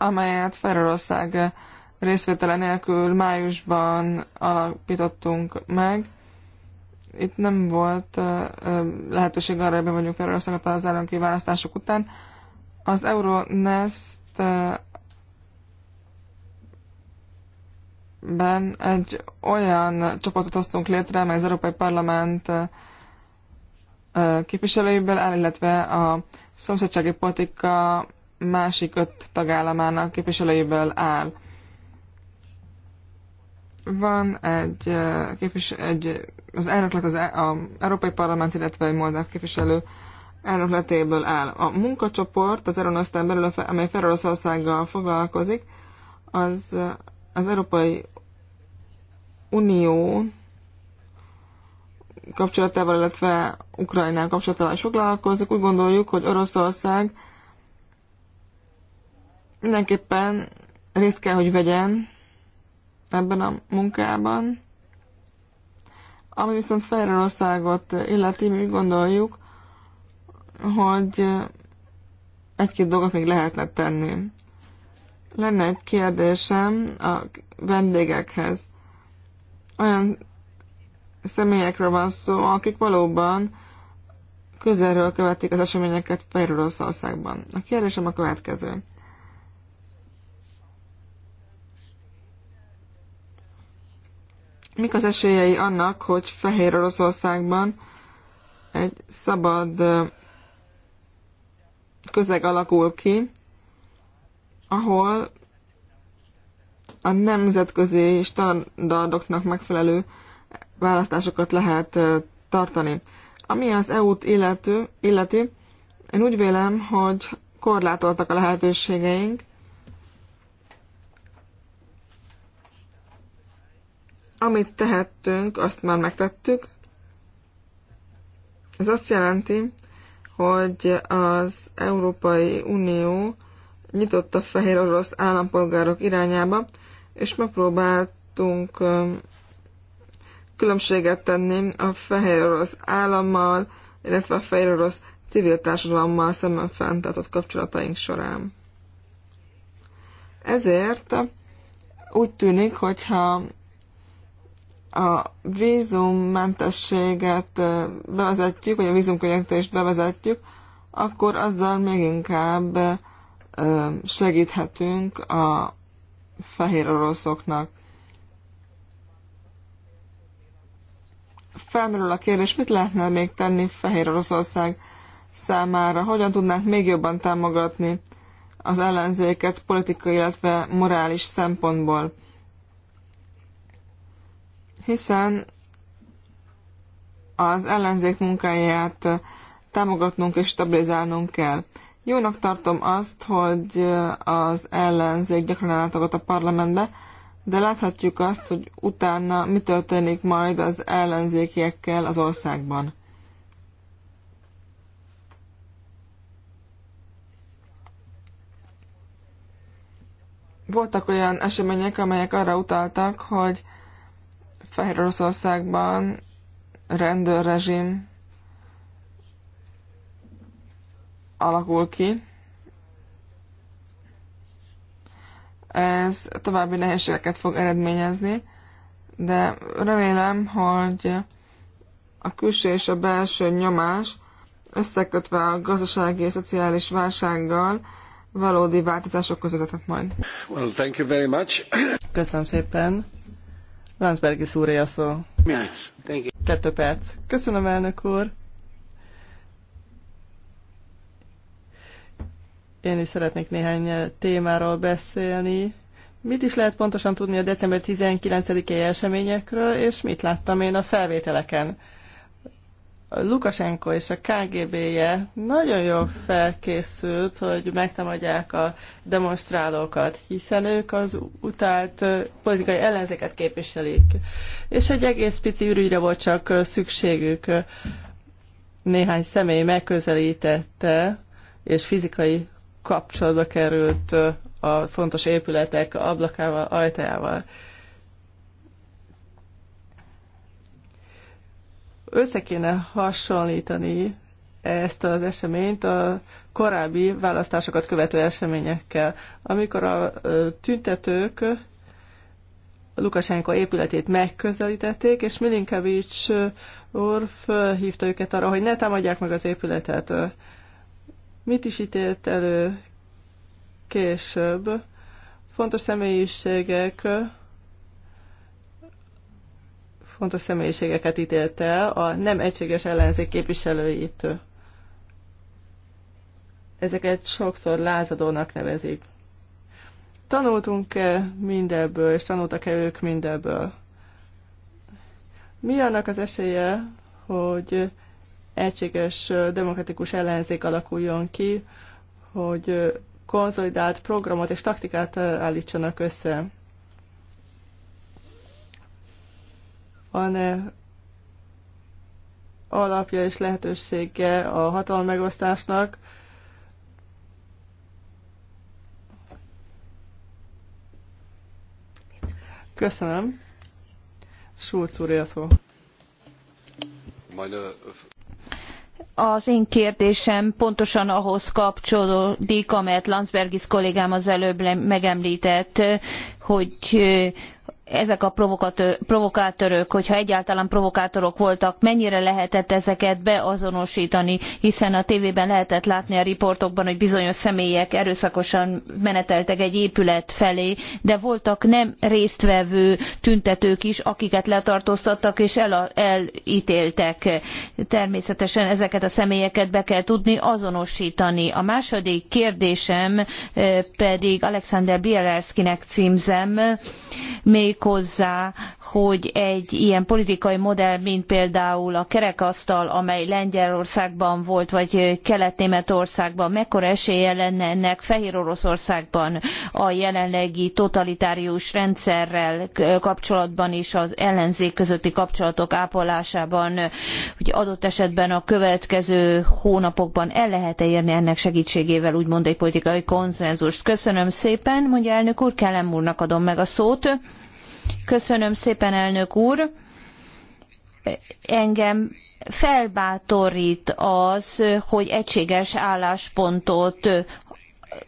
Speaker 3: amelyet Ferrorország részvétele nélkül májusban alapítottunk meg. Itt nem volt lehetőség arra, hogy bevonjuk Ferrorországot az elnöki választások után, az Euronest ben egy olyan csoportot hoztunk létre, amely az Európai Parlament képviselőiből áll, illetve a szomszédsági politika másik öt tagállamának képviselőiből áll. Van egy, képvis, egy az elnök lett az, e- az Európai Parlament, illetve egy moldáv képviselő elnökletéből áll. A munkacsoport az Euronasztán belül, amely Feroroszországgal foglalkozik, az, az Európai Unió kapcsolatával, illetve Ukrajnán kapcsolatával is foglalkozik. Úgy gondoljuk, hogy Oroszország mindenképpen részt kell, hogy vegyen ebben a munkában. Ami viszont Fejrőországot illeti, mi úgy gondoljuk, hogy egy-két dolgot még lehetne tenni. Lenne egy kérdésem a vendégekhez. Olyan személyekről van szó, akik valóban közelről követik az eseményeket Fehér A kérdésem a következő. Mik az esélyei annak, hogy Fehér Oroszországban egy szabad közeg alakul ki, ahol a nemzetközi standardoknak megfelelő választásokat lehet tartani. Ami az EU-t illető, illeti, én úgy vélem, hogy korlátoltak a lehetőségeink. Amit tehettünk, azt már megtettük. Ez azt jelenti, hogy az Európai Unió nyitott a fehér orosz állampolgárok irányába, és megpróbáltunk különbséget tenni a fehér orosz állammal, illetve a fehér orosz civil társadalommal szemben fenntartott kapcsolataink során. Ezért úgy tűnik, hogyha a vízummentességet bevezetjük, vagy a vízumkönnyítést bevezetjük, akkor azzal még inkább segíthetünk a fehér oroszoknak. Felmerül a kérdés, mit lehetne még tenni Fehér Oroszország számára, hogyan tudnánk még jobban támogatni az ellenzéket politikai, illetve morális szempontból hiszen az ellenzék munkáját támogatnunk és stabilizálnunk kell. Jónak tartom azt, hogy az ellenzék gyakran látogat a parlamentbe, de láthatjuk azt, hogy utána mi történik majd az ellenzékiekkel az országban. Voltak olyan események, amelyek arra utaltak, hogy Fehér Oroszországban rendőrrezsim alakul ki. Ez további nehézségeket fog eredményezni, de remélem, hogy a külső és a belső nyomás összekötve a gazdasági és szociális válsággal valódi változásokhoz vezetett majd.
Speaker 2: Well, thank you very much.
Speaker 3: Köszönöm szépen. Landsbergis úr a szó.
Speaker 1: Kettő perc. Köszönöm, elnök úr. Én is szeretnék néhány témáról beszélni. Mit is lehet pontosan tudni a december 19-i eseményekről, és mit láttam én a felvételeken? Lukasenko és a KGB-je nagyon jól felkészült, hogy megtámadják a demonstrálókat, hiszen ők az utált politikai ellenzéket képviselik. És egy egész pici ürügyre volt csak szükségük. Néhány személy megközelítette, és fizikai kapcsolatba került a fontos épületek ablakával, ajtajával. össze kéne hasonlítani ezt az eseményt a korábbi választásokat követő eseményekkel, amikor a tüntetők Lukasenko épületét megközelítették, és Milinkevics úr fölhívta őket arra, hogy ne támadják meg az épületet. Mit is ítélt elő később? Fontos személyiségek fontos személyiségeket ítélte el, a nem egységes ellenzék képviselőit. Ezeket sokszor lázadónak nevezik. Tanultunk-e mindebből, és tanultak-e ők mindebből? Mi annak az esélye, hogy egységes demokratikus ellenzék alakuljon ki, hogy konszolidált programot és taktikát állítsanak össze? van-e alapja és lehetősége a hatalom megosztásnak,
Speaker 2: Köszönöm. Schulz úr, szó. Az én kérdésem pontosan ahhoz kapcsolódik, amelyet Landsbergis kollégám az előbb megemlített, hogy ezek a provokátorok, hogyha egyáltalán provokátorok voltak, mennyire lehetett ezeket beazonosítani, hiszen a tévében lehetett látni a riportokban, hogy bizonyos személyek erőszakosan meneteltek egy épület felé, de voltak nem résztvevő tüntetők is, akiket letartóztattak és el, elítéltek. Természetesen ezeket a személyeket be kell tudni azonosítani. A második kérdésem eh, pedig Alexander Bielerskinek címzem, még hozzá hogy egy ilyen politikai modell, mint például a kerekasztal, amely Lengyelországban volt, vagy Kelet-Németországban, mekkora esélye lenne ennek Fehér Oroszországban a jelenlegi totalitárius rendszerrel kapcsolatban és az ellenzék közötti kapcsolatok ápolásában, hogy adott esetben a következő hónapokban el lehet-e érni ennek segítségével úgymond egy politikai konszenzust. Köszönöm szépen, mondja elnök úr, Kellem úrnak adom meg a szót. Köszönöm szépen, elnök úr. Engem felbátorít az, hogy egységes álláspontot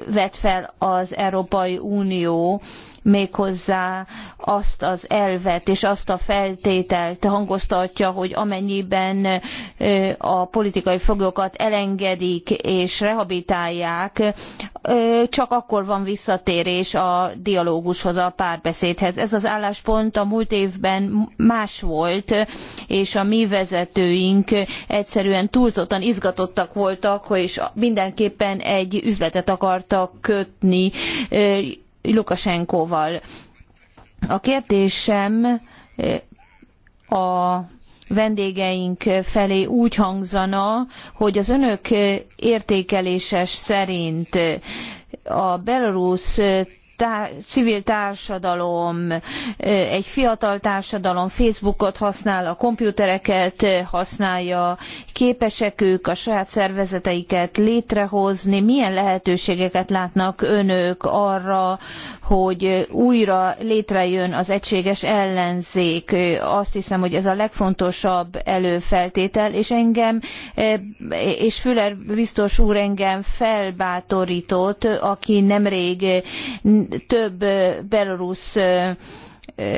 Speaker 2: vet fel az Európai Unió méghozzá azt az elvet és azt a feltételt hangoztatja, hogy amennyiben a politikai foglyokat elengedik és rehabilitálják, csak akkor van visszatérés a dialógushoz, a párbeszédhez. Ez az álláspont a múlt évben más volt, és a mi vezetőink egyszerűen túlzottan izgatottak voltak, és mindenképpen egy üzletet akartak kötni Lukasenkóval. A kérdésem eh, a vendégeink felé úgy hangzana, hogy az önök értékeléses szerint a Belarus civil társadalom, egy fiatal társadalom Facebookot használ, a komputereket használja, képesek ők a saját szervezeteiket létrehozni, milyen lehetőségeket látnak önök arra, hogy újra létrejön az egységes ellenzék. Azt hiszem, hogy ez a legfontosabb előfeltétel, és engem, és Füller biztos úr engem felbátorított, aki nemrég több belorusz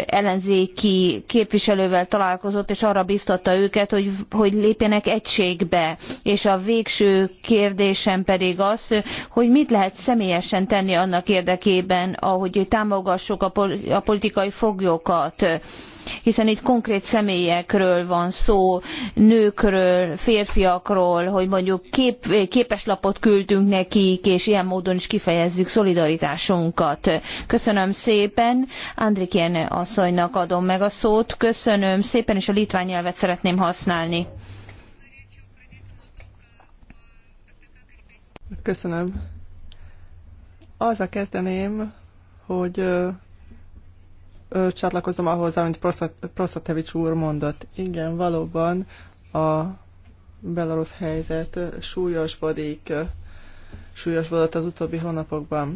Speaker 2: ellenzéki képviselővel találkozott, és arra biztatta őket, hogy, hogy lépjenek egységbe. És a végső kérdésem pedig az, hogy mit lehet személyesen tenni annak érdekében, ahogy támogassuk a politikai foglyokat hiszen itt konkrét személyekről van szó, nőkről, férfiakról, hogy mondjuk kép, képeslapot küldtünk nekik, és ilyen módon is kifejezzük szolidaritásunkat. Köszönöm szépen, Andrikien asszonynak adom meg a szót, köszönöm szépen, és a litván nyelvet szeretném használni.
Speaker 1: Köszönöm. Azzal kezdeném, hogy csatlakozom ahhoz, amit Proszatevics úr mondott. Igen, valóban a belarusz helyzet súlyosbodik, súlyosbodott az utóbbi hónapokban.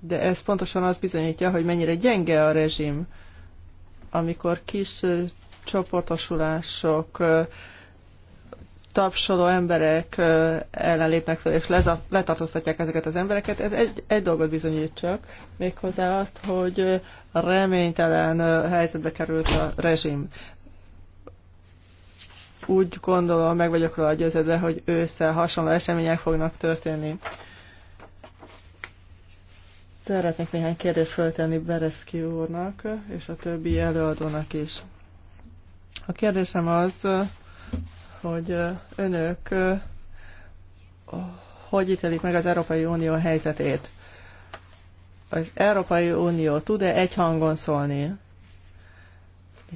Speaker 1: De ez pontosan az bizonyítja, hogy mennyire gyenge a rezsim, amikor kis csoportosulások, tapsoló emberek ellen lépnek fel, és leza, letartóztatják ezeket az embereket, ez egy, egy dolgot bizonyít csak, méghozzá azt, hogy reménytelen helyzetbe került a rezsim. Úgy gondolom, meg vagyok róla győződve, hogy össze hasonló események fognak történni. Szeretnék néhány kérdést föltenni Bereszki úrnak és a többi előadónak is. A kérdésem az, hogy önök hogy ítélik meg az Európai Unió helyzetét? az Európai Unió tud-e egy hangon szólni?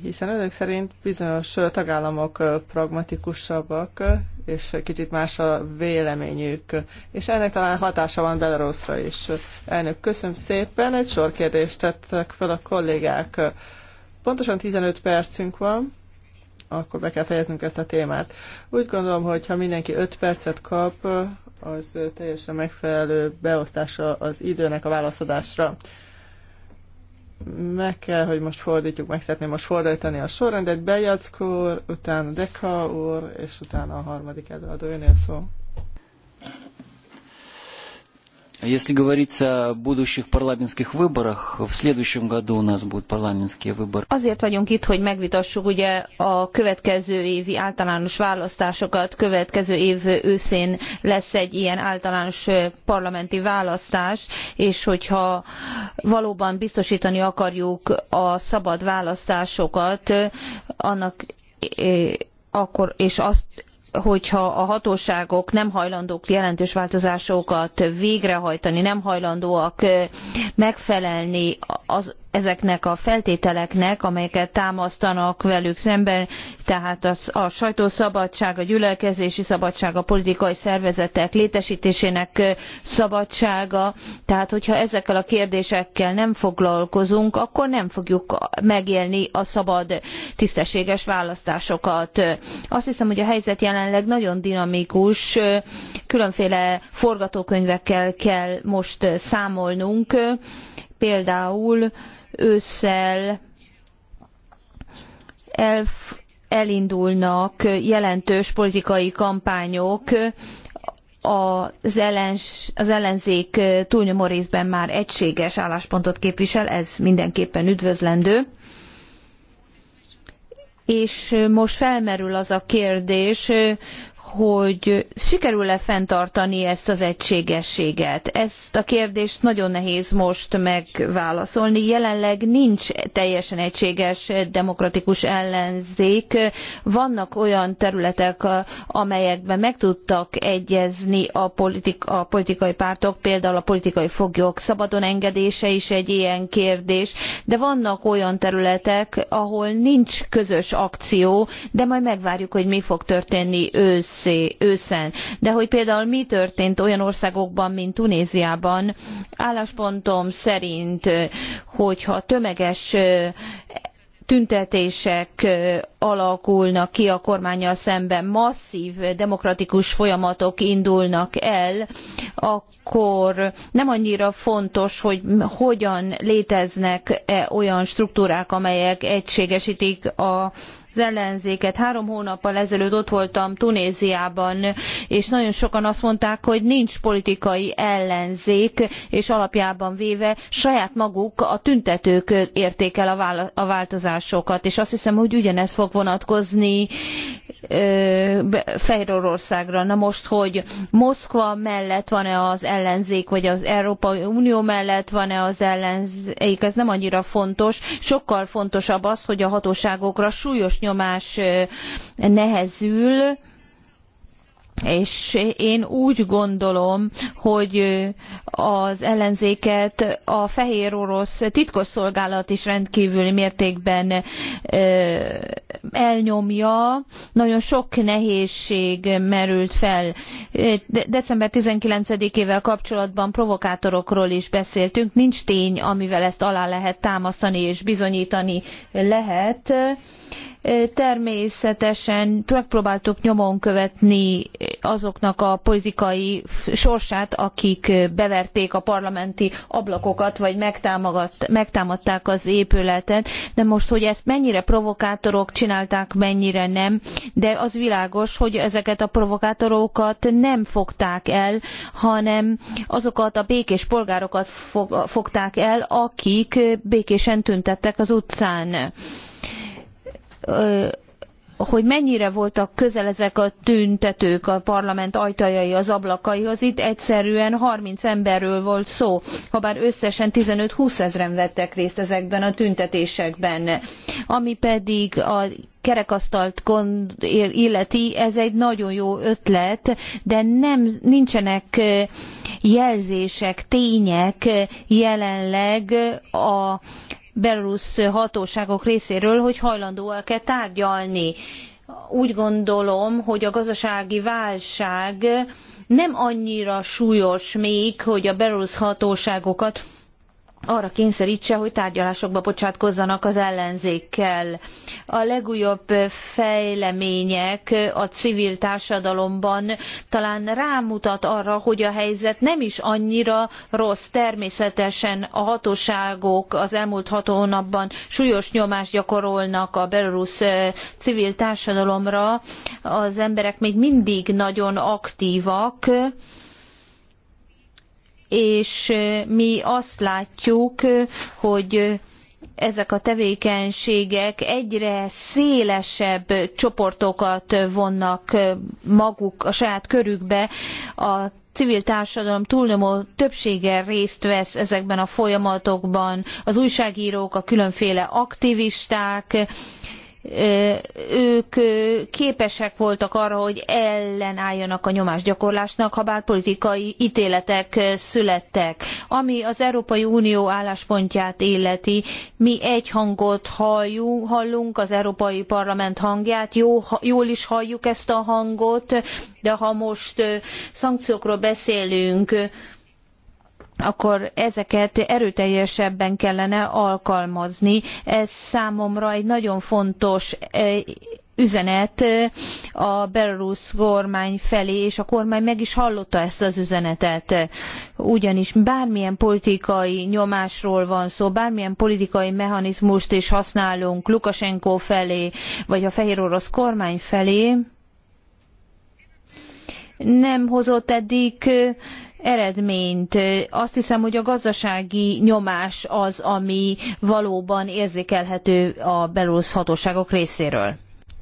Speaker 1: Hiszen önök szerint bizonyos tagállamok pragmatikusabbak, és kicsit más a véleményük. És ennek talán hatása van Belarusra is. Elnök, köszönöm szépen. Egy sor kérdést tettek fel a kollégák. Pontosan 15 percünk van, akkor be kell fejeznünk ezt a témát. Úgy gondolom, hogy ha mindenki 5 percet kap, az teljesen megfelelő beosztása az időnek a válaszadásra. Meg kell, hogy most fordítjuk, meg szeretném most fordítani a sorrendet. Bejackor, utána Deka úr, és utána a harmadik előadó jönnél szó.
Speaker 3: Если говорить о будущих парламентских выборах, в следующем году у нас будут парламентские выборы.
Speaker 2: Azért vagyunk itt, hogy megvitassuk ugye a következő évi általános választásokat. Következő év őszén lesz egy ilyen általános parlamenti választás, és hogyha valóban biztosítani akarjuk a szabad választásokat, annak akkor és azt hogyha a hatóságok nem hajlandók jelentős változásokat végrehajtani, nem hajlandóak megfelelni az ezeknek a feltételeknek, amelyeket támasztanak velük szemben, tehát a, a sajtószabadság, a gyülekezési szabadság, a politikai szervezetek létesítésének szabadsága. Tehát, hogyha ezekkel a kérdésekkel nem foglalkozunk, akkor nem fogjuk megélni a szabad, tisztességes választásokat. Azt hiszem, hogy a helyzet jelenleg nagyon dinamikus, különféle forgatókönyvekkel kell most számolnunk, például ősszel elindulnak jelentős politikai kampányok az, ellens, az ellenzék túlnyomó részben már egységes álláspontot képvisel, ez mindenképpen üdvözlendő. És most felmerül az a kérdés, hogy sikerül-e fenntartani ezt az egységességet? Ezt a kérdést nagyon nehéz most megválaszolni. Jelenleg nincs teljesen egységes demokratikus ellenzék. Vannak olyan területek, amelyekben meg tudtak egyezni a, politik, a politikai pártok, például a politikai foglyok szabadon engedése is egy ilyen kérdés, de vannak olyan területek, ahol nincs közös akció, de majd megvárjuk, hogy mi fog történni ősz összé, őszen. De hogy például mi történt olyan országokban, mint Tunéziában, álláspontom szerint, hogyha tömeges tüntetések alakulnak ki a kormányjal szemben, masszív demokratikus folyamatok indulnak el, akkor nem annyira fontos, hogy hogyan léteznek -e olyan struktúrák, amelyek egységesítik a az ellenzéket. Három hónappal ezelőtt ott voltam Tunéziában, és nagyon sokan azt mondták, hogy nincs politikai ellenzék, és alapjában véve saját maguk a tüntetők érték el a változásokat, és azt hiszem, hogy ugyanez fog vonatkozni Fehéroroszágra. Na most, hogy Moszkva mellett van-e az ellenzék, vagy az Európai Unió mellett van-e az ellenzék, ez nem annyira fontos. Sokkal fontosabb az, hogy a hatóságokra súlyos nyomás nehezül, és én úgy gondolom, hogy az ellenzéket a fehér orosz titkosszolgálat is rendkívüli mértékben elnyomja. Nagyon sok nehézség merült fel. December 19-ével kapcsolatban provokátorokról is beszéltünk. Nincs tény, amivel ezt alá lehet támasztani és bizonyítani lehet természetesen megpróbáltuk nyomon követni azoknak a politikai sorsát, akik beverték a parlamenti ablakokat, vagy megtámadták az épületet. De most, hogy ezt mennyire provokátorok csinálták, mennyire nem, de az világos, hogy ezeket a provokátorokat nem fogták el, hanem azokat a békés polgárokat fogták el, akik békésen tüntettek az utcán hogy mennyire voltak közel ezek a tüntetők a parlament ajtajai az ablakaihoz, itt egyszerűen 30 emberről volt szó, habár összesen 15-20 ezeren vettek részt ezekben a tüntetésekben. Ami pedig a kerekasztalt illeti, ez egy nagyon jó ötlet, de nem, nincsenek jelzések, tények jelenleg a Belarus hatóságok részéről, hogy hajlandóak-e tárgyalni. Úgy gondolom, hogy a gazdasági válság nem annyira súlyos még, hogy a Belarus hatóságokat arra kényszerítse, hogy tárgyalásokba bocsátkozzanak az ellenzékkel. A legújabb fejlemények a civil társadalomban talán rámutat arra, hogy a helyzet nem is annyira rossz. Természetesen a hatóságok az elmúlt hat hónapban súlyos nyomást gyakorolnak a belorusz civil társadalomra. Az emberek még mindig nagyon aktívak, és mi azt látjuk, hogy ezek a tevékenységek egyre szélesebb csoportokat vonnak maguk a saját körükbe a civil társadalom túlnyomó többsége részt vesz ezekben a folyamatokban, az újságírók, a különféle aktivisták, ők képesek voltak arra, hogy ellenálljanak a nyomásgyakorlásnak, ha bár politikai ítéletek születtek. Ami az Európai Unió álláspontját illeti, mi egy hangot halljunk, hallunk, az Európai Parlament hangját, jó, jól is halljuk ezt a hangot, de ha most szankciókról beszélünk, akkor ezeket erőteljesebben kellene alkalmazni. Ez számomra egy nagyon fontos eh, üzenet eh, a belarusz kormány felé, és a kormány meg is hallotta ezt az üzenetet. Ugyanis bármilyen politikai nyomásról van szó, bármilyen politikai mechanizmust is használunk Lukasenko felé, vagy a fehérorosz kormány felé, nem hozott eddig eh, eredményt. Azt hiszem, hogy a gazdasági nyomás az, ami valóban érzékelhető a belorusz hatóságok részéről.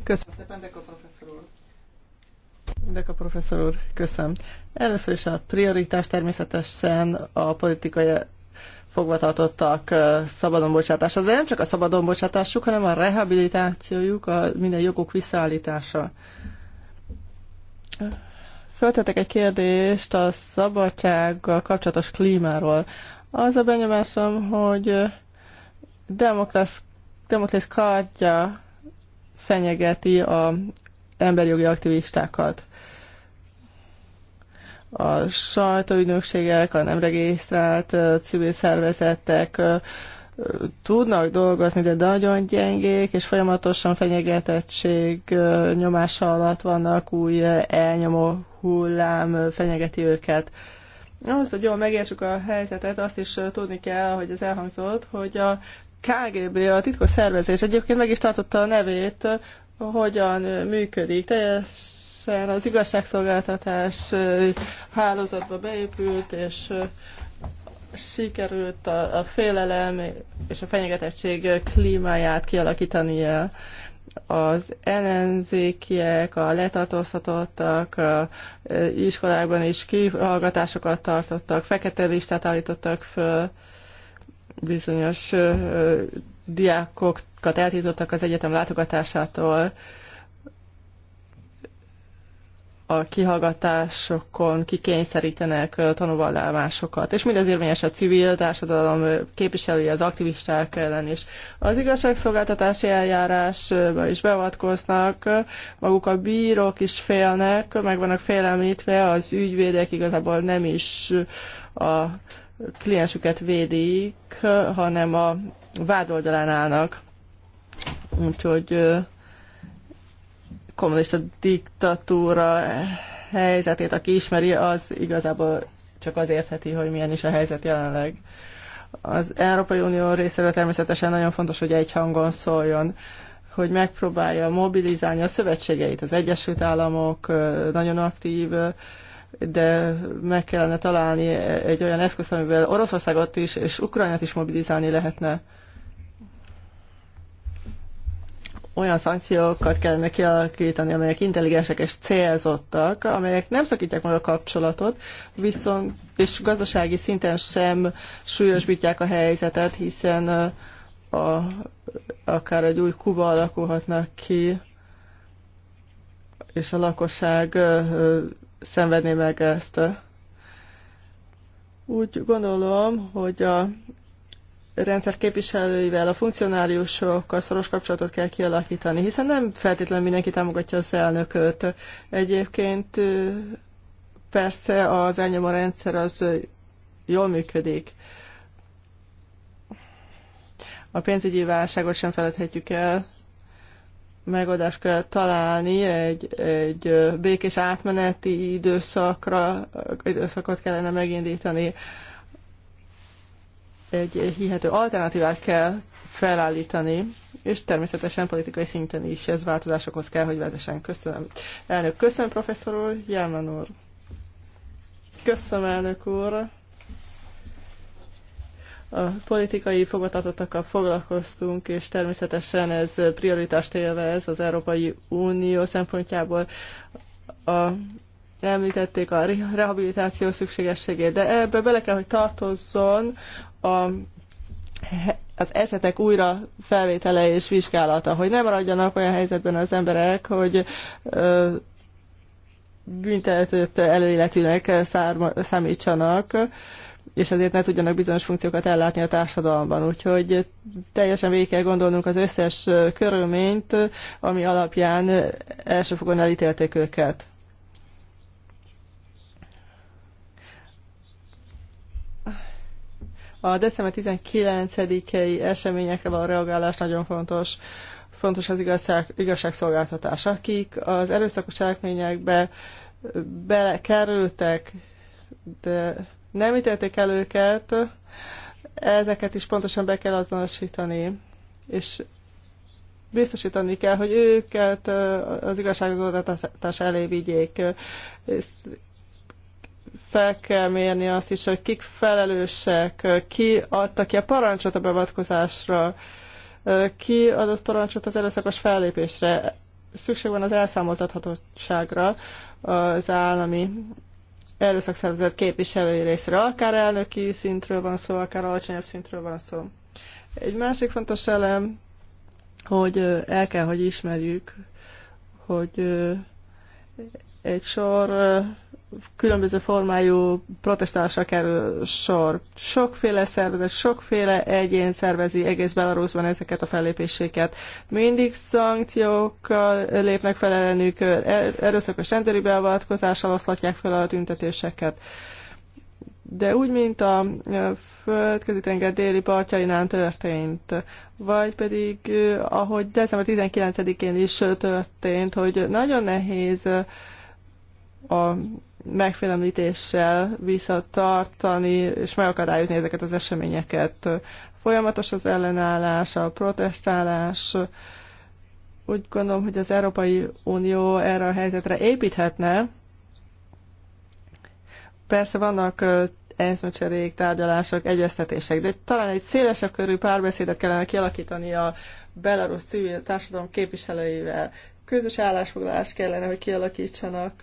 Speaker 2: Köszönöm
Speaker 1: szépen, Deka professzor úr.
Speaker 2: Deka professzor úr, köszönöm. Először is
Speaker 1: a prioritás természetesen a politikai fogvatartottak szabadon bocsátása, de nem csak a szabadon bocsátásuk, hanem a rehabilitációjuk, a minden jogok visszaállítása. Föltetek egy kérdést a szabadsággal kapcsolatos klímáról. Az a benyomásom, hogy Demokrész kardja fenyegeti a emberjogi aktivistákat. A sajtóügynökségek, a nem regisztrált civil szervezetek tudnak dolgozni, de nagyon gyengék, és folyamatosan fenyegetettség nyomása alatt vannak új elnyomó hullám fenyegeti őket. Ahhoz, hogy jól megértsük a helyzetet, azt is tudni kell, hogy az elhangzott, hogy a KGB, a titkos szervezés egyébként meg is tartotta a nevét, hogyan működik. Teljesen az igazságszolgáltatás hálózatba beépült, és sikerült a, a félelem és a fenyegetettség klímáját kialakítania az ellenzékiek, a letartóztatottak e, iskolákban is kihallgatásokat tartottak, fekete listát állítottak föl, bizonyos diákokat eltiltottak az egyetem látogatásától, a kihallgatásokon kikényszerítenek tanúvallásokat. És mindez érvényes a civil társadalom képviselői, az aktivisták ellen is. Az igazságszolgáltatási eljárásba is beavatkoznak, maguk a bírók is félnek, meg vannak félemlítve, az ügyvédek igazából nem is a kliensüket védik, hanem a vádoldalán állnak. Úgyhogy kommunista diktatúra helyzetét, aki ismeri, az igazából csak az értheti, hogy milyen is a helyzet jelenleg. Az Európai Unió részéről természetesen nagyon fontos, hogy egy hangon szóljon, hogy megpróbálja mobilizálni a szövetségeit. Az Egyesült Államok nagyon aktív, de meg kellene találni egy olyan eszközt, amivel Oroszországot is és Ukrajnát is mobilizálni lehetne. olyan szankciókat kellene kialakítani, amelyek intelligensek és célzottak, amelyek nem szakítják meg a kapcsolatot, viszont és gazdasági szinten sem súlyosbítják a helyzetet, hiszen a, akár egy új Kuba alakulhatnak ki, és a lakosság szenvedné meg ezt. Úgy gondolom, hogy a rendszer képviselőivel, a funkcionáriusokkal szoros kapcsolatot kell kialakítani, hiszen nem feltétlenül mindenki támogatja az elnököt. Egyébként persze az elnyomó rendszer az jól működik. A pénzügyi válságot sem feledhetjük el, megoldást kell találni, egy, egy békés átmeneti időszakra, időszakot kellene megindítani egy hihető alternatívát kell felállítani, és természetesen politikai szinten is ez változásokhoz kell, hogy vezessen. Köszönöm. Elnök, köszönöm professzor úr, Jelmen úr. Köszönöm, elnök úr. A politikai fogvatartottakkal foglalkoztunk, és természetesen ez prioritást ez az Európai Unió szempontjából. A említették a rehabilitáció szükségességét, de ebbe bele kell, hogy tartozzon a az esetek újra felvétele és vizsgálata, hogy ne maradjanak olyan helyzetben az emberek, hogy büntetőt előilletűnek számítsanak, és ezért ne tudjanak bizonyos funkciókat ellátni a társadalomban. Úgyhogy teljesen végig kell gondolnunk az összes körülményt, ami alapján elsőfogon elítélték őket. A december 19-i eseményekre való reagálás nagyon fontos. Fontos az igazság, igazságszolgáltatás. Akik az erőszakos cselekményekbe belekerültek, de nem ítélték el őket, ezeket is pontosan be kell azonosítani, és biztosítani kell, hogy őket az igazságszolgáltatás elé vigyék fel kell mérni azt is, hogy kik felelősek, ki adta ki a parancsot a beavatkozásra, ki adott parancsot az erőszakos fellépésre. Szükség van az elszámoltathatóságra az állami erőszakszervezet képviselői részre, akár elnöki szintről van szó, akár alacsonyabb szintről van szó. Egy másik fontos elem, hogy el kell, hogy ismerjük, hogy egy sor különböző formájú protestálásra kerül sor. Sokféle szervezet, sokféle egyén szervezi egész Belarusban ezeket a fellépéséket. Mindig szankciókkal lépnek fel ellenük, er-, erőszakos rendőri beavatkozással oszlatják fel a tüntetéseket. De úgy, mint a földközi tenger déli partjainán történt, vagy pedig ahogy december 19-én is történt, hogy nagyon nehéz a megfélemlítéssel visszatartani és megakadályozni ezeket az eseményeket. Folyamatos az ellenállás, a protestálás. Úgy gondolom, hogy az Európai Unió erre a helyzetre építhetne. Persze vannak eszmecserék, tárgyalások, egyeztetések, de talán egy szélesebb körű párbeszédet kellene kialakítani a belarusz civil társadalom képviselőivel. Közös állásfoglalást kellene, hogy kialakítsanak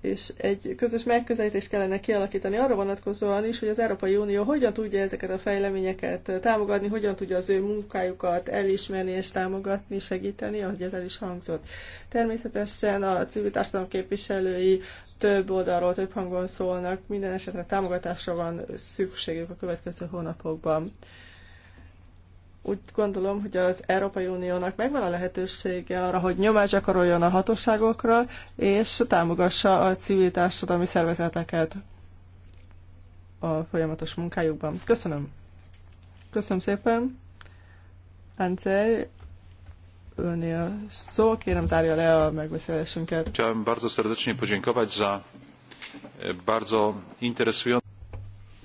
Speaker 1: és egy közös megközelítést kellene kialakítani arra vonatkozóan is, hogy az Európai Unió hogyan tudja ezeket a fejleményeket támogatni, hogyan tudja az ő munkájukat elismerni és támogatni, segíteni, ahogy ez el is hangzott. Természetesen a civil társadalom képviselői több oldalról, több hangon szólnak, minden esetre támogatásra van szükségük a következő hónapokban úgy gondolom, hogy az Európai Uniónak megvan a lehetősége arra, hogy nyomást gyakoroljon a hatóságokra, és támogassa a civil társadalmi szervezeteket a folyamatos munkájukban. Köszönöm. Köszönöm szépen. Ance, önnél szó, kérem
Speaker 2: zárja le a megbeszélésünket. Chciałem bardzo serdecznie podziękować za e, bardzo interesujące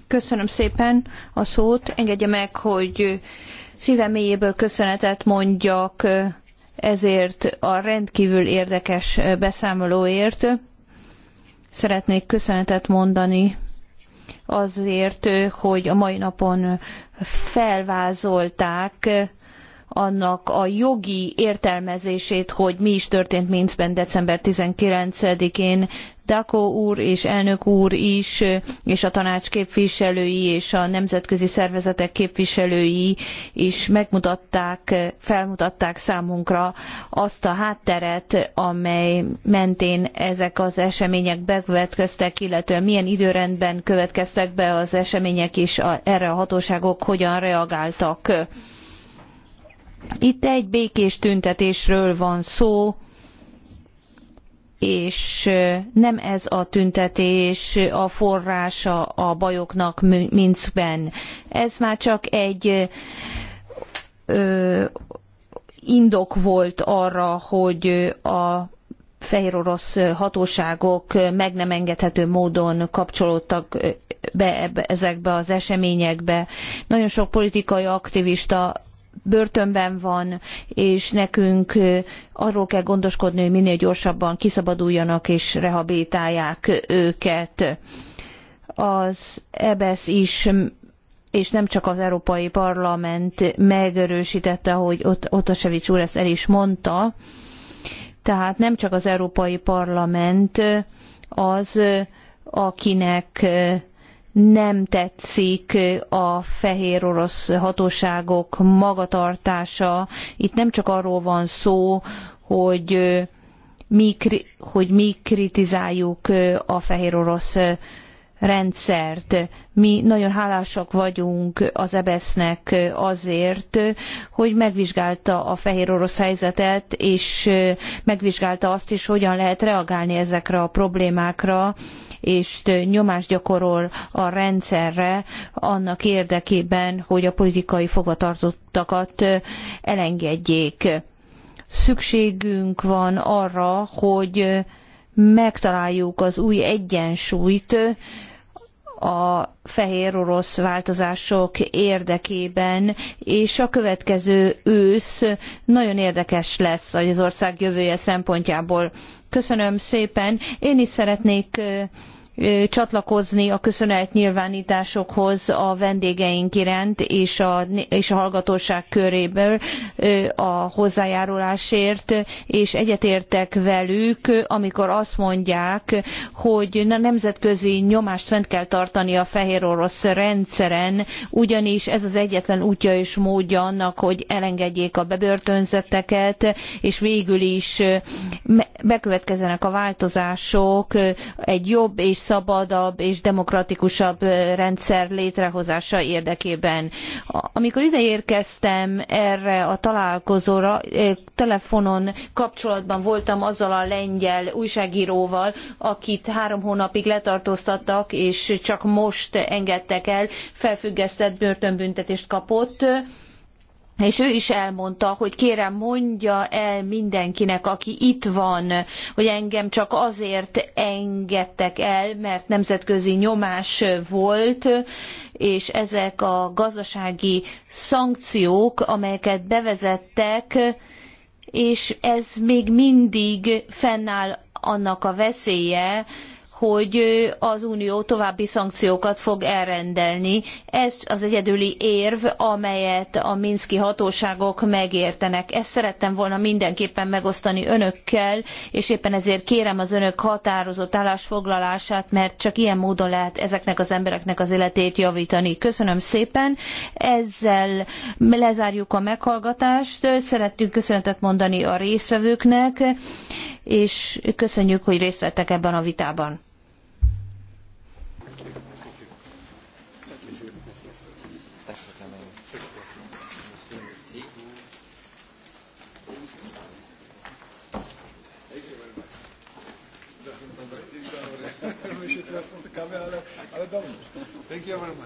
Speaker 2: Köszönöm szépen a szót. Engedje meg, hogy Szívem mélyéből köszönetet mondjak ezért a rendkívül érdekes beszámolóért. Szeretnék köszönetet mondani azért, hogy a mai napon felvázolták annak a jogi értelmezését, hogy mi is történt Minszben december 19-én. Dako úr és elnök úr is, és a tanács képviselői és a nemzetközi szervezetek képviselői is megmutatták, felmutatták számunkra azt a hátteret, amely mentén ezek az események bekövetkeztek, illetve milyen időrendben következtek be az események, és erre a hatóságok hogyan reagáltak. Itt egy békés tüntetésről van szó, és nem ez a tüntetés a forrása a bajoknak Minskben. Ez már csak egy ö, indok volt arra, hogy a fehér orosz hatóságok meg nem engedhető módon kapcsolódtak be ezekbe az eseményekbe. Nagyon sok politikai aktivista börtönben van, és nekünk arról kell gondoskodni, hogy minél gyorsabban kiszabaduljanak és rehabilitálják őket. Az ebesz is és nem csak az Európai Parlament megerősítette, hogy Otasevics úr ezt el is mondta, tehát nem csak az Európai Parlament az, akinek nem tetszik a fehér orosz hatóságok magatartása. Itt nem csak arról van szó, hogy mi, hogy mi kritizáljuk a fehér orosz rendszert. Mi nagyon hálásak vagyunk az EBESZ-nek azért, hogy megvizsgálta a fehér orosz helyzetet, és megvizsgálta azt is, hogyan lehet reagálni ezekre a problémákra, és nyomást gyakorol a rendszerre annak érdekében, hogy a politikai fogvatartottakat elengedjék. Szükségünk van arra, hogy megtaláljuk az új egyensúlyt a fehér orosz változások érdekében, és a következő ősz nagyon érdekes lesz az ország jövője szempontjából. Köszönöm szépen. Én is szeretnék csatlakozni a köszönet nyilvánításokhoz a vendégeink iránt és a, és a hallgatóság köréből a hozzájárulásért, és egyetértek velük, amikor azt mondják, hogy a nemzetközi nyomást fent kell tartani a fehérorosz rendszeren, ugyanis ez az egyetlen útja és módja annak, hogy elengedjék a bebörtönzetteket, és végül is bekövetkezzenek a változások egy jobb és szabadabb és demokratikusabb rendszer létrehozása érdekében. Amikor ide érkeztem erre a találkozóra, telefonon kapcsolatban voltam azzal a lengyel újságíróval, akit három hónapig letartóztattak, és csak most engedtek el, felfüggesztett börtönbüntetést kapott és ő is elmondta, hogy kérem mondja el mindenkinek, aki itt van, hogy engem csak azért engedtek el, mert nemzetközi nyomás volt, és ezek a gazdasági szankciók, amelyeket bevezettek, és ez még mindig fennáll annak a veszélye, hogy az Unió további szankciókat fog elrendelni. Ez az egyedüli érv, amelyet a minszki hatóságok megértenek. Ezt szerettem volna mindenképpen megosztani önökkel, és éppen ezért kérem az önök határozott állásfoglalását, mert csak ilyen módon lehet ezeknek az embereknek az életét javítani. Köszönöm szépen. Ezzel lezárjuk a meghallgatást. Szerettünk köszönetet mondani a résztvevőknek és köszönjük, hogy részt vettek ebben a vitában. Thank you very much.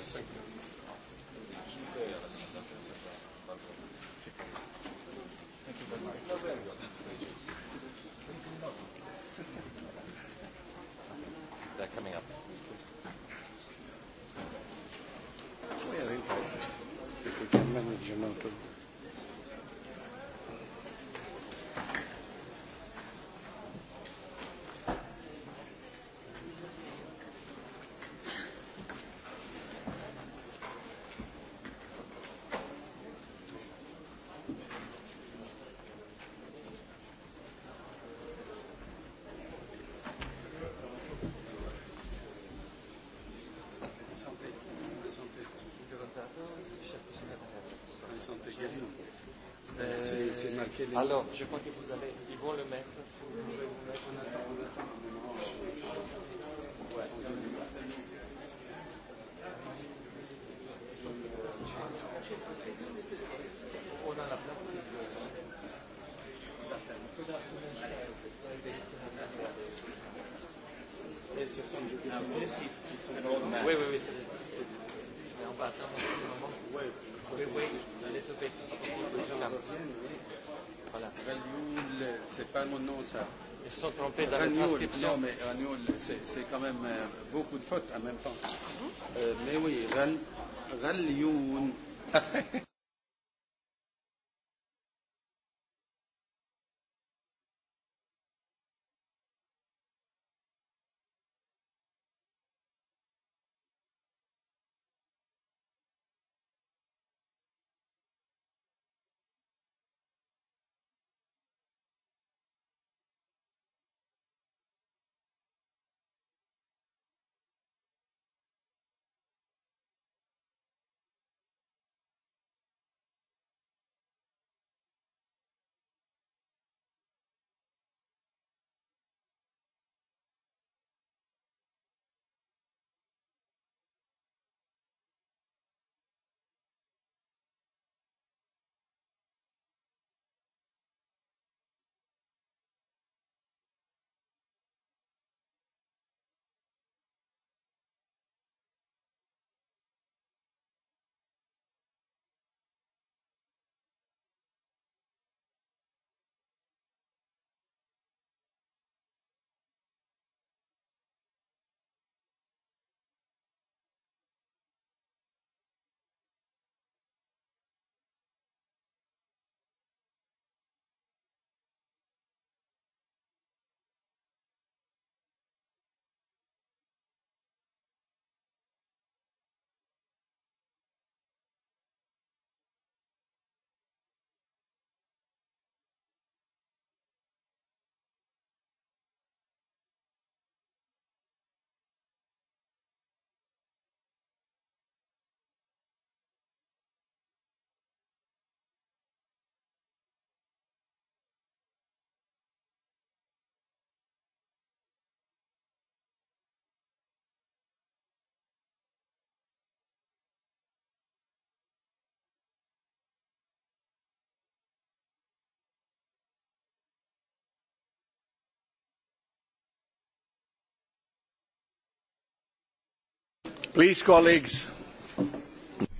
Speaker 2: c'est quand même euh, beaucoup de fautes en même temps. Ah euh, mais oui, Ghal, Ghalioun.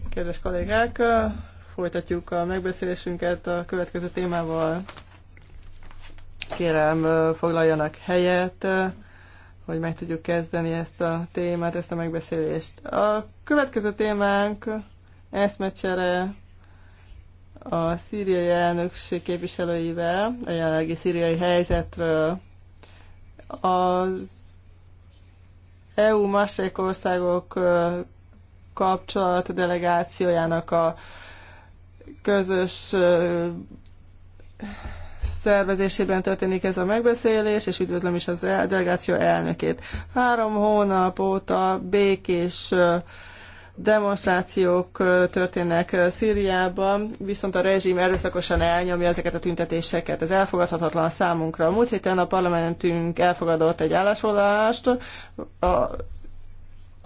Speaker 1: Kedves kollégák, folytatjuk a megbeszélésünket a következő témával. Kérem, foglaljanak helyet, hogy meg tudjuk kezdeni ezt a témát, ezt a megbeszélést. A következő témánk eszmecsere a szíriai elnökség képviselőivel, a jelenlegi szíriai helyzetről. Az EU másik országok kapcsolat delegációjának a közös szervezésében történik ez a megbeszélés, és üdvözlöm is az delegáció elnökét. Három hónap óta békés demonstrációk történnek Szíriában, viszont a rezsim erőszakosan elnyomja ezeket a tüntetéseket. Ez elfogadhatatlan számunkra. A múlt héten a parlamentünk elfogadott egy állásfoglalást, a,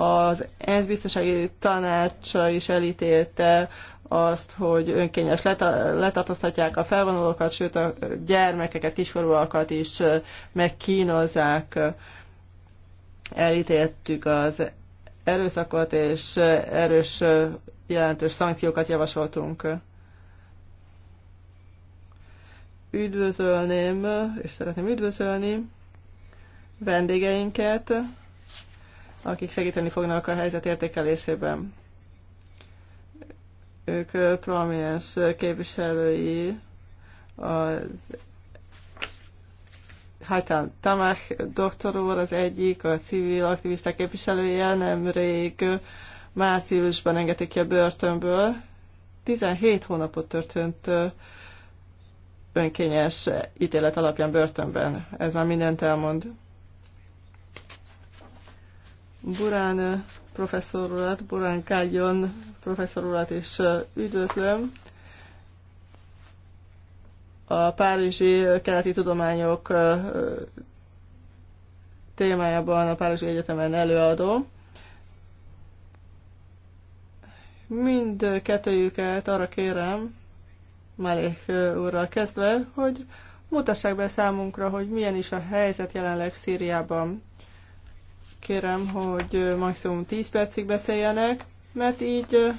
Speaker 1: az ENSZ biztonsági tanácsa is elítélte azt, hogy önkényes letartóztatják a felvonulókat, sőt a gyermekeket, kiskorúakat is megkínozzák. Elítéltük az erőszakot és erős jelentős szankciókat javasoltunk. Üdvözölném, és szeretném üdvözölni vendégeinket, akik segíteni fognak a helyzet értékelésében. Ők prominens képviselői az a Tamás doktor úr az egyik, a civil aktivisták képviselője nemrég márciusban engedik ki a börtönből. 17 hónapot történt önkényes ítélet alapján börtönben. Ez már mindent elmond. Burán professzor urat, Burán Kágyon professzor urat is üdvözlöm a Párizsi Keleti Tudományok témájában a Párizsi Egyetemen előadó. Mind kettőjüket arra kérem, Melék úrral kezdve, hogy mutassák be számunkra, hogy milyen is a helyzet jelenleg Szíriában. Kérem, hogy maximum 10 percig beszéljenek, mert így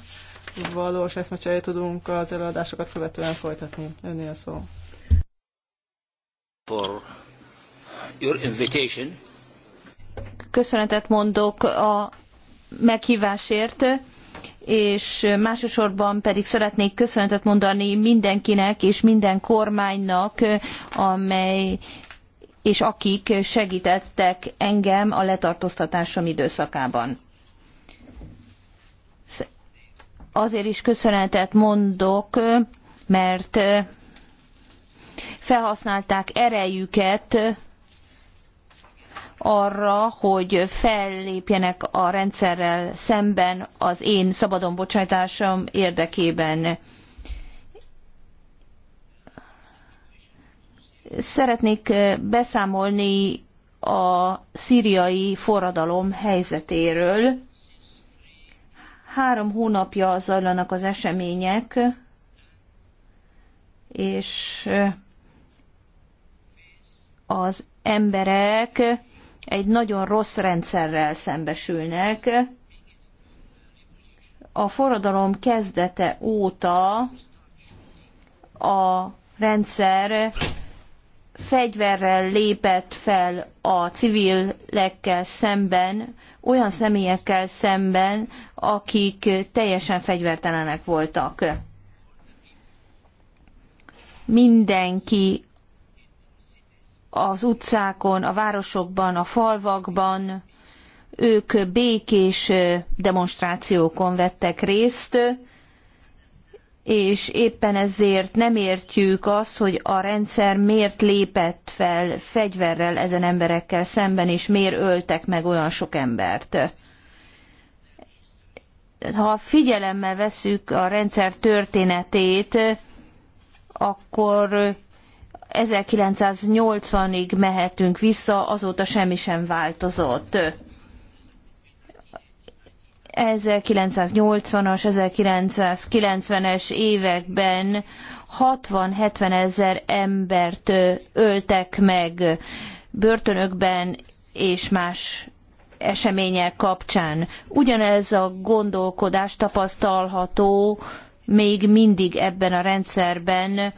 Speaker 1: valós eszmecserét tudunk az előadásokat követően folytatni. Önnél szó.
Speaker 2: For your invitation. Köszönetet mondok a meghívásért és másosorban pedig szeretnék köszönetet mondani mindenkinek és minden kormánynak, amely és akik segítettek engem a letartóztatásom időszakában. azért is köszönetet mondok, mert felhasználták erejüket arra, hogy fellépjenek a rendszerrel szemben az én szabadon bocsátásom érdekében. Szeretnék beszámolni a szíriai forradalom helyzetéről Három hónapja zajlanak az események, és az emberek egy nagyon rossz rendszerrel szembesülnek. A forradalom kezdete óta a rendszer fegyverrel lépett fel a civilekkel szemben, olyan személyekkel szemben, akik teljesen fegyvertelenek voltak. Mindenki az utcákon, a városokban, a falvakban, ők békés demonstrációkon vettek részt, és éppen ezért nem értjük azt, hogy a rendszer miért lépett fel fegyverrel ezen emberekkel szemben, és miért öltek meg olyan sok embert. Ha figyelemmel vesszük a rendszer történetét, akkor 1980-ig mehetünk vissza, azóta semmi sem változott 1980-as, 1990-es években 60-70 ezer embert öltek meg börtönökben és más események kapcsán. Ugyanez a gondolkodás tapasztalható még mindig ebben a rendszerben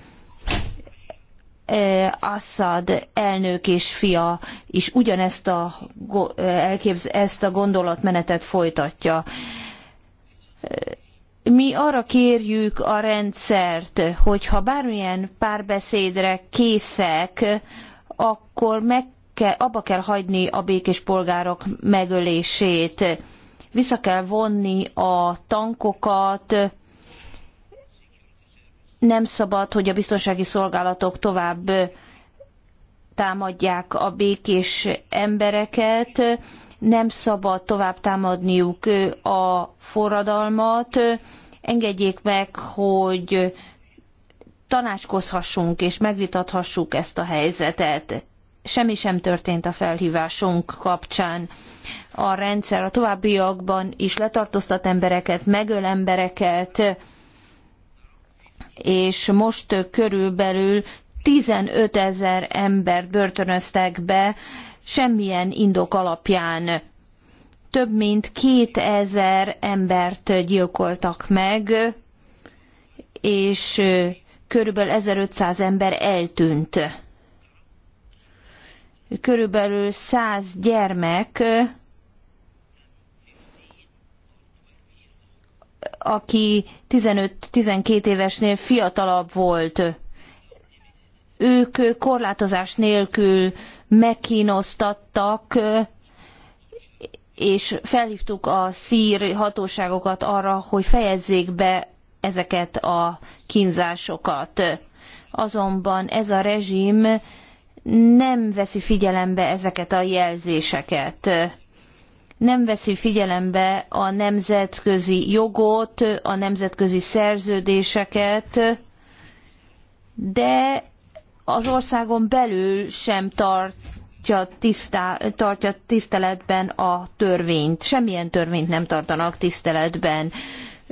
Speaker 2: Eh, Assad elnök és fia is ugyanezt a, eh, elképz, ezt a gondolatmenetet folytatja. Eh, mi arra kérjük a rendszert, hogy ha bármilyen párbeszédre készek, akkor meg kell, abba kell hagyni a békés polgárok megölését. Vissza kell vonni a tankokat, nem szabad, hogy a biztonsági szolgálatok tovább támadják a békés embereket, nem szabad tovább támadniuk a forradalmat, engedjék meg, hogy tanácskozhassunk és megvitathassuk ezt a helyzetet. Semmi sem történt a felhívásunk kapcsán. A rendszer a továbbiakban is letartóztat embereket, megöl embereket, és most körülbelül 15 ezer embert börtönöztek be semmilyen indok alapján. Több mint 2000 embert gyilkoltak meg, és körülbelül 1500 ember eltűnt. Körülbelül 100 gyermek aki 15-12 évesnél fiatalabb volt. Ők korlátozás nélkül megkínoztattak, és felhívtuk a szír hatóságokat arra, hogy fejezzék be ezeket a kínzásokat. Azonban ez a rezsim nem veszi figyelembe ezeket a jelzéseket nem veszi figyelembe a nemzetközi jogot, a nemzetközi szerződéseket, de az országon belül sem tartja, tisztá, tartja tiszteletben a törvényt. Semmilyen törvényt nem tartanak tiszteletben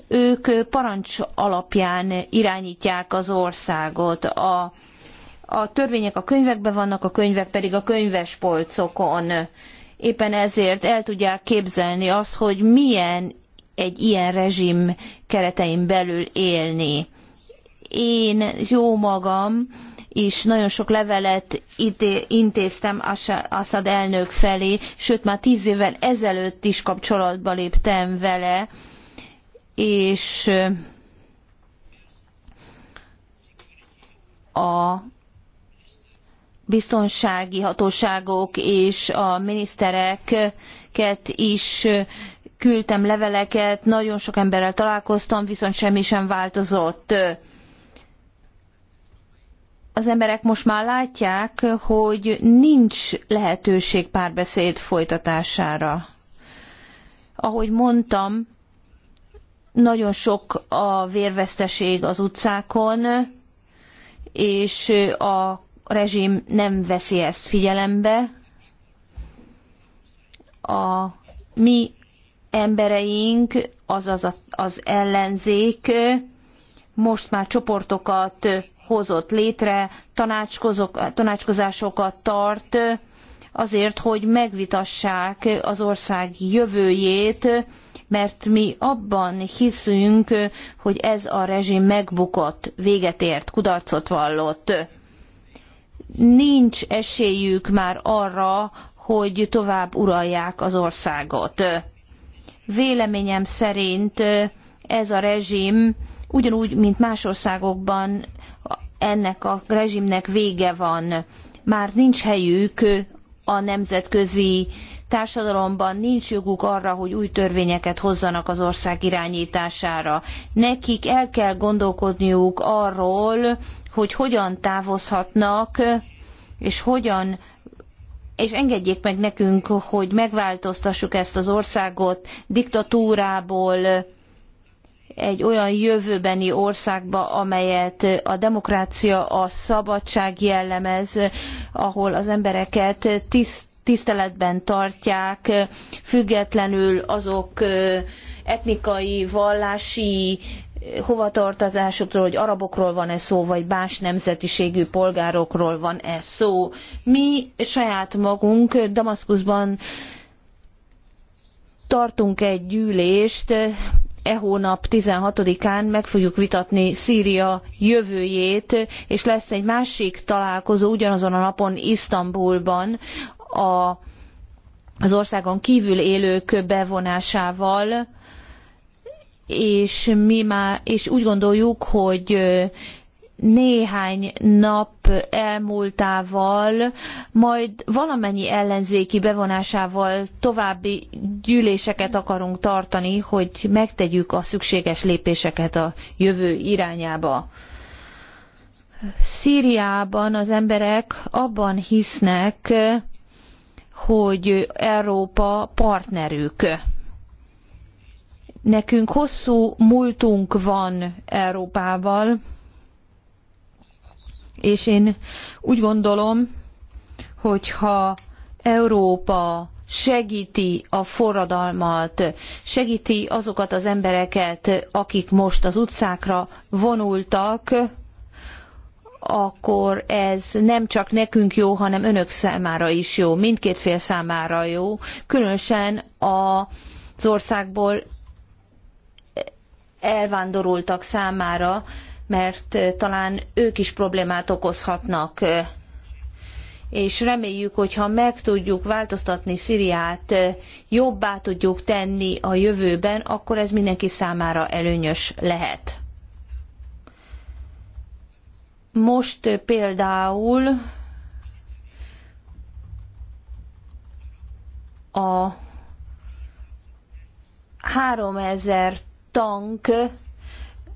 Speaker 2: ők parancs alapján irányítják az országot. A, a törvények a könyvekben vannak, a könyvek pedig a könyvespolcokon éppen ezért el tudják képzelni azt, hogy milyen egy ilyen rezsim keretein belül élni. Én jó magam is nagyon sok levelet intéztem Assad elnök felé, sőt már tíz évvel ezelőtt is kapcsolatba léptem vele, és a biztonsági hatóságok és a minisztereket is küldtem leveleket, nagyon sok emberrel találkoztam, viszont semmi sem változott. Az emberek most már látják, hogy nincs lehetőség párbeszéd folytatására. Ahogy mondtam, nagyon sok a vérveszteség az utcákon, és a rezsim nem veszi ezt figyelembe. A mi embereink, azaz az ellenzék most már csoportokat hozott létre, tanácskozásokat tart, azért, hogy megvitassák az ország jövőjét, mert mi abban hiszünk, hogy ez a rezsim megbukott, véget ért, kudarcot vallott nincs esélyük már arra, hogy tovább uralják az országot. Véleményem szerint ez a rezsim ugyanúgy, mint más országokban ennek a rezsimnek vége van. Már nincs helyük a nemzetközi társadalomban nincs joguk arra, hogy új törvényeket hozzanak az ország irányítására. Nekik el kell gondolkodniuk arról, hogy hogyan távozhatnak, és hogyan és engedjék meg nekünk, hogy megváltoztassuk ezt az országot diktatúrából, egy olyan jövőbeni országba, amelyet a demokrácia, a szabadság jellemez, ahol az embereket tiszt tiszteletben tartják, függetlenül azok etnikai, vallási hovatartozásokról, hogy arabokról van-e szó, vagy más nemzetiségű polgárokról van-e szó. Mi saját magunk Damaszkuszban tartunk egy gyűlést, e hónap 16-án meg fogjuk vitatni Szíria jövőjét, és lesz egy másik találkozó ugyanazon a napon Isztambulban, a, az országon kívül élők bevonásával, és mi már, és úgy gondoljuk, hogy néhány nap elmúltával, majd valamennyi ellenzéki bevonásával további gyűléseket akarunk tartani, hogy megtegyük a szükséges lépéseket a jövő irányába. Szíriában az emberek abban hisznek, hogy Európa partnerük. Nekünk hosszú múltunk van Európával, és én úgy gondolom, hogy ha Európa segíti a forradalmat, segíti azokat az embereket, akik most az utcákra vonultak, akkor ez nem csak nekünk jó, hanem önök számára is jó, mindkét fél számára jó, különösen az országból elvándorultak számára, mert eh, talán ők is problémát okozhatnak eh, és reméljük, hogy ha meg tudjuk változtatni Szíriát, eh, jobbá tudjuk tenni a jövőben, akkor ez mindenki számára előnyös lehet. Most például a 3000 tank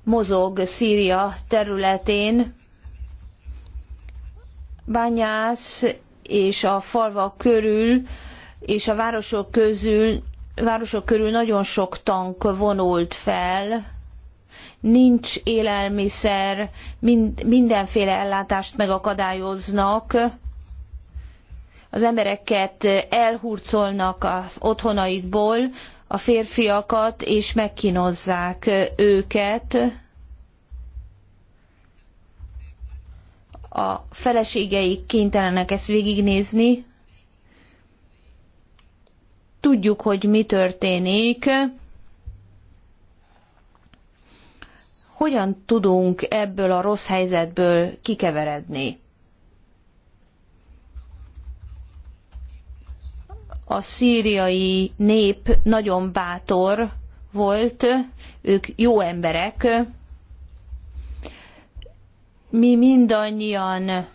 Speaker 2: mozog Szíria területén. Bányász és a falvak körül és a városok közül, városok körül nagyon sok tank vonult fel nincs élelmiszer, mind, mindenféle ellátást megakadályoznak, az embereket elhurcolnak az otthonaikból, a férfiakat, és megkínozzák őket. A feleségeik kénytelenek ezt végignézni. Tudjuk, hogy mi történik hogyan tudunk ebből a rossz helyzetből kikeveredni. A szíriai nép nagyon bátor volt, ők jó emberek. Mi mindannyian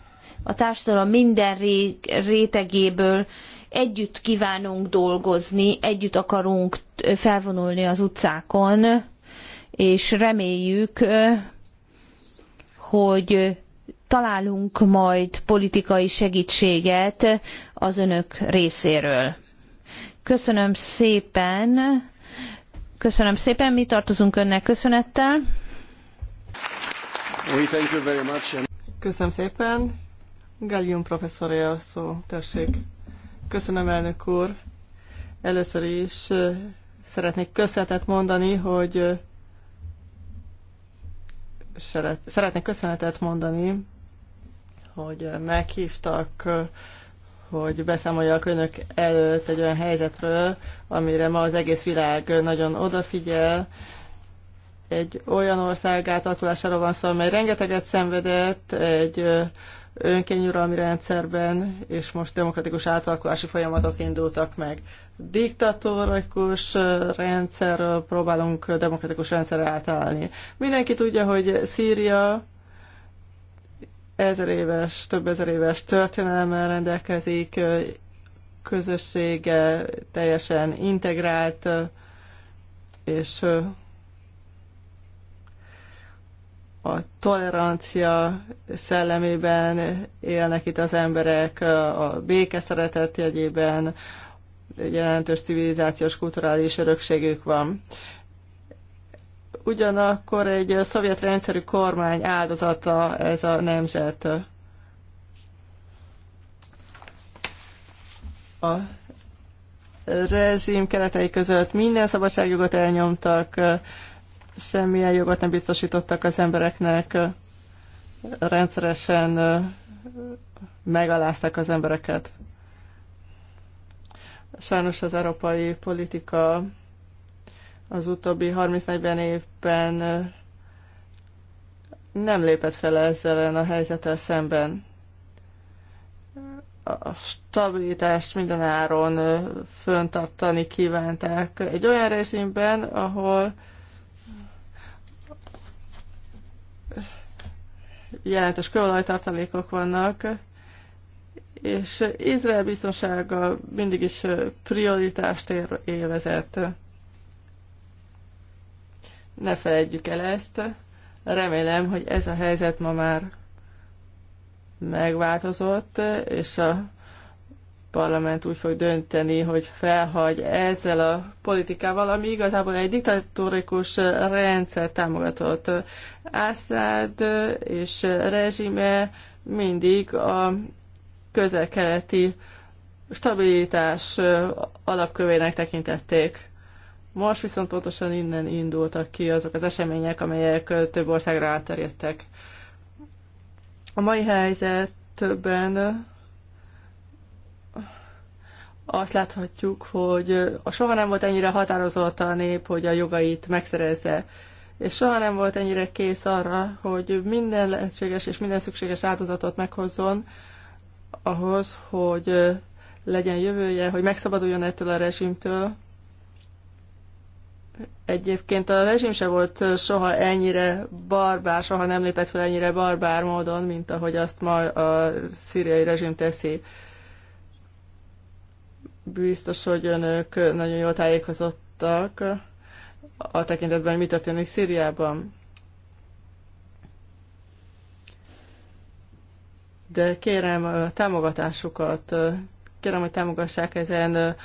Speaker 2: a társadalom minden rétegéből együtt kívánunk dolgozni, együtt akarunk felvonulni az utcákon, és reméljük, hogy találunk majd politikai segítséget az önök részéről. Köszönöm szépen, köszönöm szépen, mi tartozunk önnek köszönettel. Köszönöm szépen.
Speaker 1: Gallium professzorja a szó, tessék. Köszönöm, elnök úr. Először is szeretnék köszönetet mondani, hogy szeretnék köszönetet mondani, hogy meghívtak, hogy beszámoljak önök előtt egy olyan helyzetről, amire ma az egész világ nagyon odafigyel. Egy olyan ország átalakulásáról van szó, amely rengeteget szenvedett, egy önkényuralmi rendszerben, és most demokratikus átalakulási folyamatok indultak meg. Diktatórikus rendszer próbálunk demokratikus rendszerre átállni. Mindenki tudja, hogy Szíria ezer éves, több ezer éves történelemmel rendelkezik, közössége teljesen integrált, és a tolerancia szellemében élnek itt az emberek, a béke szeretet jegyében jelentős civilizációs kulturális örökségük van. Ugyanakkor egy szovjet rendszerű kormány áldozata ez a nemzet. A rezsim keretei között minden szabadságjogot elnyomtak, semmilyen jogot nem biztosítottak az embereknek, rendszeresen megalázták az embereket. Sajnos az európai politika az utóbbi 30-40 évben nem lépett fel ezzel a helyzettel szemben. A stabilitást minden áron föntartani kívánták egy olyan rezsimben, ahol jelentős kőolajtartalékok vannak, és Izrael biztonsága mindig is prioritást élvezett. Ne felejtjük el ezt. Remélem, hogy ez a helyzet ma már megváltozott, és a parlament úgy fog dönteni, hogy felhagy ezzel a politikával, ami igazából egy diktatórikus rendszer támogatott. Ászád és rezsime mindig a közel-keleti stabilitás alapkövének tekintették. Most viszont pontosan innen indultak ki azok az események, amelyek több országra elterjedtek. A mai helyzetben azt láthatjuk, hogy soha nem volt ennyire határozott a nép, hogy a jogait megszerezze, és soha nem volt ennyire kész arra, hogy minden lehetséges és minden szükséges áldozatot meghozzon ahhoz, hogy legyen jövője, hogy megszabaduljon ettől a rezsimtől. Egyébként a rezsim se volt soha ennyire barbár, soha nem lépett fel ennyire barbár módon, mint ahogy azt ma a szíriai rezsim teszi Biztos, hogy önök nagyon jól tájékozottak a tekintetben, hogy mi történik Szíriában. De kérem támogatásukat, kérem, hogy támogassák ezen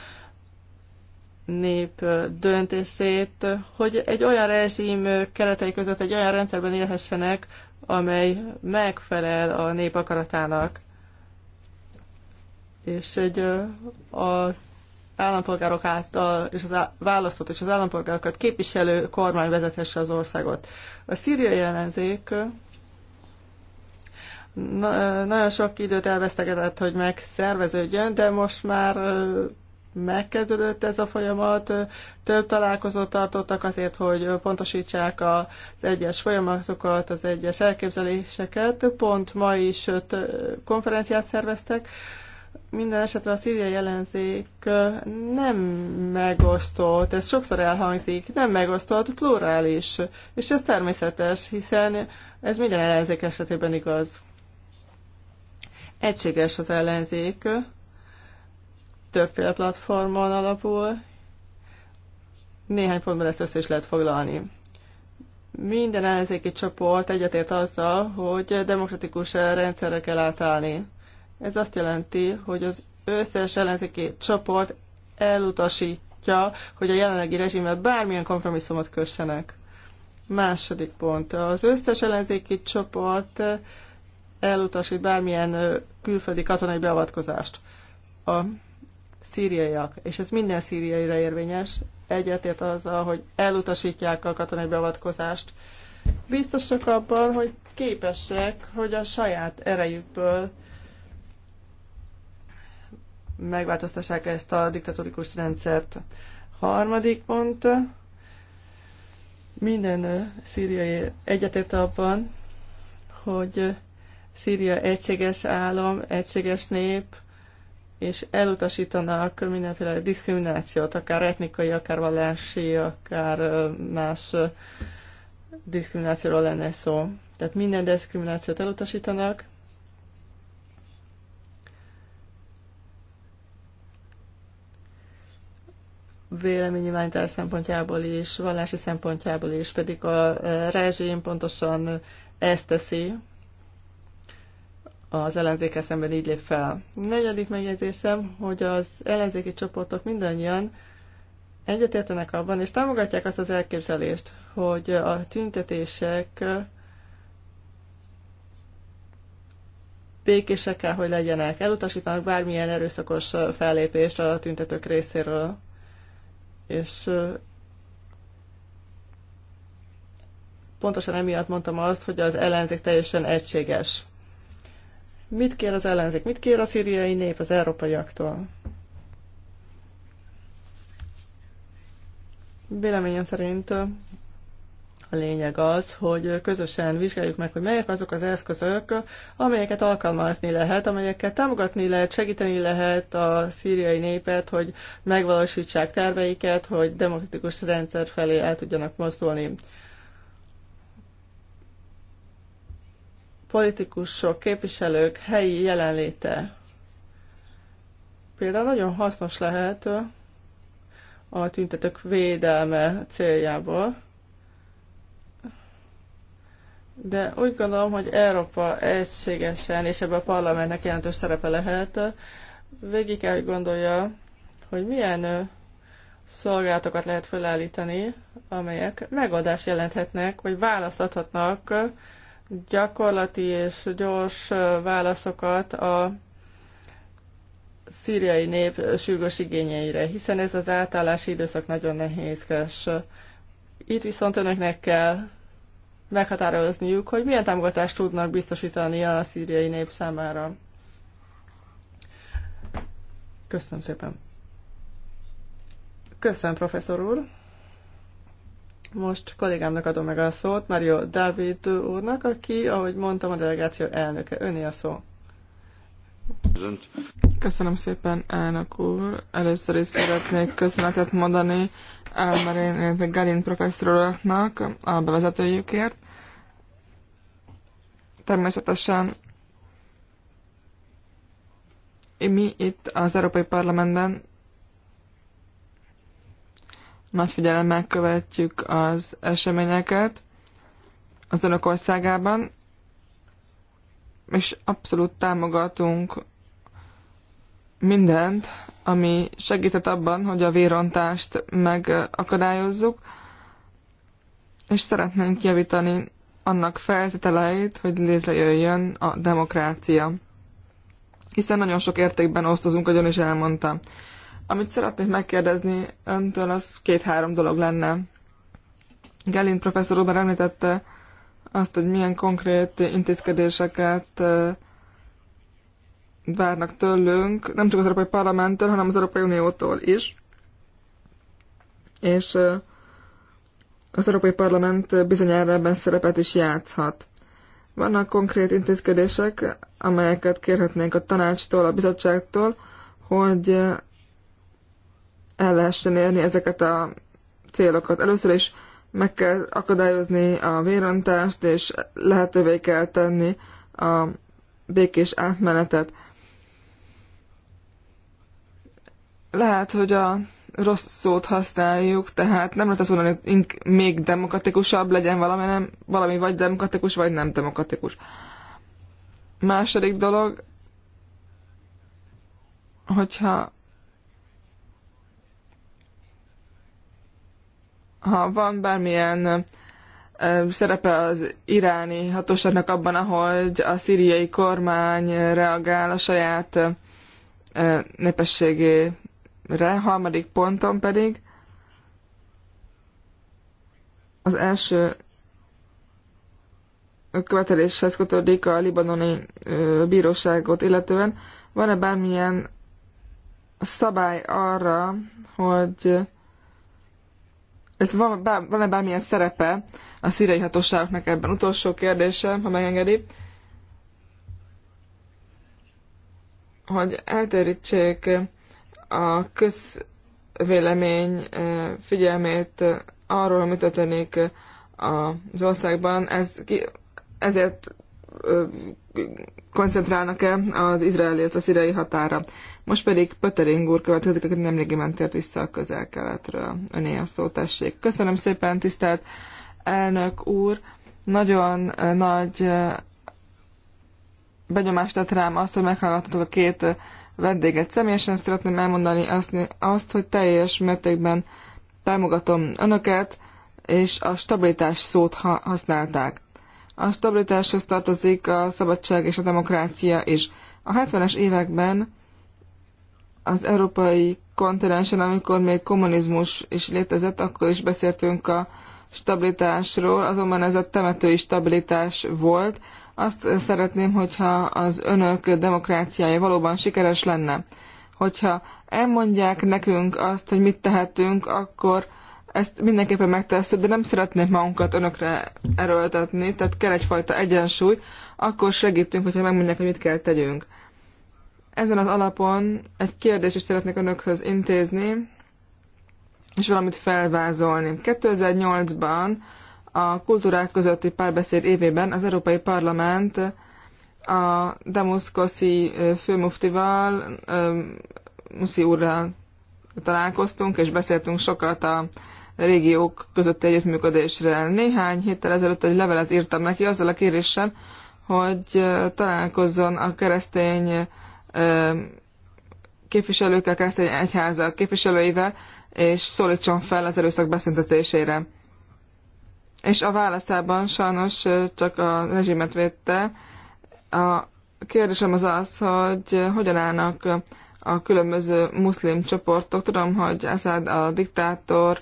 Speaker 1: nép döntését, hogy egy olyan rezsim keretei között egy olyan rendszerben élhessenek, amely megfelel a nép akaratának és egy az állampolgárok által, és az választott és az állampolgárokat képviselő kormány vezethesse az országot. A szíriai ellenzék na, nagyon sok időt elvesztegetett, hogy megszerveződjön, de most már megkezdődött ez a folyamat, több találkozót tartottak azért, hogy pontosítsák az egyes folyamatokat, az egyes elképzeléseket. Pont ma is konferenciát szerveztek, minden esetre a szíriai ellenzék nem megosztott, ez sokszor elhangzik, nem megosztott, plurális, és ez természetes, hiszen ez minden ellenzék esetében igaz. Egységes az ellenzék, többféle platformon alapul, néhány pontban ezt össze is lehet foglalni. Minden ellenzéki csoport egyetért azzal, hogy demokratikus rendszerre kell átállni. Ez azt jelenti, hogy az összes ellenzéki csoport elutasítja, hogy a jelenlegi rezsimmel bármilyen kompromisszumot kössenek. Második pont. Az összes ellenzéki csoport elutasít bármilyen külföldi katonai beavatkozást. A szíriaiak, és ez minden szíriaira érvényes, egyetért azzal, hogy elutasítják a katonai beavatkozást. Biztosak abban, hogy képesek, hogy a saját erejükből megváltoztassák ezt a diktatórikus rendszert. Harmadik pont, minden szíriai egyetért abban, hogy Szíria egységes állam, egységes nép, és elutasítanak mindenféle diszkriminációt, akár etnikai, akár vallási, akár más diszkriminációról lenne szó. Tehát minden diszkriminációt elutasítanak, véleménynyilvánítás szempontjából is, vallási szempontjából is, pedig a e, rezsim pontosan ezt teszi, az ellenzéke szemben így lép fel. Negyedik megjegyzésem, hogy az ellenzéki csoportok mindannyian egyetértenek abban, és támogatják azt az elképzelést, hogy a tüntetések békésekkel, hogy legyenek. Elutasítanak bármilyen erőszakos fellépést a tüntetők részéről és pontosan emiatt mondtam azt, hogy az ellenzék teljesen egységes. Mit kér az ellenzék? Mit kér a szíriai nép az európaiaktól? Véleményem szerint a lényeg az, hogy közösen vizsgáljuk meg, hogy melyek azok az eszközök, amelyeket alkalmazni lehet, amelyekkel támogatni lehet, segíteni lehet a szíriai népet, hogy megvalósítsák terveiket, hogy demokratikus rendszer felé el tudjanak mozdulni. Politikusok, képviselők helyi jelenléte például nagyon hasznos lehet a tüntetők védelme céljából. De úgy gondolom, hogy Európa egységesen, és ebben a parlamentnek jelentős szerepe lehet, végig kell, hogy gondolja, hogy milyen szolgálatokat lehet felállítani, amelyek megoldást jelenthetnek, vagy választathatnak gyakorlati és gyors válaszokat a szíriai nép sürgős igényeire, hiszen ez az átállási időszak nagyon nehézkes. Itt viszont önöknek kell meghatározniuk, hogy milyen támogatást tudnak biztosítani a szíriai nép számára. Köszönöm szépen. Köszönöm, professzor úr. Most kollégámnak adom meg a szót, Mario David úrnak, aki, ahogy mondtam,
Speaker 3: a delegáció elnöke. Öné a szó. Köszönöm szépen, elnök úr. Először is szeretnék köszönetet mondani Álmarén, illetve Galin professzoroknak a bevezetőjükért. Természetesen mi itt az Európai Parlamentben nagy figyelemmel követjük az eseményeket az önök országában, és abszolút támogatunk mindent, ami segített abban, hogy a vérontást megakadályozzuk, és szeretnénk javítani annak feltételeit, hogy létrejöjjön a demokrácia. Hiszen nagyon sok értékben osztozunk, ön is elmondtam. Amit szeretnék megkérdezni öntől, az két-három dolog lenne. Gelin professzor úr említette azt, hogy milyen konkrét intézkedéseket várnak tőlünk, nem csak az Európai Parlamenttől, hanem az Európai Uniótól is. És az Európai Parlament bizonyára ebben szerepet is játszhat. Vannak konkrét intézkedések, amelyeket kérhetnénk a tanácstól, a bizottságtól, hogy el lehessen érni ezeket a célokat. Először is meg kell akadályozni a vérontást, és lehetővé kell tenni a békés átmenetet. Lehet, hogy a rossz szót használjuk, tehát nem lehet azt mondani, hogy még demokratikusabb legyen valami, nem, valami vagy demokratikus, vagy nem demokratikus. Második dolog, hogyha ha van bármilyen szerepe az iráni hatóságnak abban, ahogy a szíriai kormány reagál a saját népességé re, harmadik ponton pedig az első követeléshez kötődik a libanoni bíróságot illetően. Van-e bármilyen szabály arra, hogy van-e bármilyen szerepe a szíriai hatóságoknak ebben? Utolsó kérdésem, ha megengedi, hogy eltérítsék a közvélemény figyelmét arról, mi történik az országban, ez ki, ezért koncentrálnak-e az izraeli, az a szirei határa. Most pedig Pöttering úr következik, aki nemrégiben tért vissza a közel-keletről. Öné a szó, tessék. Köszönöm szépen, tisztelt elnök úr. Nagyon nagy benyomást tett rám azt, hogy meghallgattatok a két vendéget. Személyesen szeretném elmondani azt, azt hogy teljes mértékben támogatom önöket, és a stabilitás szót ha használták. A stabilitáshoz tartozik a szabadság és a demokrácia is. A 70-es években az európai kontinensen, amikor még kommunizmus is létezett, akkor is beszéltünk a stabilitásról, azonban ez a temetői stabilitás volt, azt szeretném, hogyha az önök demokráciája valóban sikeres lenne. Hogyha elmondják nekünk azt, hogy mit tehetünk, akkor ezt mindenképpen megtesszük, de nem szeretnék magunkat önökre erőltetni, tehát kell egyfajta egyensúly, akkor segítünk, hogyha megmondják, hogy mit kell tegyünk. Ezen az alapon egy kérdést is szeretnék önökhöz intézni, és valamit felvázolni. 2008-ban a kultúrák közötti párbeszéd évében az Európai Parlament a Damuszkoszi főmuftival, Muszi úrral találkoztunk, és beszéltünk sokat a régiók közötti együttműködésre. Néhány héttel ezelőtt egy levelet írtam neki azzal a kéréssel, hogy találkozzon a keresztény képviselőkkel, keresztény egyházak képviselőivel, és szólítson fel az erőszak beszüntetésére és a válaszában sajnos csak a rezsimet védte. A kérdésem az az, hogy hogyan állnak a különböző muszlim csoportok. Tudom, hogy Assad a diktátor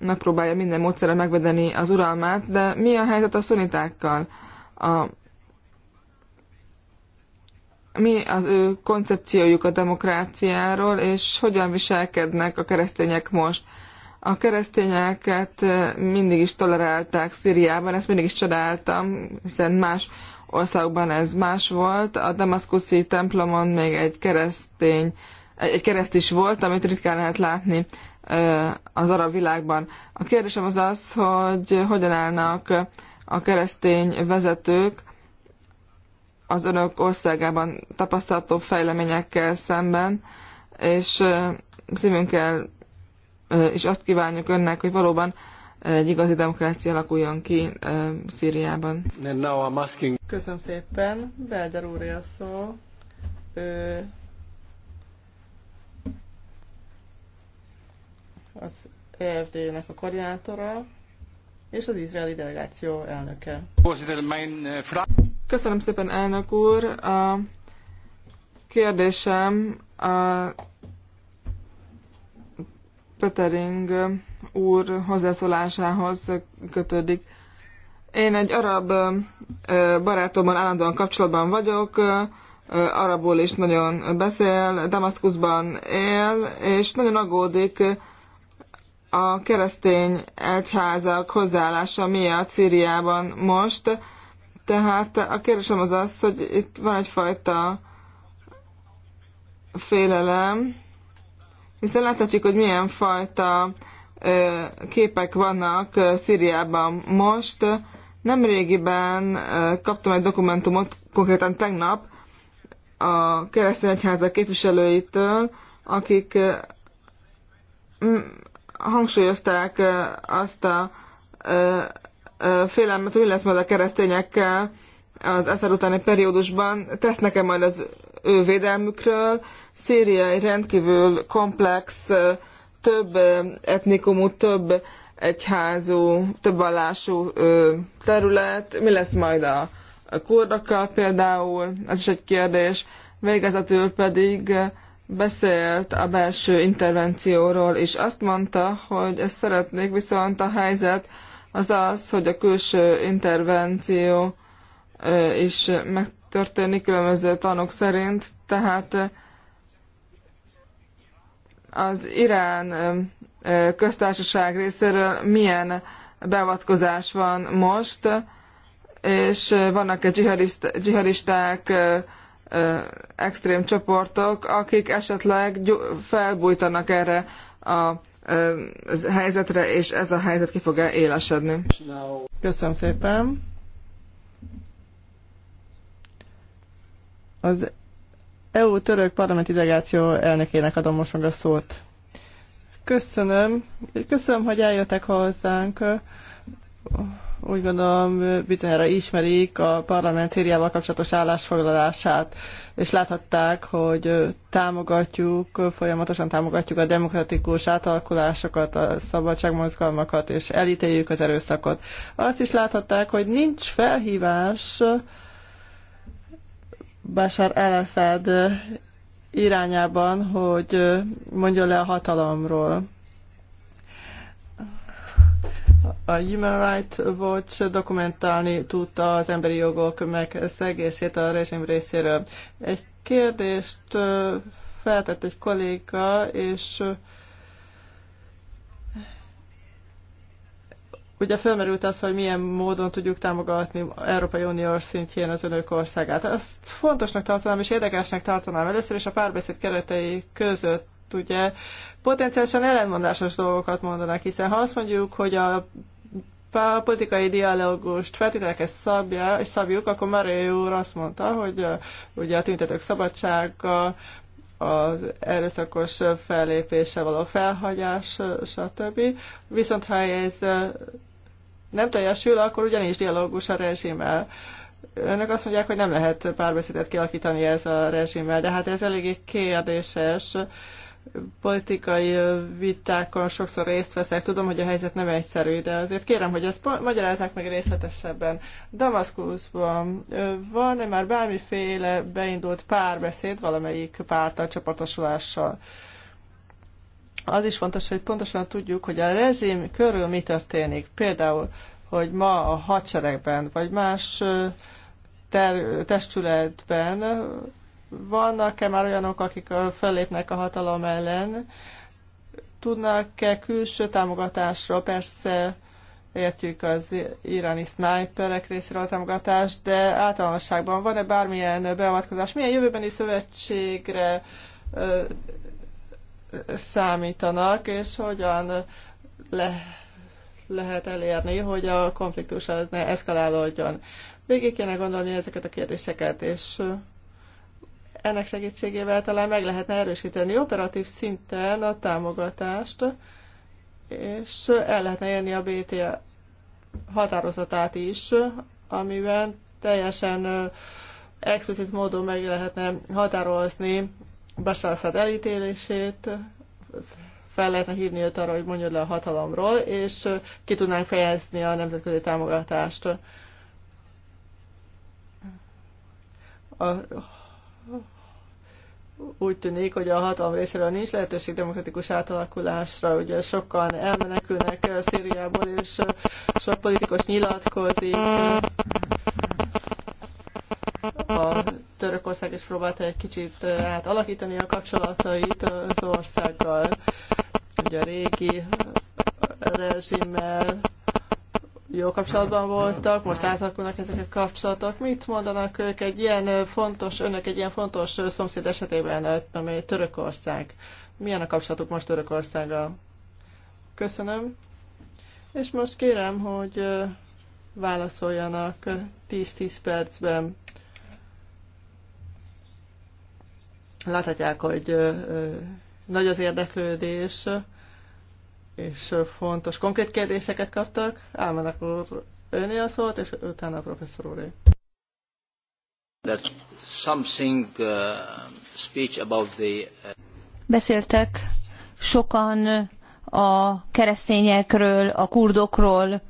Speaker 3: megpróbálja minden módszerrel megvedeni az uralmát, de mi a helyzet a szunitákkal? A, mi az ő koncepciójuk a demokráciáról, és hogyan viselkednek a keresztények most? A keresztényeket eh, mindig is tolerálták Szíriában, ezt mindig is csodáltam, hiszen más országban ez más volt. A damaszkuszi templomon még egy keresztény, egy kereszt is volt, amit ritkán lehet látni eh, az arab világban. A kérdésem az az, hogy hogyan állnak a keresztény vezetők az önök országában tapasztalható fejleményekkel szemben, és eh, szívünkkel és azt kívánjuk önnek, hogy valóban egy igazi demokrácia alakuljon ki Szíriában.
Speaker 1: Köszönöm szépen. Belder úr a szó. Ö... Az EFD-nek a koordinátora
Speaker 3: és az izraeli delegáció elnöke. Köszönöm szépen, elnök úr. A kérdésem a Petering eh, úr hozzászólásához kötődik. Én egy arab eh, eh, barátommal állandóan kapcsolatban vagyok, arabul is nagyon beszél, Damaszkuszban él, és nagyon aggódik a keresztény egyházak hozzáállása miatt Szíriában most. Tehát a kérdésem az az, hogy itt van egyfajta félelem, hiszen láthatjuk, hogy milyen fajta képek vannak Szíriában most. Nemrégiben kaptam egy dokumentumot, konkrétan tegnap, a keresztény egyháza képviselőitől, akik hangsúlyozták azt a félelmet, hogy mi lesz majd a keresztényekkel az eszer utáni periódusban. Tesznek-e majd az ő védelmükről. Szíria egy rendkívül komplex, több etnikumú, több egyházú, több vallású terület. Mi lesz majd a, a kurdokkal például? Ez is egy kérdés. Végezetül pedig beszélt a belső intervencióról, és azt mondta, hogy ezt szeretnék, viszont a helyzet az az, hogy a külső intervenció is meg történik különböző tanok szerint, tehát az Irán köztársaság részéről milyen beavatkozás van most, és vannak-e dzsihadisták, extrém csoportok, akik esetleg felbújtanak erre a helyzetre, és ez a helyzet ki fog élesedni. Köszönöm szépen.
Speaker 1: Az EU török parlamenti delegáció elnökének adom most meg a szót. Köszönöm. Köszönöm, hogy eljöttek hozzánk. Úgy gondolom, bizonyára ismerik a parlament Szíriával kapcsolatos állásfoglalását, és láthatták, hogy támogatjuk, folyamatosan támogatjuk a demokratikus átalakulásokat, a szabadságmozgalmakat, és elítéljük az erőszakot. Azt is láthatták, hogy nincs felhívás Bashar el assad irányában, hogy mondjon le a hatalomról. A Human Rights Watch dokumentálni tudta az emberi jogok megszegését a rezsim részéről. Egy kérdést feltett egy kolléga, és Ugye felmerült az, hogy milyen módon tudjuk támogatni Európai Unió szintjén az önök országát. Ezt fontosnak tartanám és érdekesnek tartanám először is a párbeszéd keretei között ugye potenciálisan ellenmondásos dolgokat mondanak, hiszen ha azt mondjuk, hogy a a politikai dialógust feltételekhez szabja, és szabjuk, akkor Mario úr azt mondta, hogy ugye a tüntetők szabadsága, az erőszakos fellépése való felhagyás, stb. Viszont ha ez nem teljesül, akkor ugyanis dialógus a rezsimmel. Önök azt mondják, hogy nem lehet párbeszédet kialakítani ez a rezsimmel, de hát ez eléggé kérdéses politikai vitákon sokszor részt veszek. Tudom, hogy a helyzet nem egyszerű, de azért kérem, hogy ezt magyarázzák meg részletesebben. Damaszkuszban van-e már bármiféle beindult párbeszéd valamelyik párttal csoportosulással? az is fontos, hogy pontosan tudjuk, hogy a rezsim körül mi történik. Például, hogy ma a hadseregben, vagy más ter- testületben vannak-e már olyanok, akik fölépnek a hatalom ellen, tudnak-e külső támogatásra, persze értjük az iráni sniperek részéről a támogatást, de általánosságban van-e bármilyen beavatkozás, milyen jövőbeni szövetségre számítanak, és hogyan le, lehet elérni, hogy a konfliktus az ne eszkalálódjon. Végig kéne gondolni ezeket a kérdéseket, és ennek segítségével talán meg lehetne erősíteni operatív szinten a támogatást, és el lehetne érni a BT határozatát is, amiben teljesen explicit módon meg lehetne határozni Bashar Assad elítélését, fel lehetne hívni őt arra, hogy mondjon le a hatalomról, és ki tudnánk fejezni a nemzetközi támogatást. A, úgy tűnik, hogy a hatalom részéről nincs lehetőség demokratikus átalakulásra. Ugye sokan elmenekülnek Szíriából, és sok politikus nyilatkozik a Törökország is próbálta egy kicsit átalakítani a kapcsolatait az országgal. Ugye a régi rezsimmel jó kapcsolatban voltak, most átalakulnak ezek a kapcsolatok. Mit mondanak ők egy ilyen fontos, önök egy ilyen fontos szomszéd esetében, amely Törökország? Milyen a kapcsolatuk most Törökországgal? Köszönöm. És most kérem, hogy válaszoljanak 10-10 percben. Láthatják, hogy nagy az érdeklődés, és fontos konkrét kérdéseket kaptak. Álmának úr öné a szót, és utána a professzor úré.
Speaker 2: That something uh, speech about the, uh... Beszéltek sokan a keresztényekről, a kurdokról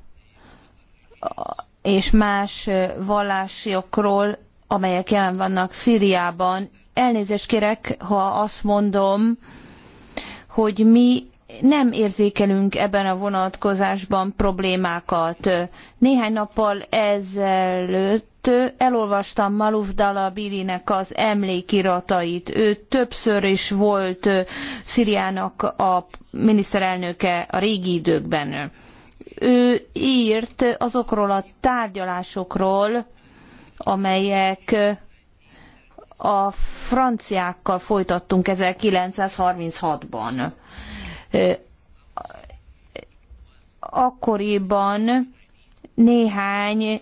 Speaker 2: és más vallásokról, amelyek jelen vannak Szíriában elnézést kérek, ha azt mondom, hogy mi nem érzékelünk ebben a vonatkozásban problémákat. Néhány nappal ezelőtt elolvastam Maluf Dalabilinek az emlékiratait. Ő többször is volt Szíriának a miniszterelnöke a régi időkben. Ő írt azokról a tárgyalásokról, amelyek a franciákkal folytattunk 1936-ban. Akkoriban néhány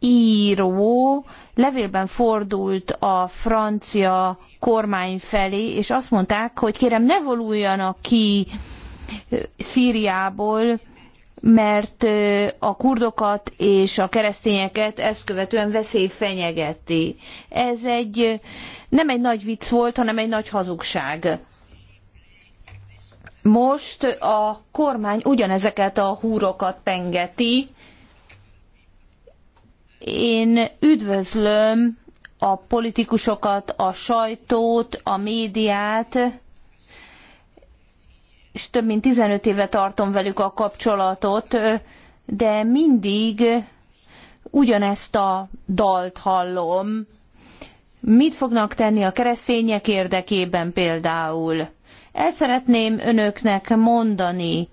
Speaker 2: író levélben fordult a francia kormány felé, és azt mondták, hogy kérem ne vonuljanak ki Szíriából, mert a kurdokat és a keresztényeket ezt követően veszély fenyegeti. Ez egy nem egy nagy vicc volt, hanem egy nagy hazugság. Most a kormány ugyanezeket a húrokat pengeti. Én üdvözlöm a politikusokat, a sajtót, a médiát, és több mint 15 éve tartom velük a kapcsolatot, de mindig ugyanezt a dalt hallom. Mit fognak tenni a keresztények érdekében például? El szeretném önöknek mondani,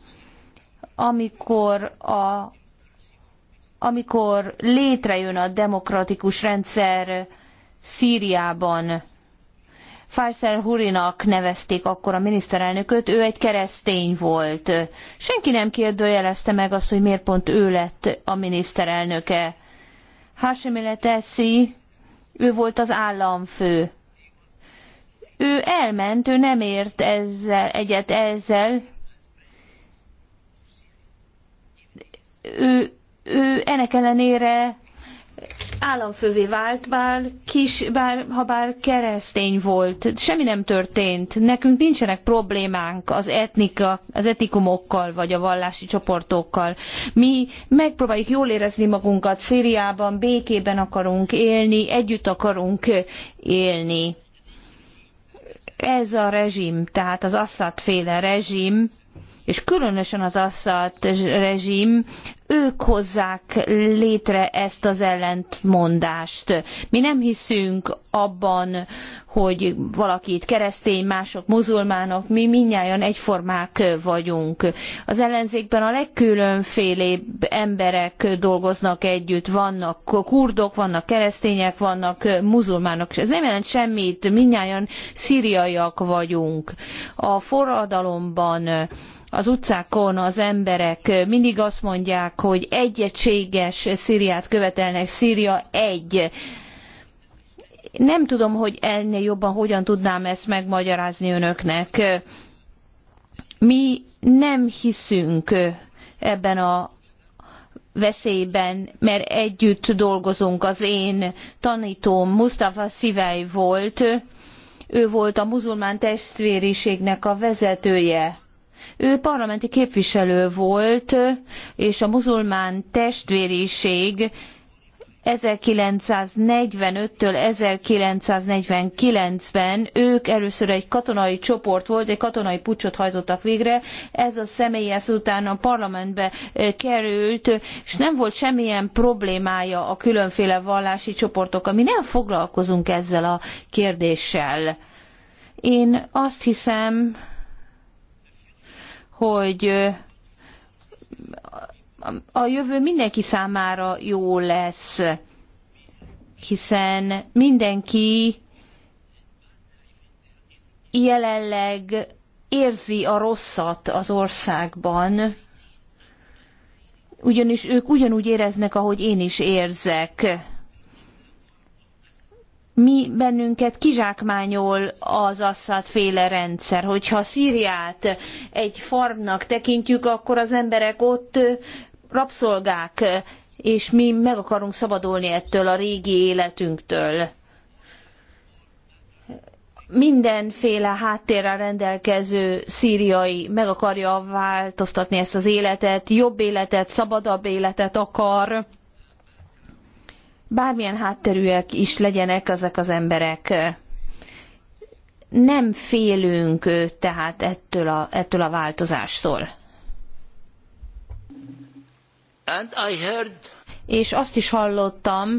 Speaker 2: amikor a amikor létrejön a demokratikus rendszer Szíriában, Faisal Hurinak nevezték akkor a miniszterelnököt, ő egy keresztény volt. Senki nem kérdőjelezte meg azt, hogy miért pont ő lett a miniszterelnöke. Hashemile Teszi, ő volt az államfő. Ő elment, ő nem ért ezzel, egyet ezzel. Ő, ő ennek ellenére államfővé vált, bár, kis, bár, ha bár keresztény volt. Semmi nem történt. Nekünk nincsenek problémánk az, etnika, az etnikumokkal vagy a vallási csoportokkal. Mi megpróbáljuk jól érezni magunkat Szíriában, békében akarunk élni, együtt akarunk élni. Ez a rezsim, tehát az Assad féle rezsim, és különösen az Assad rezsim, ők hozzák létre ezt az ellentmondást. Mi nem hiszünk abban, hogy valaki itt keresztény, mások muzulmánok, mi minnyáján egyformák vagyunk. Az ellenzékben a legkülönfélébb emberek dolgoznak együtt, vannak kurdok, vannak keresztények, vannak muzulmánok, és ez nem jelent semmit, minnyáján szíriaiak vagyunk. A forradalomban az utcákon az emberek mindig azt mondják, hogy egy egységes Szíriát követelnek, Szíria egy. Nem tudom, hogy ennél jobban hogyan tudnám ezt megmagyarázni önöknek. Mi nem hiszünk ebben a veszélyben, mert együtt dolgozunk. Az én tanítóm Mustafa Szivej volt, ő volt a muzulmán testvériségnek a vezetője ő parlamenti képviselő volt, és a muzulmán testvériség 1945-től 1949-ben ők először egy katonai csoport volt, egy katonai pucsot hajtottak végre. Ez a személy ezután a parlamentbe eh, került, és nem volt semmilyen problémája a különféle vallási csoportokkal. Mi nem foglalkozunk ezzel a kérdéssel. Én azt hiszem, hogy a jövő mindenki számára jó lesz, hiszen mindenki jelenleg érzi a rosszat az országban, ugyanis ők ugyanúgy éreznek, ahogy én is érzek mi bennünket kizsákmányol az Assad féle rendszer. Hogyha Szíriát egy farmnak tekintjük, akkor az emberek ott rabszolgák, és mi meg akarunk szabadulni ettől a régi életünktől. Mindenféle háttérrel rendelkező szíriai meg akarja változtatni ezt az életet, jobb életet, szabadabb életet akar bármilyen hátterűek is legyenek ezek az emberek, nem félünk tehát ettől a, ettől a változástól. Heard... És azt is hallottam,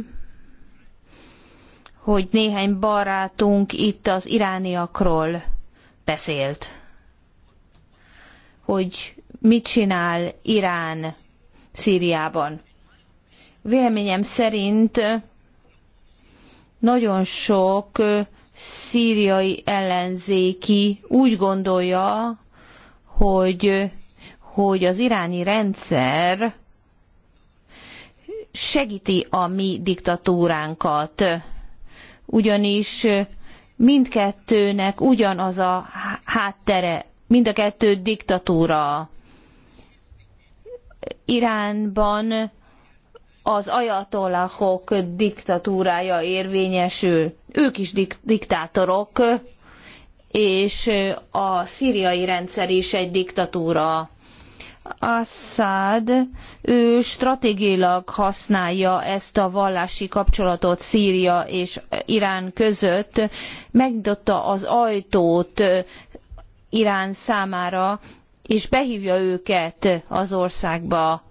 Speaker 2: hogy néhány barátunk itt az irániakról beszélt. Hogy mit csinál Irán Szíriában. Véleményem szerint nagyon sok szíriai ellenzéki úgy gondolja, hogy, hogy az iráni rendszer segíti a mi diktatúránkat, ugyanis mindkettőnek ugyanaz a háttere, mind a kettő diktatúra. Iránban az ajatollahok diktatúrája érvényesül. Ők is dik- diktátorok, és a szíriai rendszer is egy diktatúra. Assad ő stratégilag használja ezt a vallási kapcsolatot Szíria és Irán között, megnyitotta az ajtót Irán számára, és behívja őket az országba.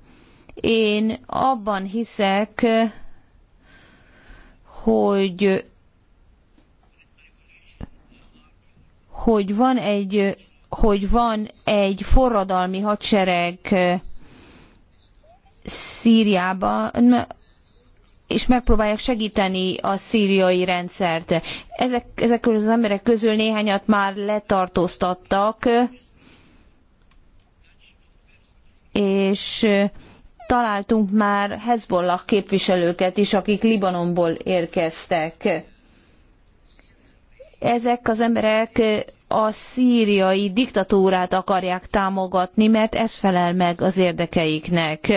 Speaker 2: Én abban hiszek, hogy hogy van egy hogy van egy forradalmi hadsereg Szíriában, és megpróbálják segíteni a szíriai rendszert. Ezek, ezek közül az emberek közül néhányat már letartóztattak, és találtunk már Hezbollah képviselőket is, akik Libanonból érkeztek. Ezek az emberek a szíriai diktatúrát akarják támogatni, mert ez felel meg az érdekeiknek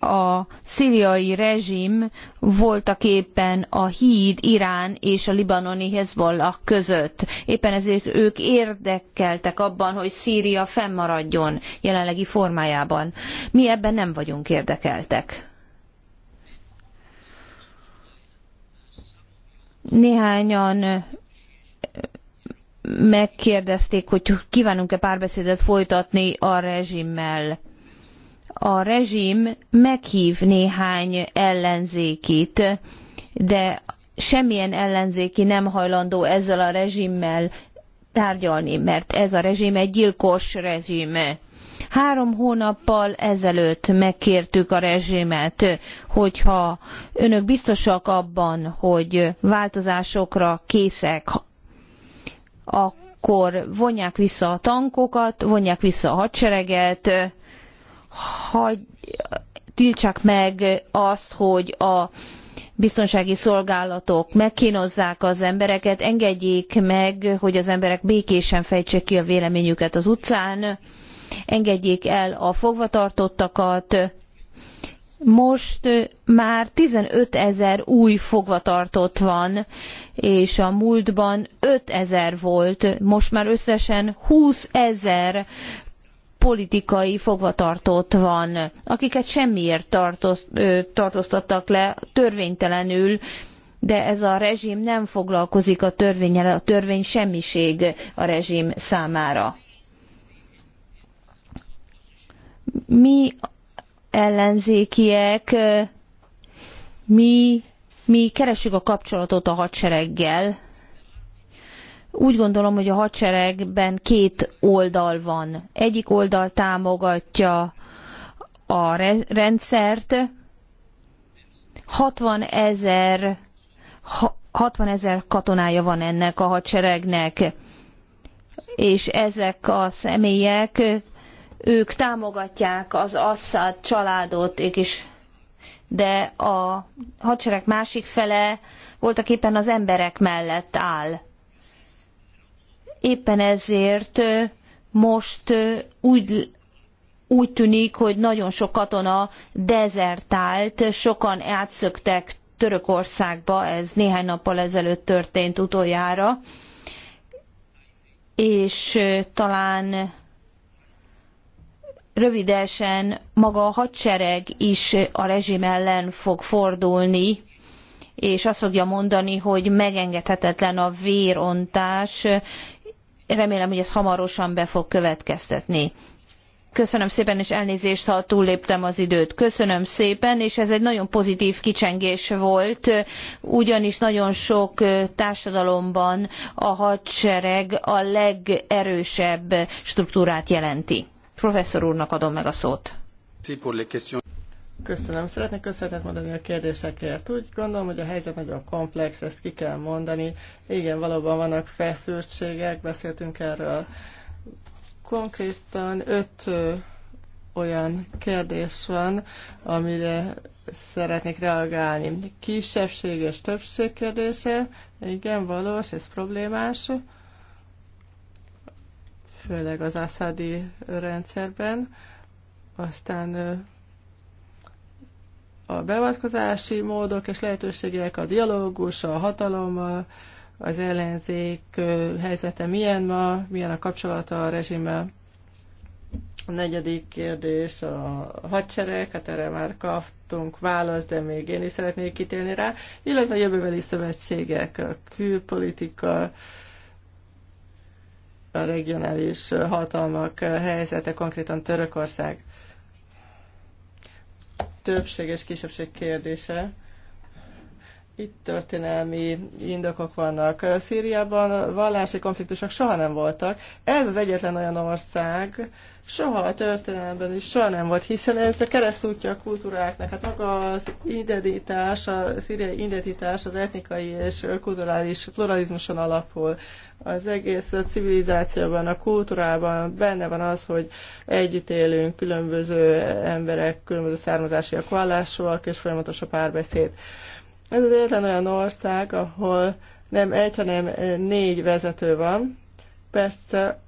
Speaker 2: a szíriai rezsim voltak éppen a híd Irán és a libanoni Hezbollah között. Éppen ezért ők érdekeltek abban, hogy Szíria fennmaradjon jelenlegi formájában. Mi ebben nem vagyunk érdekeltek. Néhányan megkérdezték, hogy kívánunk-e párbeszédet folytatni a rezsimmel a rezsim meghív néhány ellenzékit, de semmilyen ellenzéki nem hajlandó ezzel a rezsimmel tárgyalni, mert ez a rezsim egy gyilkos rezsim. Három hónappal ezelőtt megkértük a rezsimet, hogyha önök biztosak abban, hogy változásokra készek, akkor vonják vissza a tankokat, vonják vissza a hadsereget, hagy, tiltsák meg azt, hogy a biztonsági szolgálatok megkínozzák az embereket, engedjék meg, hogy az emberek békésen fejtsék ki a véleményüket az utcán, engedjék el a fogvatartottakat. Most már 15 ezer új fogvatartott van, és a múltban 5 ezer volt, most már összesen 20 ezer politikai fogvatartót van, akiket semmiért tartoz, tartóztattak le törvénytelenül, de ez a rezsim nem foglalkozik a törvényel, a törvény semmiség a rezsim számára. Mi ellenzékiek, mi, mi keressük a kapcsolatot a hadsereggel, úgy gondolom, hogy a hadseregben két oldal van. Egyik oldal támogatja a rendszert, 60 ezer 60 ezer katonája van ennek a hadseregnek, és ezek a személyek, ők támogatják az Assad családot, ők is, de a hadsereg másik fele voltak éppen az emberek mellett áll. Éppen ezért most úgy úgy tűnik, hogy nagyon sok katona dezertált, sokan átszöktek Törökországba, ez néhány nappal ezelőtt történt utoljára, és talán rövidesen maga a hadsereg is a rezsim ellen fog fordulni, és azt fogja mondani, hogy megengedhetetlen a vérontás, remélem, hogy ez hamarosan be fog következtetni. Köszönöm szépen, és elnézést, ha túlléptem az időt. Köszönöm szépen, és ez egy nagyon pozitív kicsengés volt, ugyanis nagyon sok társadalomban a hadsereg a legerősebb struktúrát jelenti. Professzor úrnak adom meg a szót.
Speaker 1: Köszönöm. Szeretnék köszönetet mondani a kérdésekért. Úgy gondolom, hogy a helyzet nagyon komplex, ezt ki kell mondani. Igen, valóban vannak feszültségek, beszéltünk erről. Konkrétan öt olyan kérdés van, amire szeretnék reagálni. Kisebbség és többség kérdése, igen, valós, ez problémás, főleg az Assadi rendszerben. Aztán a beavatkozási módok és lehetőségek, a dialógus, a hatalommal, az ellenzék helyzete milyen ma, milyen a kapcsolata a rezsimmel. A negyedik kérdés a hadsereg, hát erre már kaptunk választ, de még én is szeretnék kitérni rá, illetve a jövőbeli szövetségek, a külpolitika, a regionális hatalmak helyzete, konkrétan Törökország többség és kisebbség kérdése. Itt történelmi indokok vannak. Szíriában vallási konfliktusok soha nem voltak. Ez az egyetlen olyan ország, soha a történelemben is soha nem volt, hiszen ez a keresztútja a kultúráknak, hát maga az identitás, a szíriai identitás az etnikai és kulturális pluralizmuson alapul. Az egész a civilizációban, a kultúrában benne van az, hogy együtt élünk, különböző emberek, különböző származásiak, vallásúak, és folyamatos a párbeszéd. Ez az egyetlen olyan ország, ahol nem egy, hanem négy vezető van. Persze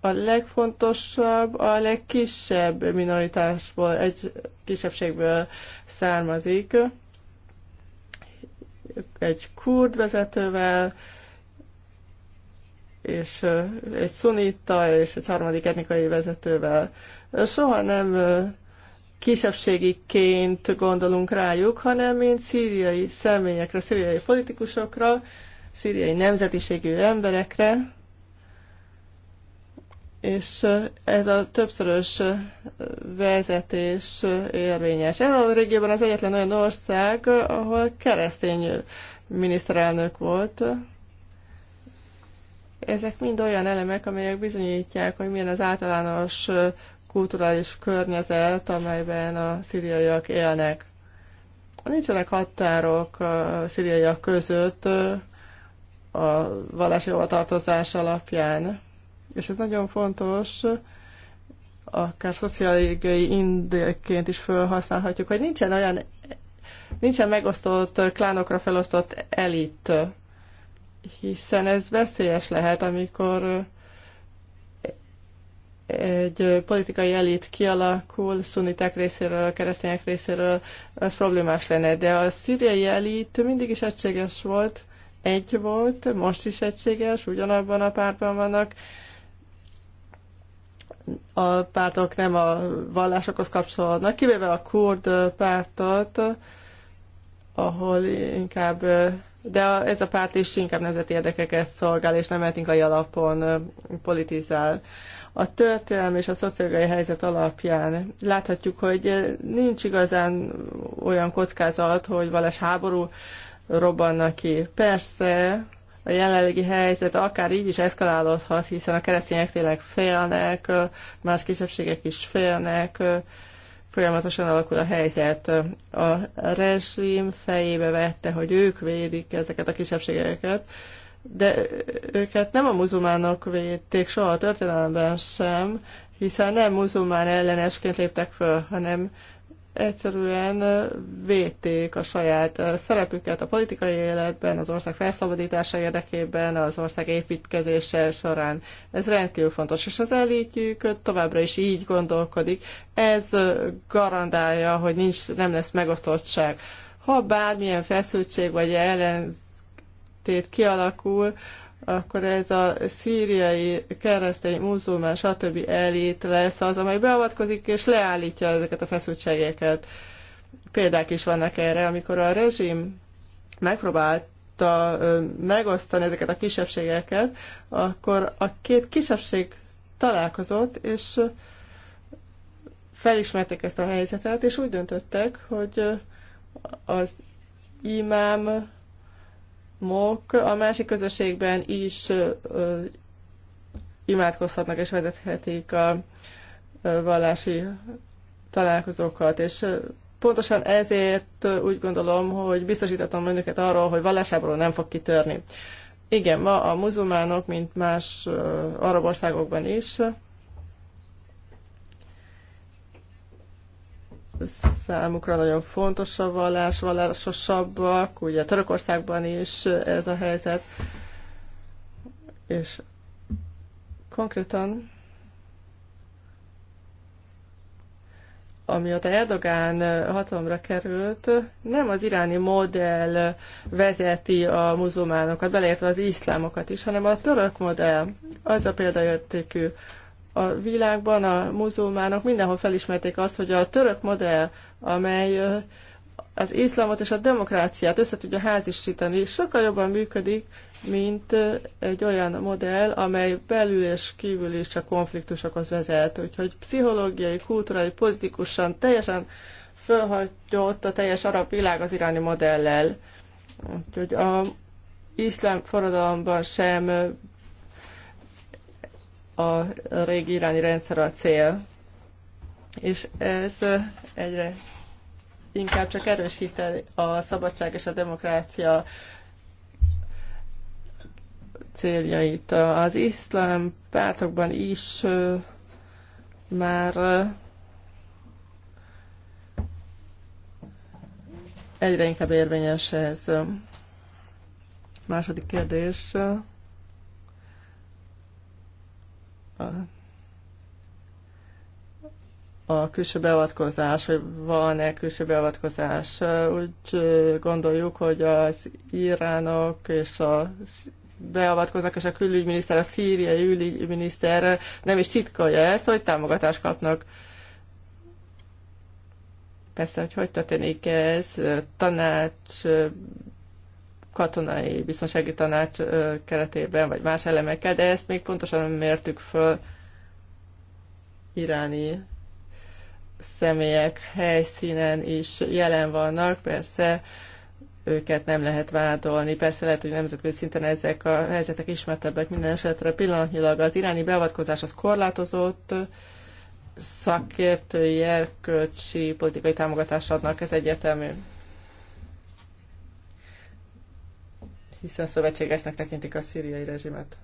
Speaker 1: a legfontosabb, a legkisebb minoritásból, egy kisebbségből származik. Egy kurd vezetővel, és egy szunita, és egy harmadik etnikai vezetővel. Soha nem kisebbségiként gondolunk rájuk, hanem mint szíriai személyekre, szíriai politikusokra, szíriai nemzetiségű emberekre, és ez a többszörös vezetés érvényes. Ez a régióban az egyetlen olyan ország, ahol keresztény miniszterelnök volt. Ezek mind olyan elemek, amelyek bizonyítják, hogy milyen az általános kulturális környezet, amelyben a szíriaiak élnek. Nincsenek határok a szíriaiak között a vallási tartozás alapján. És ez nagyon fontos, akár szociológiai indként is felhasználhatjuk, hogy nincsen olyan, nincsen megosztott, klánokra felosztott elit, hiszen ez veszélyes lehet, amikor egy politikai elit kialakul szuniták részéről, keresztények részéről, az problémás lenne. De a szíriai elit mindig is egységes volt, egy volt, most is egységes, ugyanabban a pártban vannak. A pártok nem a vallásokhoz kapcsolódnak, kivéve a kurd pártot, ahol inkább de ez a párt is inkább nemzeti érdekeket szolgál, és nem etnikai alapon politizál a történelmi és a szociológiai helyzet alapján láthatjuk, hogy nincs igazán olyan kockázat, hogy valás háború robbanna ki. Persze a jelenlegi helyzet akár így is eszkalálódhat, hiszen a keresztények tényleg félnek, más kisebbségek is félnek, folyamatosan alakul a helyzet. A rezsim fejébe vette, hogy ők védik ezeket a kisebbségeket, de őket nem a muzulmánok védték soha a történelemben sem, hiszen nem muzulmán ellenesként léptek föl, hanem egyszerűen védték a saját szerepüket a politikai életben, az ország felszabadítása érdekében, az ország építkezése során. Ez rendkívül fontos, és az elítjük továbbra is így gondolkodik. Ez garantálja, hogy nincs, nem lesz megosztottság. Ha bármilyen feszültség vagy ellen tét kialakul, akkor ez a szíriai, keresztény, muzulmán, stb. elit lesz az, amely beavatkozik és leállítja ezeket a feszültségeket. Példák is vannak erre, amikor a rezsim megpróbálta megosztani ezeket a kisebbségeket, akkor a két kisebbség találkozott, és felismerték ezt a helyzetet, és úgy döntöttek, hogy az imám mok a másik közösségben is imádkozhatnak és vezethetik a vallási találkozókat, és pontosan ezért úgy gondolom, hogy biztosítatom önöket arról, hogy vallásából nem fog kitörni. Igen, ma a muzulmánok, mint más arab országokban is, számukra nagyon fontos a vallás, vallásosabbak, ugye Törökországban is ez a helyzet, és konkrétan amióta Erdogán hatalomra került, nem az iráni modell vezeti a muzulmánokat, beleértve az iszlámokat is, hanem a török modell, az a példaértékű, a világban a muzulmánok mindenhol felismerték azt, hogy a török modell, amely az iszlamot és a demokráciát össze tudja házisítani, sokkal jobban működik, mint egy olyan modell, amely belül és kívül is csak konfliktusokhoz vezet. Úgyhogy pszichológiai, kulturális, politikusan teljesen fölhagyott a teljes arab világ az iráni modellel. Úgyhogy a iszlám forradalomban sem a régi iráni rendszer a cél, és ez egyre inkább csak erősíti a szabadság és a demokrácia céljait. Az iszlám pártokban is már egyre inkább érvényes ez. Második kérdés a, a külső beavatkozás, hogy van-e külső beavatkozás. Úgy gondoljuk, hogy az iránok és a beavatkoznak, és a külügyminiszter, a szíriai külügyminiszter nem is titkolja ezt, hogy támogatást kapnak. Persze, hogy hogy történik ez, tanács katonai biztonsági tanács keretében, vagy más elemekkel, de ezt még pontosan mértük föl iráni személyek helyszínen is jelen vannak, persze őket nem lehet vádolni. Persze lehet, hogy nemzetközi szinten ezek a helyzetek ismertebbek minden esetre. Pillanatnyilag az iráni beavatkozás az korlátozott, szakértői, erkölcsi, politikai támogatást adnak, ez egyértelmű. hiszen szövetségesnek tekintik a szíriai rezsimet.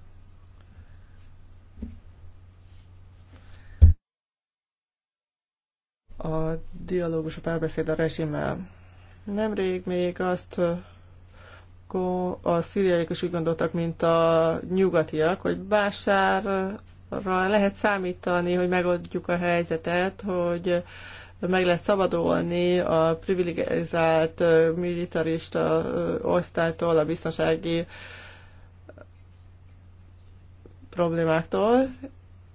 Speaker 1: A dialógus, a párbeszéd a rezsimmel. Nemrég még azt a szíriaiak is úgy gondoltak, mint a nyugatiak, hogy Básárra lehet számítani, hogy megoldjuk a helyzetet, hogy meg lehet szabadulni a privilegizált militarista osztálytól, a biztonsági problémáktól,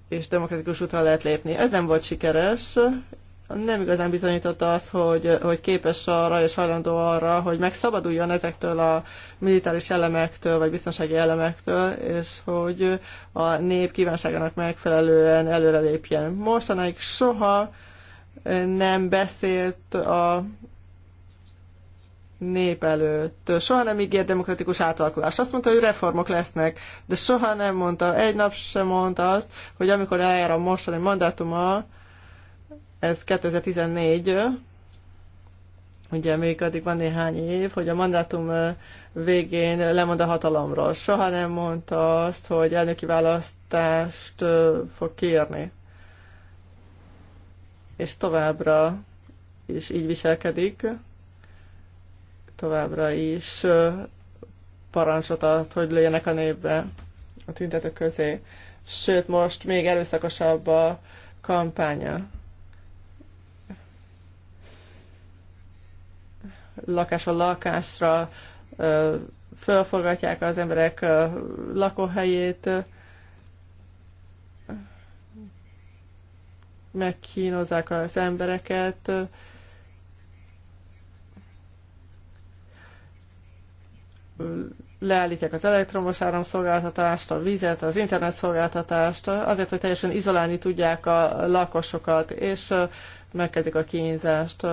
Speaker 1: és demokratikus útra lehet lépni. Ez nem volt sikeres, nem igazán bizonyította azt, hogy, hogy képes arra és hajlandó arra, hogy megszabaduljon ezektől a militáris elemektől, vagy biztonsági elemektől, és hogy a nép kívánságának megfelelően előrelépjen. Mostanáig soha nem beszélt a nép előtt. Soha nem ígért demokratikus átalakulást. Azt mondta, hogy reformok lesznek, de soha nem mondta, egy nap sem mondta azt, hogy amikor eljár a mostani mandátuma, ez 2014, ugye még addig van néhány év, hogy a mandátum végén lemond a hatalomról. Soha nem mondta azt, hogy elnöki választást fog kérni és továbbra is így viselkedik, továbbra is parancsot ad, hogy lőjenek a népbe a tüntetők közé. Sőt, most még erőszakosabb a kampánya. Lakásról lakásra fölfogatják az emberek lakóhelyét, megkínozzák az embereket, leállítják az elektromos áramszolgáltatást, a vizet, az internet szolgáltatást, azért, hogy teljesen izolálni tudják a lakosokat, és megkezdik a kínzást.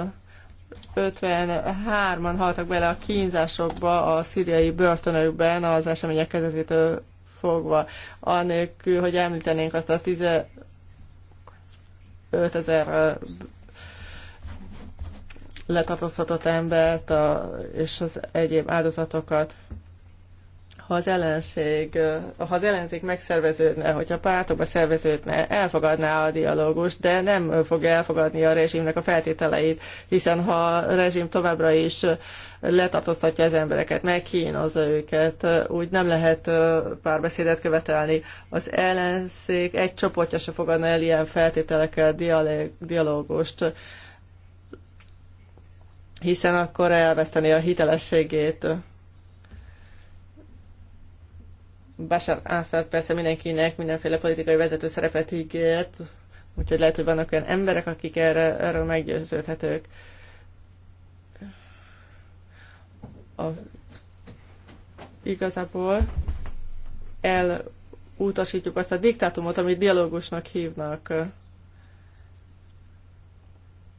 Speaker 1: 53-an haltak bele a kínzásokba a szíriai börtönökben az események kezdetétől fogva. Anélkül, hogy említenénk azt a 10 5000 letartóztatott embert a, és az egyéb áldozatokat ha az ellenség, ha az ellenzék megszerveződne, hogyha pártokba szerveződne, elfogadná a dialógust, de nem fogja elfogadni a rezsimnek a feltételeit, hiszen ha a rezsim továbbra is letartóztatja az embereket, megkínozza őket, úgy nem lehet párbeszédet követelni. Az ellenzék egy csoportja se fogadna el ilyen feltételekkel dialógust, hiszen akkor elveszteni a hitelességét. Bashar Assad persze mindenkinek mindenféle politikai vezető szerepet ígért, úgyhogy lehet, hogy vannak olyan emberek, akik erre, erről meggyőződhetők. A, igazából elutasítjuk azt a diktátumot, amit dialógusnak hívnak.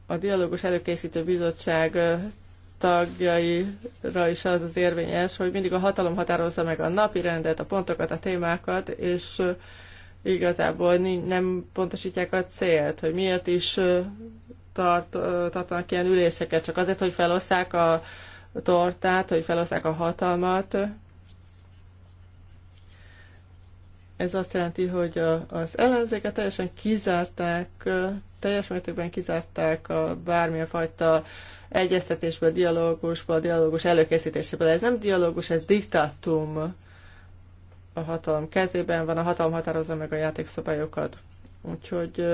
Speaker 1: A dialógus előkészítő bizottság tagjaira is az az érvényes, hogy mindig a hatalom határozza meg a napi rendet, a pontokat, a témákat, és igazából nem pontosítják a célt, hogy miért is tart, tartanak ilyen üléseket, csak azért, hogy felosszák a tortát, hogy felosszák a hatalmat. Ez azt jelenti, hogy az ellenzéket teljesen kizárták, teljes mértékben kizárták a bármilyen fajta egyeztetésből, dialógusból, dialógus előkészítéséből. Ez nem dialógus, ez diktátum. A hatalom kezében van, a hatalom határozza meg a játékszabályokat. Úgyhogy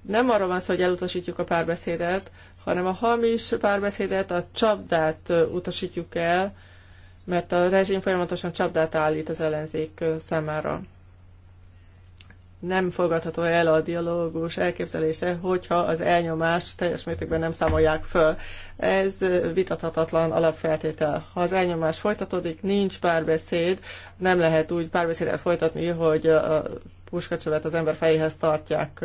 Speaker 1: nem arra van szó, hogy elutasítjuk a párbeszédet, hanem a hamis párbeszédet, a csapdát utasítjuk el, mert a rezsim folyamatosan csapdát állít az ellenzék számára nem fogadható el a dialógus elképzelése, hogyha az elnyomást teljes mértékben nem számolják föl. Ez vitathatatlan alapfeltétel. Ha az elnyomás folytatódik, nincs párbeszéd, nem lehet úgy párbeszédet folytatni, hogy a puskacsövet az ember fejéhez tartják.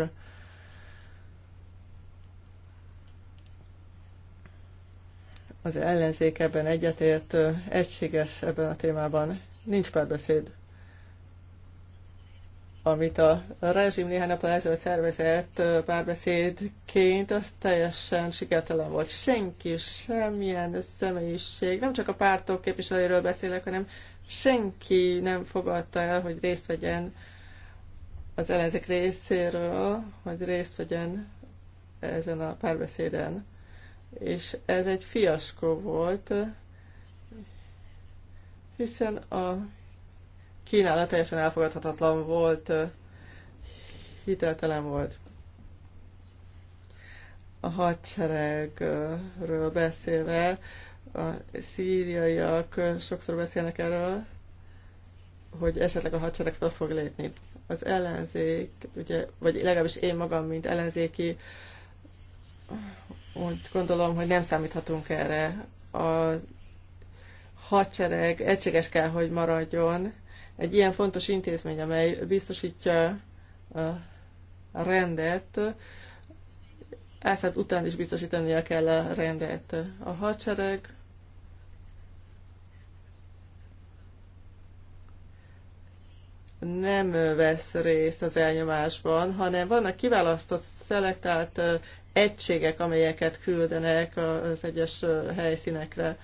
Speaker 1: Az ellenzék ebben egyetért, egységes ebben a témában. Nincs párbeszéd amit a rezsim néhány nappal ezelőtt szervezett párbeszédként, az teljesen sikertelen volt. Senki, semmilyen személyiség, nem csak a pártok képviselőről beszélek, hanem senki nem fogadta el, hogy részt vegyen az ellenzék részéről, hogy részt vegyen ezen a párbeszéden. És ez egy fiaskó volt, hiszen a kínálat teljesen elfogadhatatlan volt, hiteltelen volt. A hadseregről beszélve, a szíriaiak sokszor beszélnek erről, hogy esetleg a hadsereg fel fog lépni. Az ellenzék, ugye, vagy legalábbis én magam, mint ellenzéki, úgy gondolom, hogy nem számíthatunk erre. A hadsereg egységes kell, hogy maradjon, egy ilyen fontos intézmény, amely biztosítja a rendet, Ászát után is biztosítania kell a rendet. A hadsereg nem vesz részt az elnyomásban, hanem vannak kiválasztott, szelektált egységek, amelyeket küldenek az egyes helyszínekre.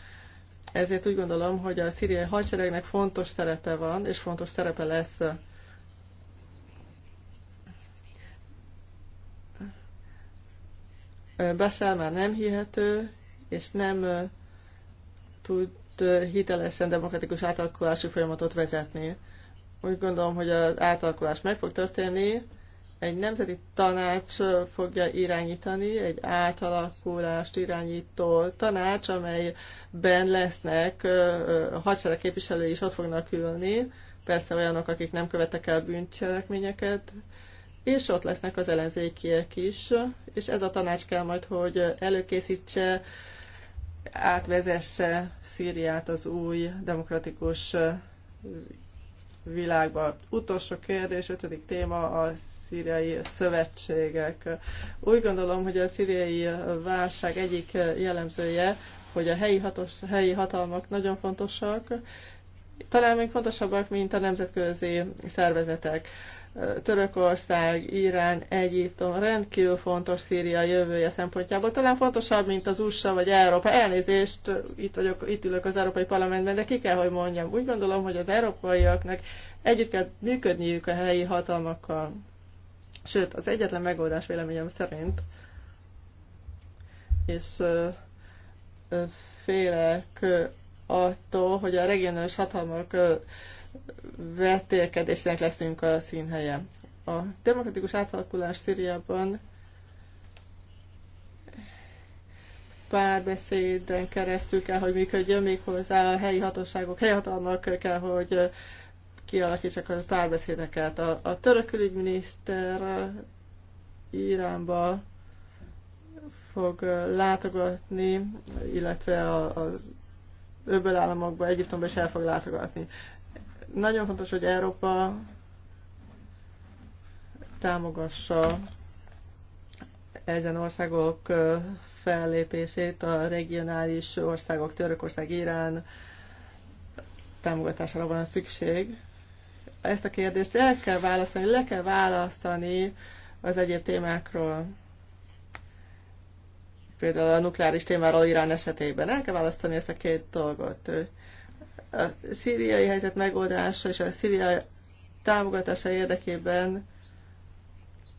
Speaker 1: Ezért úgy gondolom, hogy a szíriai hadseregnek fontos szerepe van, és fontos szerepe lesz Basár már nem hihető, és nem tud hitelesen demokratikus átalakulási folyamatot vezetni. Úgy gondolom, hogy az átalakulás meg fog történni, egy nemzeti tanács fogja irányítani, egy átalakulást irányító tanács, amelyben lesznek hadsereg képviselői is ott fognak ülni, persze olyanok, akik nem követek el bűncselekményeket, és ott lesznek az ellenzékiek is, és ez a tanács kell majd, hogy előkészítse, átvezesse Szíriát az új demokratikus világban Utolsó kérdés, ötödik téma a szíriai szövetségek. Úgy gondolom, hogy a szíriai válság egyik jellemzője, hogy a helyi, hatos, helyi hatalmak nagyon fontosak, talán még fontosabbak, mint a nemzetközi szervezetek. Törökország, Irán, Egyiptom rendkívül fontos Szíria jövője szempontjából. Talán fontosabb, mint az USA vagy Európa. Elnézést, itt, vagyok, itt ülök az Európai Parlamentben, de ki kell, hogy mondjam. Úgy gondolom, hogy az európaiaknak együtt kell működniük a helyi hatalmakkal. Sőt, az egyetlen megoldás véleményem szerint, és ö, ö, félek attól, hogy a regionális hatalmak ö, vetélkedésnek leszünk a színhelye. A demokratikus átalakulás Szíriában párbeszéden keresztül kell, hogy működjön, hozzá a helyi hatóságok, helyi hatalmak kell, hogy kialakítsák a párbeszédeket. A, a török külügyminiszter Iránba fog látogatni, illetve a öböl államokba, Egyiptomba is el fog látogatni. Nagyon fontos, hogy Európa támogassa ezen országok fellépését, a regionális országok, Törökország, Irán támogatására van a szükség. Ezt a kérdést el kell választani, le kell választani az egyéb témákról. Például a nukleáris témáról Irán esetében el kell választani ezt a két dolgot. A szíriai helyzet megoldása és a szíriai támogatása érdekében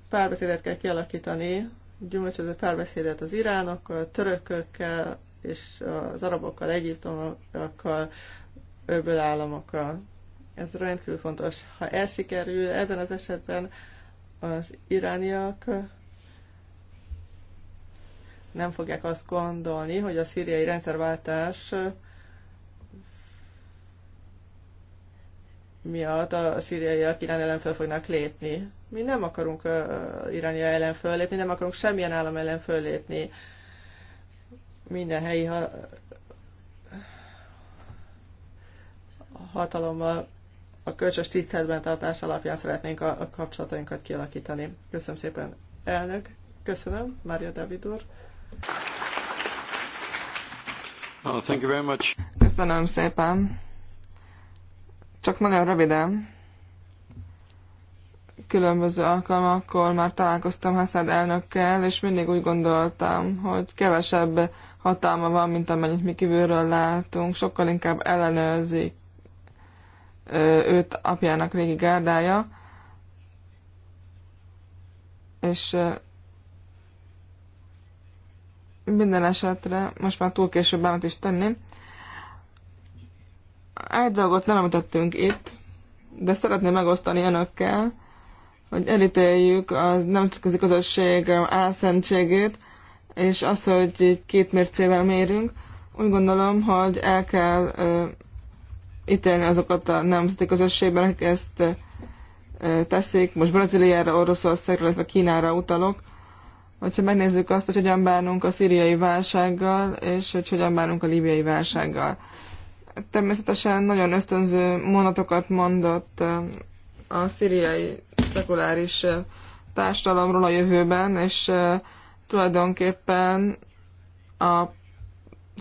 Speaker 1: párbeszédet kell kialakítani, gyümölcsöző párbeszédet az iránokkal, törökökkel és az arabokkal, egyiptomokkal, öböl államokkal. Ez rendkívül fontos. Ha ez sikerül, ebben az esetben az irániak nem fogják azt gondolni, hogy a szíriai rendszerváltás miatt a szíriaiak Irán ellen föl fognak lépni. Mi nem akarunk uh, Irán ellen föllépni, nem akarunk semmilyen állam ellen föllépni. Minden helyi ha- hatalommal a kölcsös tiszteletben tartás alapján szeretnénk a, a kapcsolatainkat kialakítani. Köszönöm szépen, elnök.
Speaker 3: Köszönöm, Mária David úr. Oh, thank you very much. Köszönöm szépen. Csak nagyon röviden. Különböző alkalmakkor már találkoztam Hassad elnökkel, és mindig úgy gondoltam, hogy kevesebb hatalma van, mint amennyit mi kívülről látunk, sokkal inkább ellenőrzik őt apjának régi gárdája, és minden esetre most már túl később bármit is tenném, egy dolgot nem említettünk itt, de szeretném megosztani önökkel, hogy elítéljük a nemzetközi közösség álszentségét, és az, hogy két mércével mérünk, úgy gondolom, hogy el kell ö, ítélni azokat a nemzeti közösségben, akik ezt ö, teszik. Most Brazíliára, Oroszországra, illetve Kínára utalok. Hogyha megnézzük azt, hogy hogyan bánunk a szíriai válsággal, és hogy hogyan bánunk a líbiai válsággal természetesen nagyon ösztönző mondatokat mondott eh, a szíriai szekuláris eh, társadalomról a jövőben, és eh, tulajdonképpen a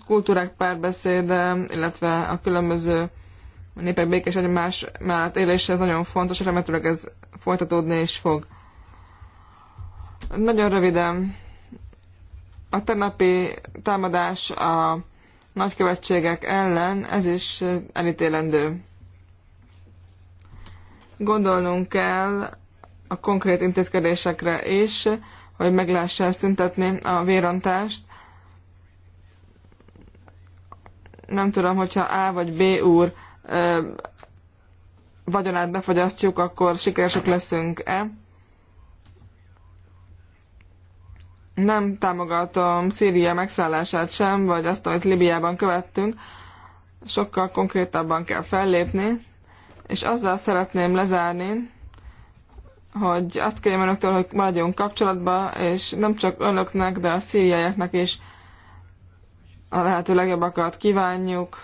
Speaker 3: kultúrák párbeszéde, illetve a különböző népek békés egymás mellett élése ez nagyon fontos, és remetőleg ez folytatódni is fog. Nagyon röviden. A tegnapi támadás a nagykövetségek ellen, ez is elítélendő. Gondolnunk kell a konkrét intézkedésekre is, hogy meg lehessen szüntetni a vérontást. Nem tudom, hogyha A vagy B úr ö, vagyonát befogyasztjuk, akkor sikeresek leszünk-e. nem támogatom Szíria megszállását sem, vagy azt, amit Libiában követtünk. Sokkal konkrétabban kell fellépni, és azzal szeretném lezárni, hogy azt kérjem önöktől, hogy maradjunk kapcsolatba, és nem csak önöknek, de a szíriaiaknak is a lehető legjobbakat kívánjuk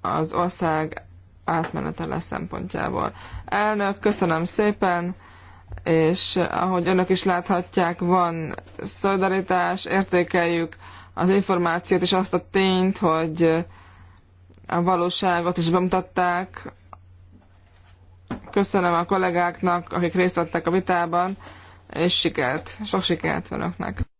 Speaker 3: az ország átmenetele szempontjából. Elnök, köszönöm szépen! és ahogy önök is láthatják, van szolidaritás, értékeljük az információt és azt a tényt, hogy a valóságot is bemutatták. Köszönöm a kollégáknak, akik részt vettek a vitában, és sikert, sok sikert önöknek!